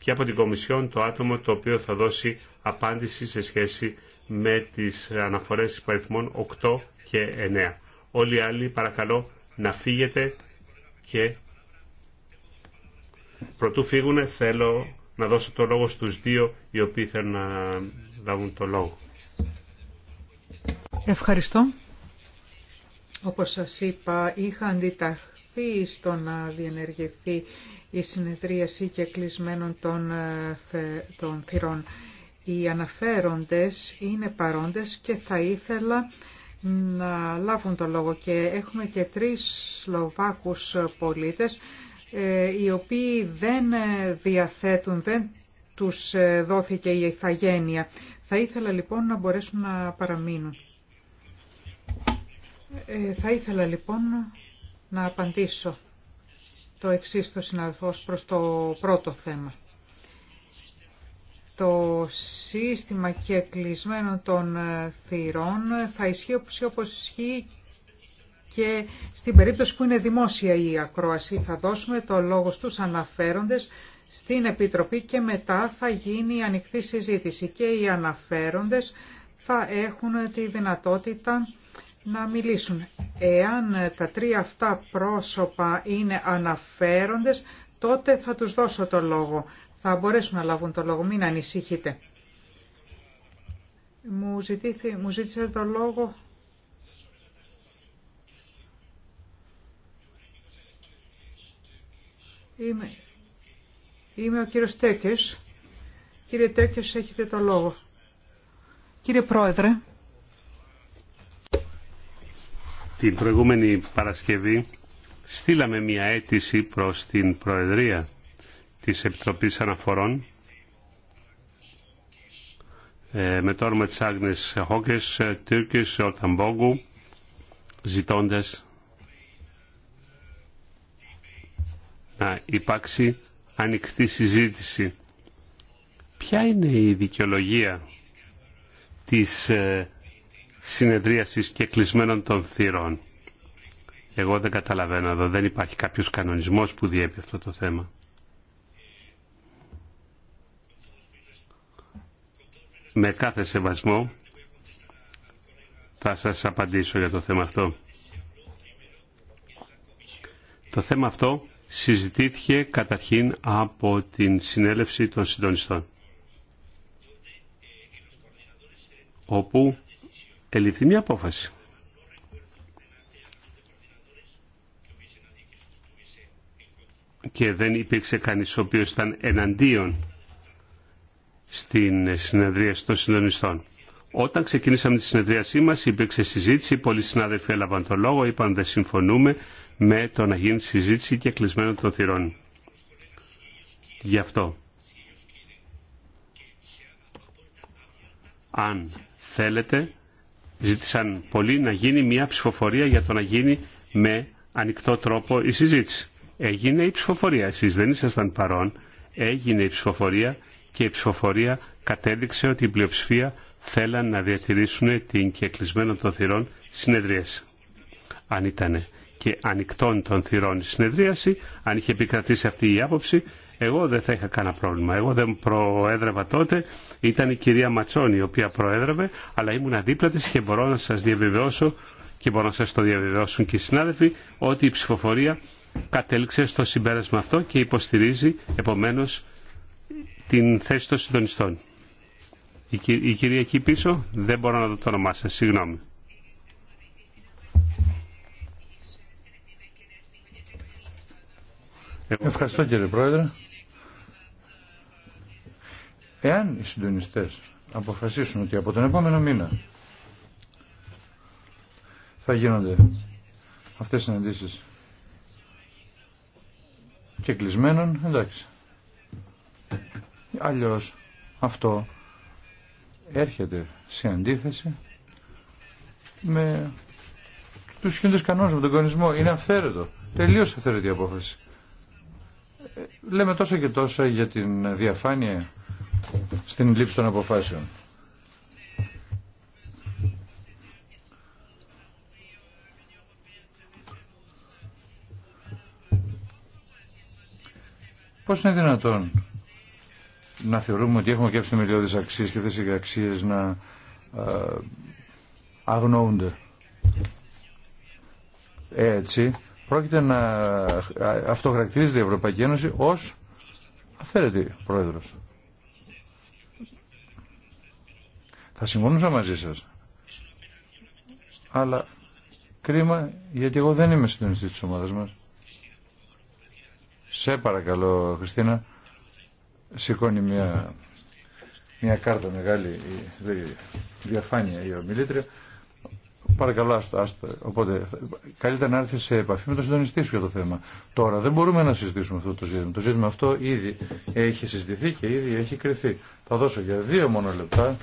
και από την Κομισιόν το άτομο το οποίο θα δώσει απάντηση σε σχέση με τις αναφορές υπαριθμών 8 και 9. Όλοι οι άλλοι παρακαλώ να φύγετε και πρωτού φύγουν θέλω να δώσω το λόγο στους δύο οι οποίοι θέλουν να λάβουν το λόγο. Ευχαριστώ. Όπως σας είπα, είχα αντιταχθεί στο να διενεργηθεί η συνεδρίαση και κλεισμένων των, ε, των θυρών. Οι αναφέροντες είναι παρόντες και θα ήθελα να λάβουν το λόγο και έχουμε και τρεις Σλοβάκους πολίτες ε, οι οποίοι δεν διαθέτουν, δεν τους ε, δόθηκε η ηθαγένεια. Θα ήθελα λοιπόν να μπορέσουν να παραμείνουν. Ε, θα ήθελα λοιπόν να απαντήσω το εξής το συναδελφός προς το πρώτο θέμα το σύστημα και των ε, θυρών θα ισχύει όπως ισχύει και στην περίπτωση που είναι δημόσια η ακρόαση. Θα δώσουμε το λόγο στους αναφέροντες στην Επιτροπή και μετά θα γίνει η ανοιχτή συζήτηση και οι αναφέροντες θα έχουν τη δυνατότητα να μιλήσουν. Εάν τα τρία αυτά πρόσωπα είναι αναφέροντες, τότε θα τους δώσω το λόγο θα μπορέσουν να λάβουν το λόγο. Μην ανησύχετε. Μου, ζήτησε το λόγο Είμαι, είμαι ο κύριος Τέκες. Κύριε Τέκες, έχετε το λόγο. Κύριε Πρόεδρε. Την προηγούμενη Παρασκευή στείλαμε μια αίτηση προς την Προεδρία της Επιτροπής Αναφορών ε, με το όνομα της Άγνες Χόκες ε, Τύρκης Ορταμπόγκου ζητώντας να υπάρξει ανοιχτή συζήτηση. Ποια είναι η δικαιολογία της ε, συνεδρίασης και κλεισμένων των θύρων. Εγώ δεν καταλαβαίνω εδώ, δεν υπάρχει κάποιος κανονισμός που διέπει αυτό το θέμα. με κάθε σεβασμό θα σας απαντήσω για το θέμα αυτό. Το θέμα αυτό συζητήθηκε καταρχήν από την συνέλευση των συντονιστών όπου ελήφθη μια απόφαση. Και δεν υπήρξε κανείς ο οποίος ήταν εναντίον στην συνεδρία των συντονιστών. Όταν ξεκινήσαμε τη συνεδρίασή μας υπήρξε συζήτηση, πολλοί συνάδελφοι έλαβαν το λόγο, είπαν δεν συμφωνούμε με το να γίνει συζήτηση και κλεισμένο των θυρών. Γι' αυτό. Αν θέλετε, ζήτησαν πολλοί να γίνει μια ψηφοφορία για το να γίνει με ανοιχτό τρόπο η συζήτηση. Έγινε η ψηφοφορία, εσείς δεν ήσασταν παρόν, έγινε η ψηφοφορία και η ψηφοφορία κατέδειξε ότι η πλειοψηφία θέλαν να διατηρήσουν την κεκλεισμένο των θυρών συνεδρίαση. Αν ήταν και ανοιχτών των θυρών συνεδρίαση, αν είχε επικρατήσει αυτή η άποψη, εγώ δεν θα είχα κανένα πρόβλημα. Εγώ δεν προέδρευα τότε, ήταν η κυρία Ματσόνη η οποία προέδρευε, αλλά ήμουν δίπλα τη και μπορώ να σα διαβεβαιώσω και μπορώ να σα το διαβεβαιώσουν και οι συνάδελφοι ότι η ψηφοφορία κατέληξε στο συμπέρασμα αυτό και υποστηρίζει επομένω την θέση των συντονιστών. Η, η κυρία εκεί πίσω, δεν μπορώ να δω το όνομά σας, συγγνώμη. Ευχαριστώ κύριε Πρόεδρε. Εάν οι συντονιστές αποφασίσουν ότι από τον επόμενο μήνα θα γίνονται αυτές οι συναντήσεις και κλεισμένων, εντάξει. Αλλιώς αυτό έρχεται σε αντίθεση με τους χιλιάδες κανόνες με τον κανονισμό. Είναι αυθαίρετο. Τελείως αυθαίρετη η απόφαση. Ε, λέμε τόσα και τόσα για την διαφάνεια στην λήψη των αποφάσεων. Πώς είναι δυνατόν να θεωρούμε ότι έχουμε και αυτές αξίες και αυτές οι αξίες να αγνοούνται. Έτσι, πρόκειται να αυτοχαρακτηρίζεται η Ευρωπαϊκή Ένωση ως αφαίρετη πρόεδρος. Θα συμφωνούσα μαζί σας. Αλλά κρίμα γιατί εγώ δεν είμαι συντονιστή της ομάδας μας. Σε παρακαλώ Χριστίνα σηκώνει μια, μια κάρτα μεγάλη διαφάνεια η ομιλήτρια. Παρακαλώ, άστο, άστο. Οπότε, καλύτερα να έρθει σε επαφή με τον συντονιστή σου για το θέμα. Τώρα δεν μπορούμε να συζητήσουμε αυτό το ζήτημα. Το ζήτημα αυτό ήδη έχει συζητηθεί και ήδη έχει κρυθεί. Θα δώσω για δύο μόνο λεπτά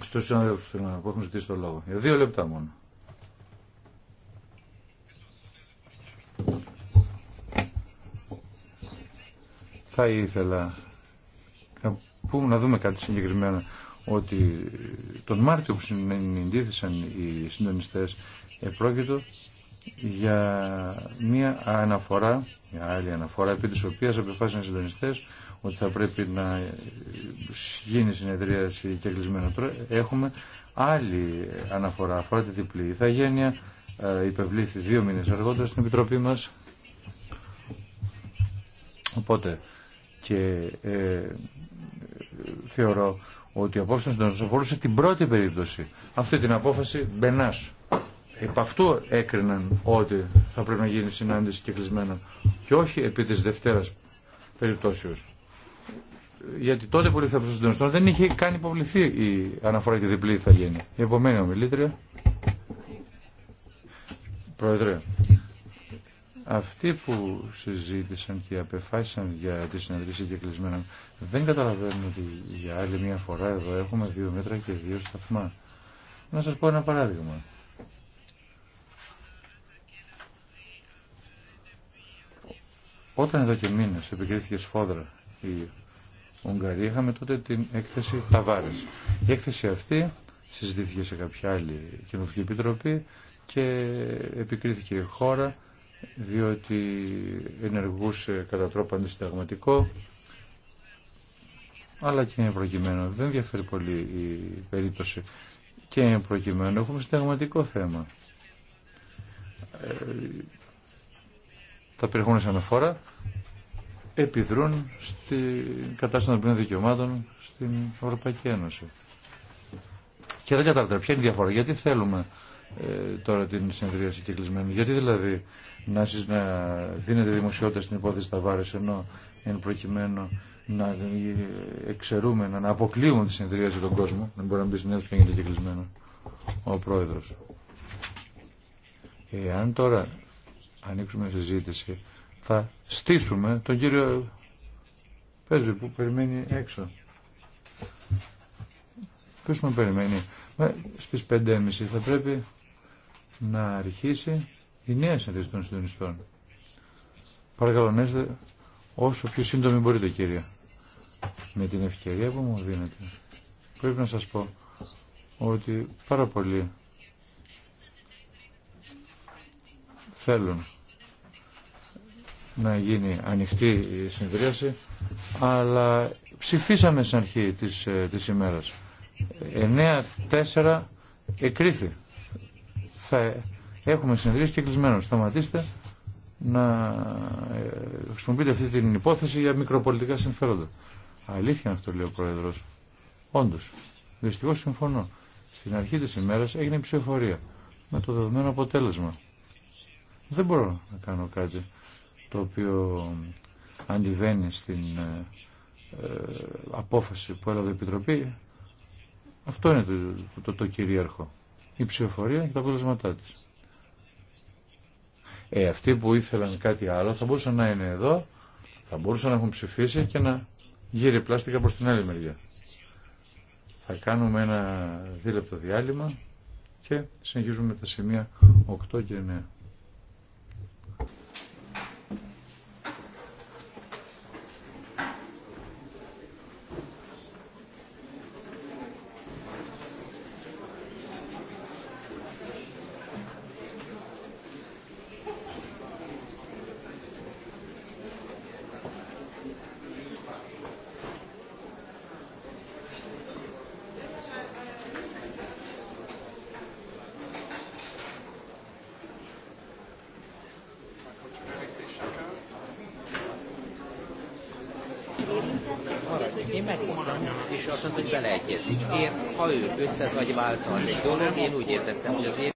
στου συναδέλφου που έχουν ζητήσει το λόγο. Για δύο λεπτά μόνο. Θα ήθελα να, πούμε, να δούμε κάτι συγκεκριμένα ότι τον Μάρτιο που συνεντήθησαν οι συντονιστές επρόκειτο για μια αναφορά, μια άλλη αναφορά επί της οποίας αποφάσισαν οι συντονιστές ότι θα πρέπει να γίνει συνεδρίαση και κλεισμένο τρόπο Έχουμε άλλη αναφορά, αφορά τη διπλή ηθαγένεια, ε, υπευλήθη δύο μήνες αργότερα στην Επιτροπή μας. Οπότε, και ε, θεωρώ ότι η απόφαση των συντονιστών αφορούσε την πρώτη περίπτωση. Αυτή την απόφαση μπενά. Επ' αυτού έκριναν ότι θα πρέπει να γίνει συνάντηση και κλεισμένα και όχι επί της Δευτέρας περιπτώσεως. Γιατί τότε που ήρθε απόφαση των συντονιστών δεν είχε καν υποβληθεί η αναφορά και διπλή θα γίνει. Η επομένη ομιλήτρια. Πρόεδρε, αυτοί που συζήτησαν και απεφάσισαν για τη συνεδρίση και κλεισμένα δεν καταλαβαίνουν ότι για άλλη μια φορά εδώ έχουμε δύο μέτρα και δύο σταθμά. Να σας πω ένα παράδειγμα. Όταν εδώ και μήνες επικρίθηκε σφόδρα η Ουγγαρία, είχαμε τότε την έκθεση Ταβάρες. Η έκθεση αυτή συζητήθηκε σε κάποια άλλη κοινοβουλική επιτροπή και επικρίθηκε η χώρα διότι ενεργούσε κατά τρόπο αντισυνταγματικό αλλά και προκειμένου. Δεν διαφέρει πολύ η περίπτωση. Και προκειμένου έχουμε συνταγματικό θέμα. Ε, τα περιεχόμενα σαν αναφορά επιδρούν στην κατάσταση των ποινών δικαιωμάτων στην Ευρωπαϊκή Ένωση. Και δεν καταλαβαίνω ποια είναι η διαφορά. Γιατί θέλουμε ε, τώρα την συνεδρίαση κυκλισμένη. Γιατί δηλαδή να, να δίνεται δημοσιότητα στην υπόθεση Ταβάρες ενώ εν προκειμένου να εξαιρούμε, να αποκλείουμε τη συνεδρίαση τον κόσμο, να μπορεί να μπει στην αίθουσα και να γίνεται κυκλισμένο ο πρόεδρος. Εάν τώρα ανοίξουμε συζήτηση, θα στήσουμε τον κύριο Πέζη που περιμένει έξω. Ποιος μου περιμένει. Ε, στις 5.30 θα πρέπει να αρχίσει η νέα σύνδεση των συντονιστών. Παρακαλώ, να όσο πιο σύντομη μπορείτε, κύριε. Με την ευκαιρία που μου δίνετε, πρέπει να σας πω ότι πάρα πολλοί θέλουν να γίνει ανοιχτή η συνδρίαση, αλλά ψηφίσαμε στην αρχή της, ε, της ημέρας. 9-4 εκρήθη θα έχουμε συνεδρίες και κλεισμένο. Σταματήστε να ε, χρησιμοποιείτε αυτή την υπόθεση για μικροπολιτικά συμφέροντα. Αλήθεια αυτό λέει ο Πρόεδρος. Όντως, δυστυχώς συμφωνώ. Στην αρχή της ημέρας έγινε ψηφοφορία με το δεδομένο αποτέλεσμα. Δεν μπορώ να κάνω κάτι το οποίο αντιβαίνει στην ε, ε, απόφαση που έλαβε η Επιτροπή. Αυτό είναι το, το, το κυρίαρχο η ψηφοφορία και τα αποτελέσματά τη. Ε, αυτοί που ήθελαν κάτι άλλο θα μπορούσαν να είναι εδώ, θα μπορούσαν να έχουν ψηφίσει και να γύρει πλάστικα προς την άλλη μεριά. Θα κάνουμε ένα δίλεπτο διάλειμμα και συνεχίζουμε με τα σημεία 8 και 9. kiváltan. Egy dolog, én úgy értettem, hogy az